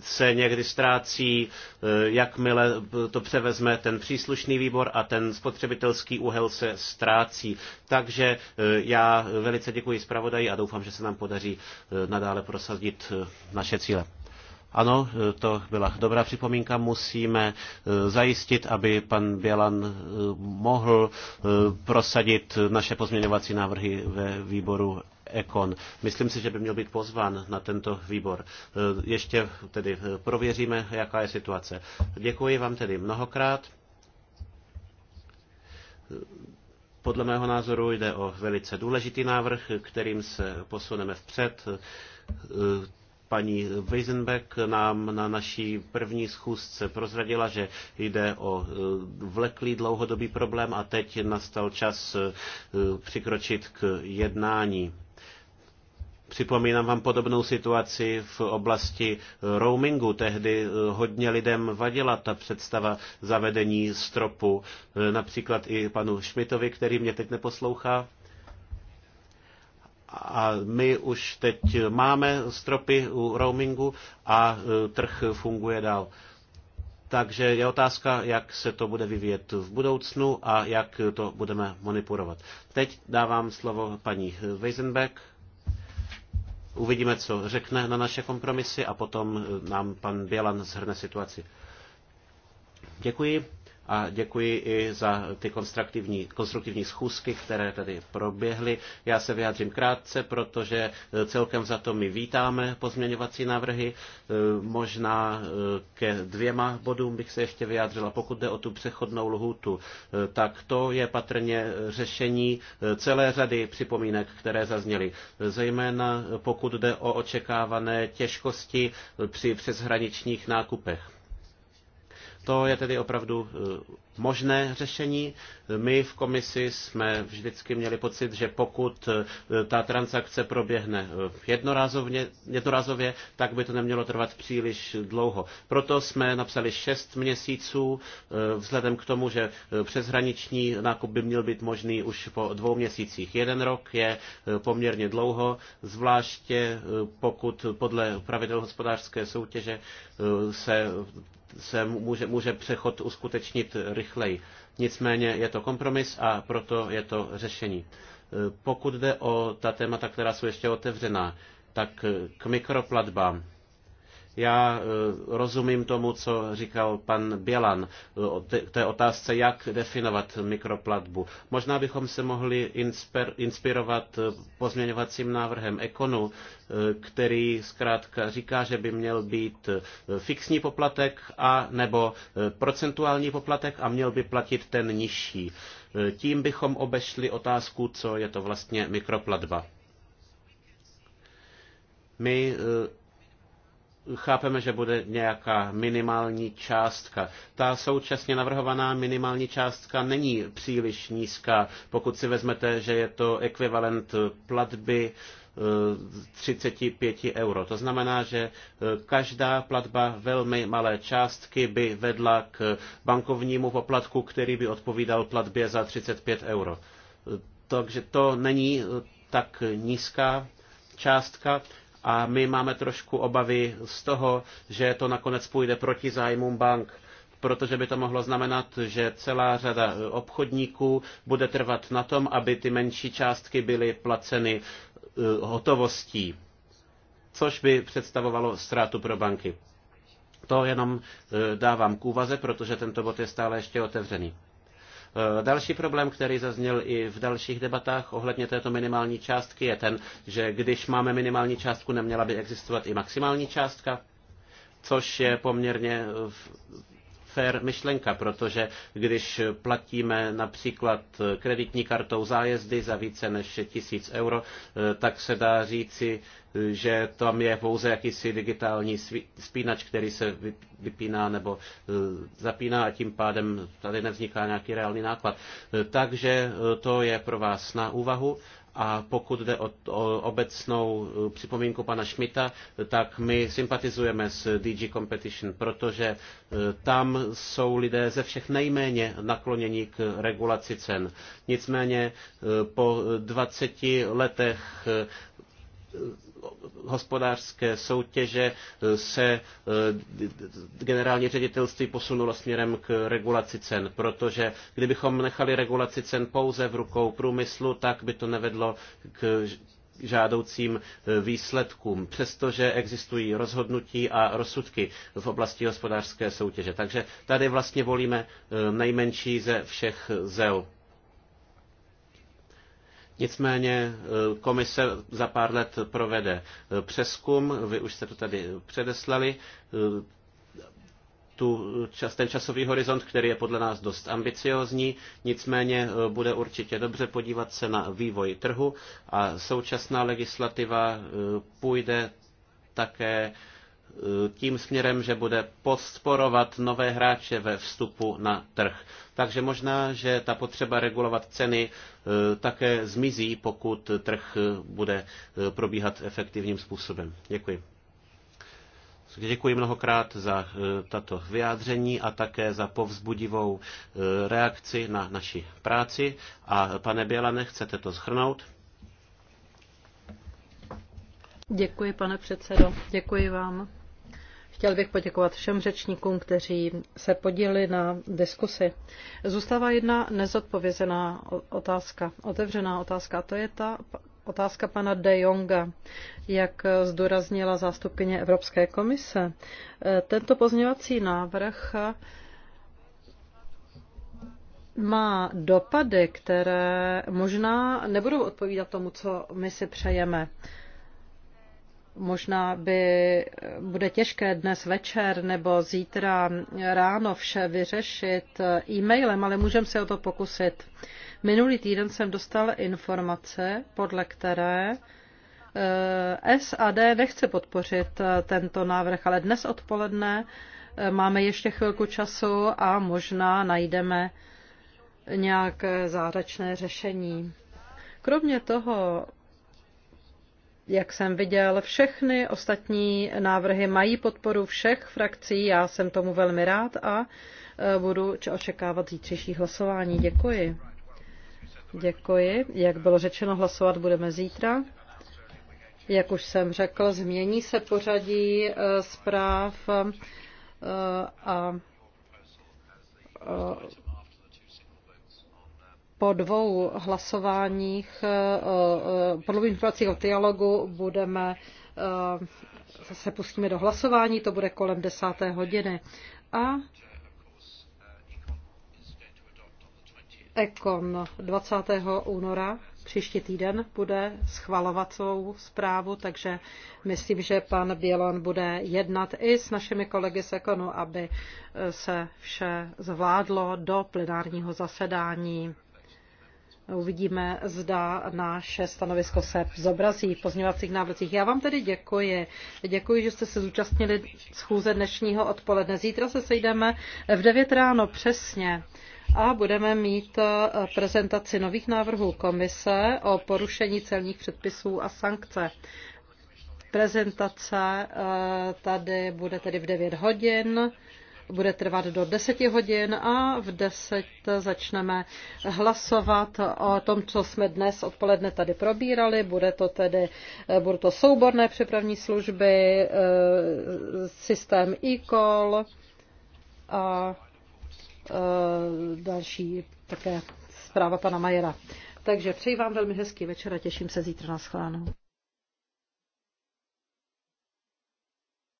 se někdy ztrácí, eh, jakmile to převezme ten příslušný výbor a ten spotřebitelský úhel se ztrácí. Takže eh, já velice děkuji zpravodaji a doufám, že se nám podaří eh, nadále prosadit naše cíle. Ano, to byla dobrá připomínka. Musíme zajistit, aby pan Bělan mohl prosadit naše pozměňovací návrhy ve výboru Ekon. Myslím si, že by měl být pozván na tento výbor. E, ještě tedy e, prověříme, jaká je situace. Děkuji vám tedy mnohokrát. E, podle mého názoru jde o velice důležitý návrh, kterým se posuneme vpřed. Paní Weisenbeck nám na naší první schůzce prozradila, že jde o vleklý dlouhodobý problém a teď nastal čas přikročit k jednání. Připomínám vám podobnou situaci v oblasti roamingu. Tehdy eh, hodně lidem vadila ta představa zavedení stropu. Eh, například i panu Šmitovi, který mě teď neposlouchá. A my už teď máme stropy u roamingu a eh, trh funguje dál. Takže je otázka, jak se to bude vyvíjet v budoucnu a jak to budeme monitorovat. Teď dávám slovo paní Weisenbeck. Uvidíme, co řekne na naše kompromisy a potom nám pan Bělan zhrne situaci. Děkuji a děkuji i za ty konstruktivní, konstruktivní schůzky, které tady proběhly. Já se vyjádřím krátce, protože celkem za to my vítáme pozměňovací návrhy. E, možná e, ke dvěma bodům bych se ještě vyjádřila. Pokud jde o tu přechodnou lhůtu, e, tak to je patrně řešení celé řady připomínek, které zazněly. Zejména pokud jde o očekávané těžkosti při přeshraničních nákupech. To je tedy opravdu eh, možné řešení. My v komisi jsme vždycky měli pocit, že pokud eh, ta transakce proběhne eh, jednorázově, jednorázově, tak by to nemělo trvat příliš dlouho. Proto jsme napsali 6 měsíců, vzhledem k tomu, že přeshraniční nákup by měl být možný už po dvou měsících. Jeden rok je poměrně dlouho, zvláště pokud podle pravidel hospodářské soutěže se se může, může přechod uskutečnit rychleji. Nicméně je to kompromis a proto je to řešení. E, pokud jde o ta témata, která jsou ještě otevřená, tak k mikroplatbám já e, rozumím tomu, co říkal pan Bělan, k e, té otázce, jak definovat mikroplatbu. Možná bychom se mohli inspirovat e, pozměňovacím návrhem Ekonu, který zkrátka říká, že by měl být fixní poplatek a nebo procentuální poplatek a měl by platit ten nižší. Tím bychom obešli otázku, co je to vlastně mikroplatba. My chápeme, že bude nějaká minimální částka. Ta současně navrhovaná minimální částka není příliš nízká, pokud si vezmete, že je to ekvivalent platby 35 e, euro. To znamená, že e, každá platba velmi malé částky by vedla k bankovnímu poplatku, který by odpovídal platbě za 35 euro. E, takže to není tak nízká částka a my máme trošku obavy z toho, že to nakonec půjde proti zájmům bank protože by to mohlo znamenat, že celá řada e, obchodníků bude trvat na tom, aby ty menší částky byly placeny e, hotovostí, což by představovalo ztrátu pro banky. To jenom e, dávám k úvaze, protože tento bod je stále ještě otevřený. Eh, další problém, který zazněl i v dalších debatách ohledně této minimální částky, je ten, že když máme minimální částku, neměla by existovat i maximální částka, což je poměrně fér myšlenka, protože když platíme například kreditní kartou zájezdy za více než tisíc euro, eh, tak se dá říci, eh, že tam je pouze jakýsi digitální spínač, který se vypíná nebo eh, zapíná a tím pádem tady nevzniká nějaký reálný náklad. Takže to je pro vás na úvahu. A pokud jde o, o obecnou eh, připomínku pana Šmita, tak my sympatizujeme s DG Competition, protože eh, tam jsou lidé ze všech nejméně naklonění k regulaci cen. Nicméně eh, po 20 letech hospodářské soutěže eh, se eh, generální ředitelství posunulo směrem k regulaci cen, protože kdybychom nechali regulaci cen pouze v rukou průmyslu, tak by to nevedlo k žádoucím eh, výsledkům, přestože existují rozhodnutí a rozsudky v oblasti hospodářské soutěže. Takže tady vlastně volíme nejmenší ze všech zel. Nicméně eh, komise za pár let provede eh, přeskum, vy už jste to tady předeslali, eh, tu, čas, ten časový horizont, který je podle nás dost ambiciozní, nicméně bude určitě dobře podívat se na vývoj trhu a současná legislativa půjde také Eh, tím směrem, že bude podporovat nové hráče ve vstupu na trh. Takže možná, že ta potřeba regulovat ceny eh, také zmizí, pokud trh eh, bude probíhat efektivním způsobem. Děkuji. Děkuji mnohokrát za tato vyjádření a také za povzbudivou reakci na naši práci. A pane Bělane, chcete to schrnout? Děkuji, pane předsedo. Děkuji vám. Chtěl bych poděkovat všem řečníkům, kteří se podíli na diskusi. Zůstává jedna nezodpovězená otázka, otevřená otázka, a to je ta otázka pana De Jonga, jak zdůraznila zástupkyně Evropské komise. Tento pozměňovací návrh má dopady, které možná nebudou odpovídat tomu, co my si přejeme. Možná by eh, bude těžké dnes večer nebo zítra ráno vše vyřešit e-mailem, ale můžeme se o to pokusit. Minulý týden jsem dostal informace, podle které eh, SAD nechce podpořit eh, tento návrh, ale dnes odpoledne máme ještě chvilku času a možná najdeme nějaké zářečné řešení. Kromě toho jak jsem viděl, všechny ostatní návrhy mají podporu všech frakcí. Já jsem tomu velmi rád a e, budu očekávat zítřejší hlasování. Děkuji. Děkuji. Jak bylo řečeno, hlasovat budeme zítra. Jak už jsem řekl, změní se pořadí e, zpráv e, a po dvou hlasováních, eh, eh, po dvou informacích o dialogu budeme eh, se pustíme do hlasování, to bude kolem desáté hodiny. A Ekon 20. února příští týden bude schvalovat svou zprávu, takže myslím, že pan Bělon bude jednat i s našimi kolegy z Ekonu, aby se vše zvládlo do plenárního zasedání. Uvidíme, zda naše stanovisko se zobrazí v pozměňovacích návrzích. Já vám tedy děkuji. Děkuji, že jste se zúčastnili schůze dnešního odpoledne. Zítra se sejdeme v 9 ráno přesně a budeme mít eh, prezentaci nových návrhů komise o porušení celních předpisů a sankce. Prezentace eh, tady bude tedy v 9 hodin bude trvat do 10 hodin a v 10 začneme hlasovat o tom, co jsme dnes odpoledne tady probírali. Bude to tedy, eh, budou to souborné přepravní služby, eh, systém e-call a eh, další také zpráva pana Majera. Takže přeji vám velmi hezký večer a těším se zítra na schválenou.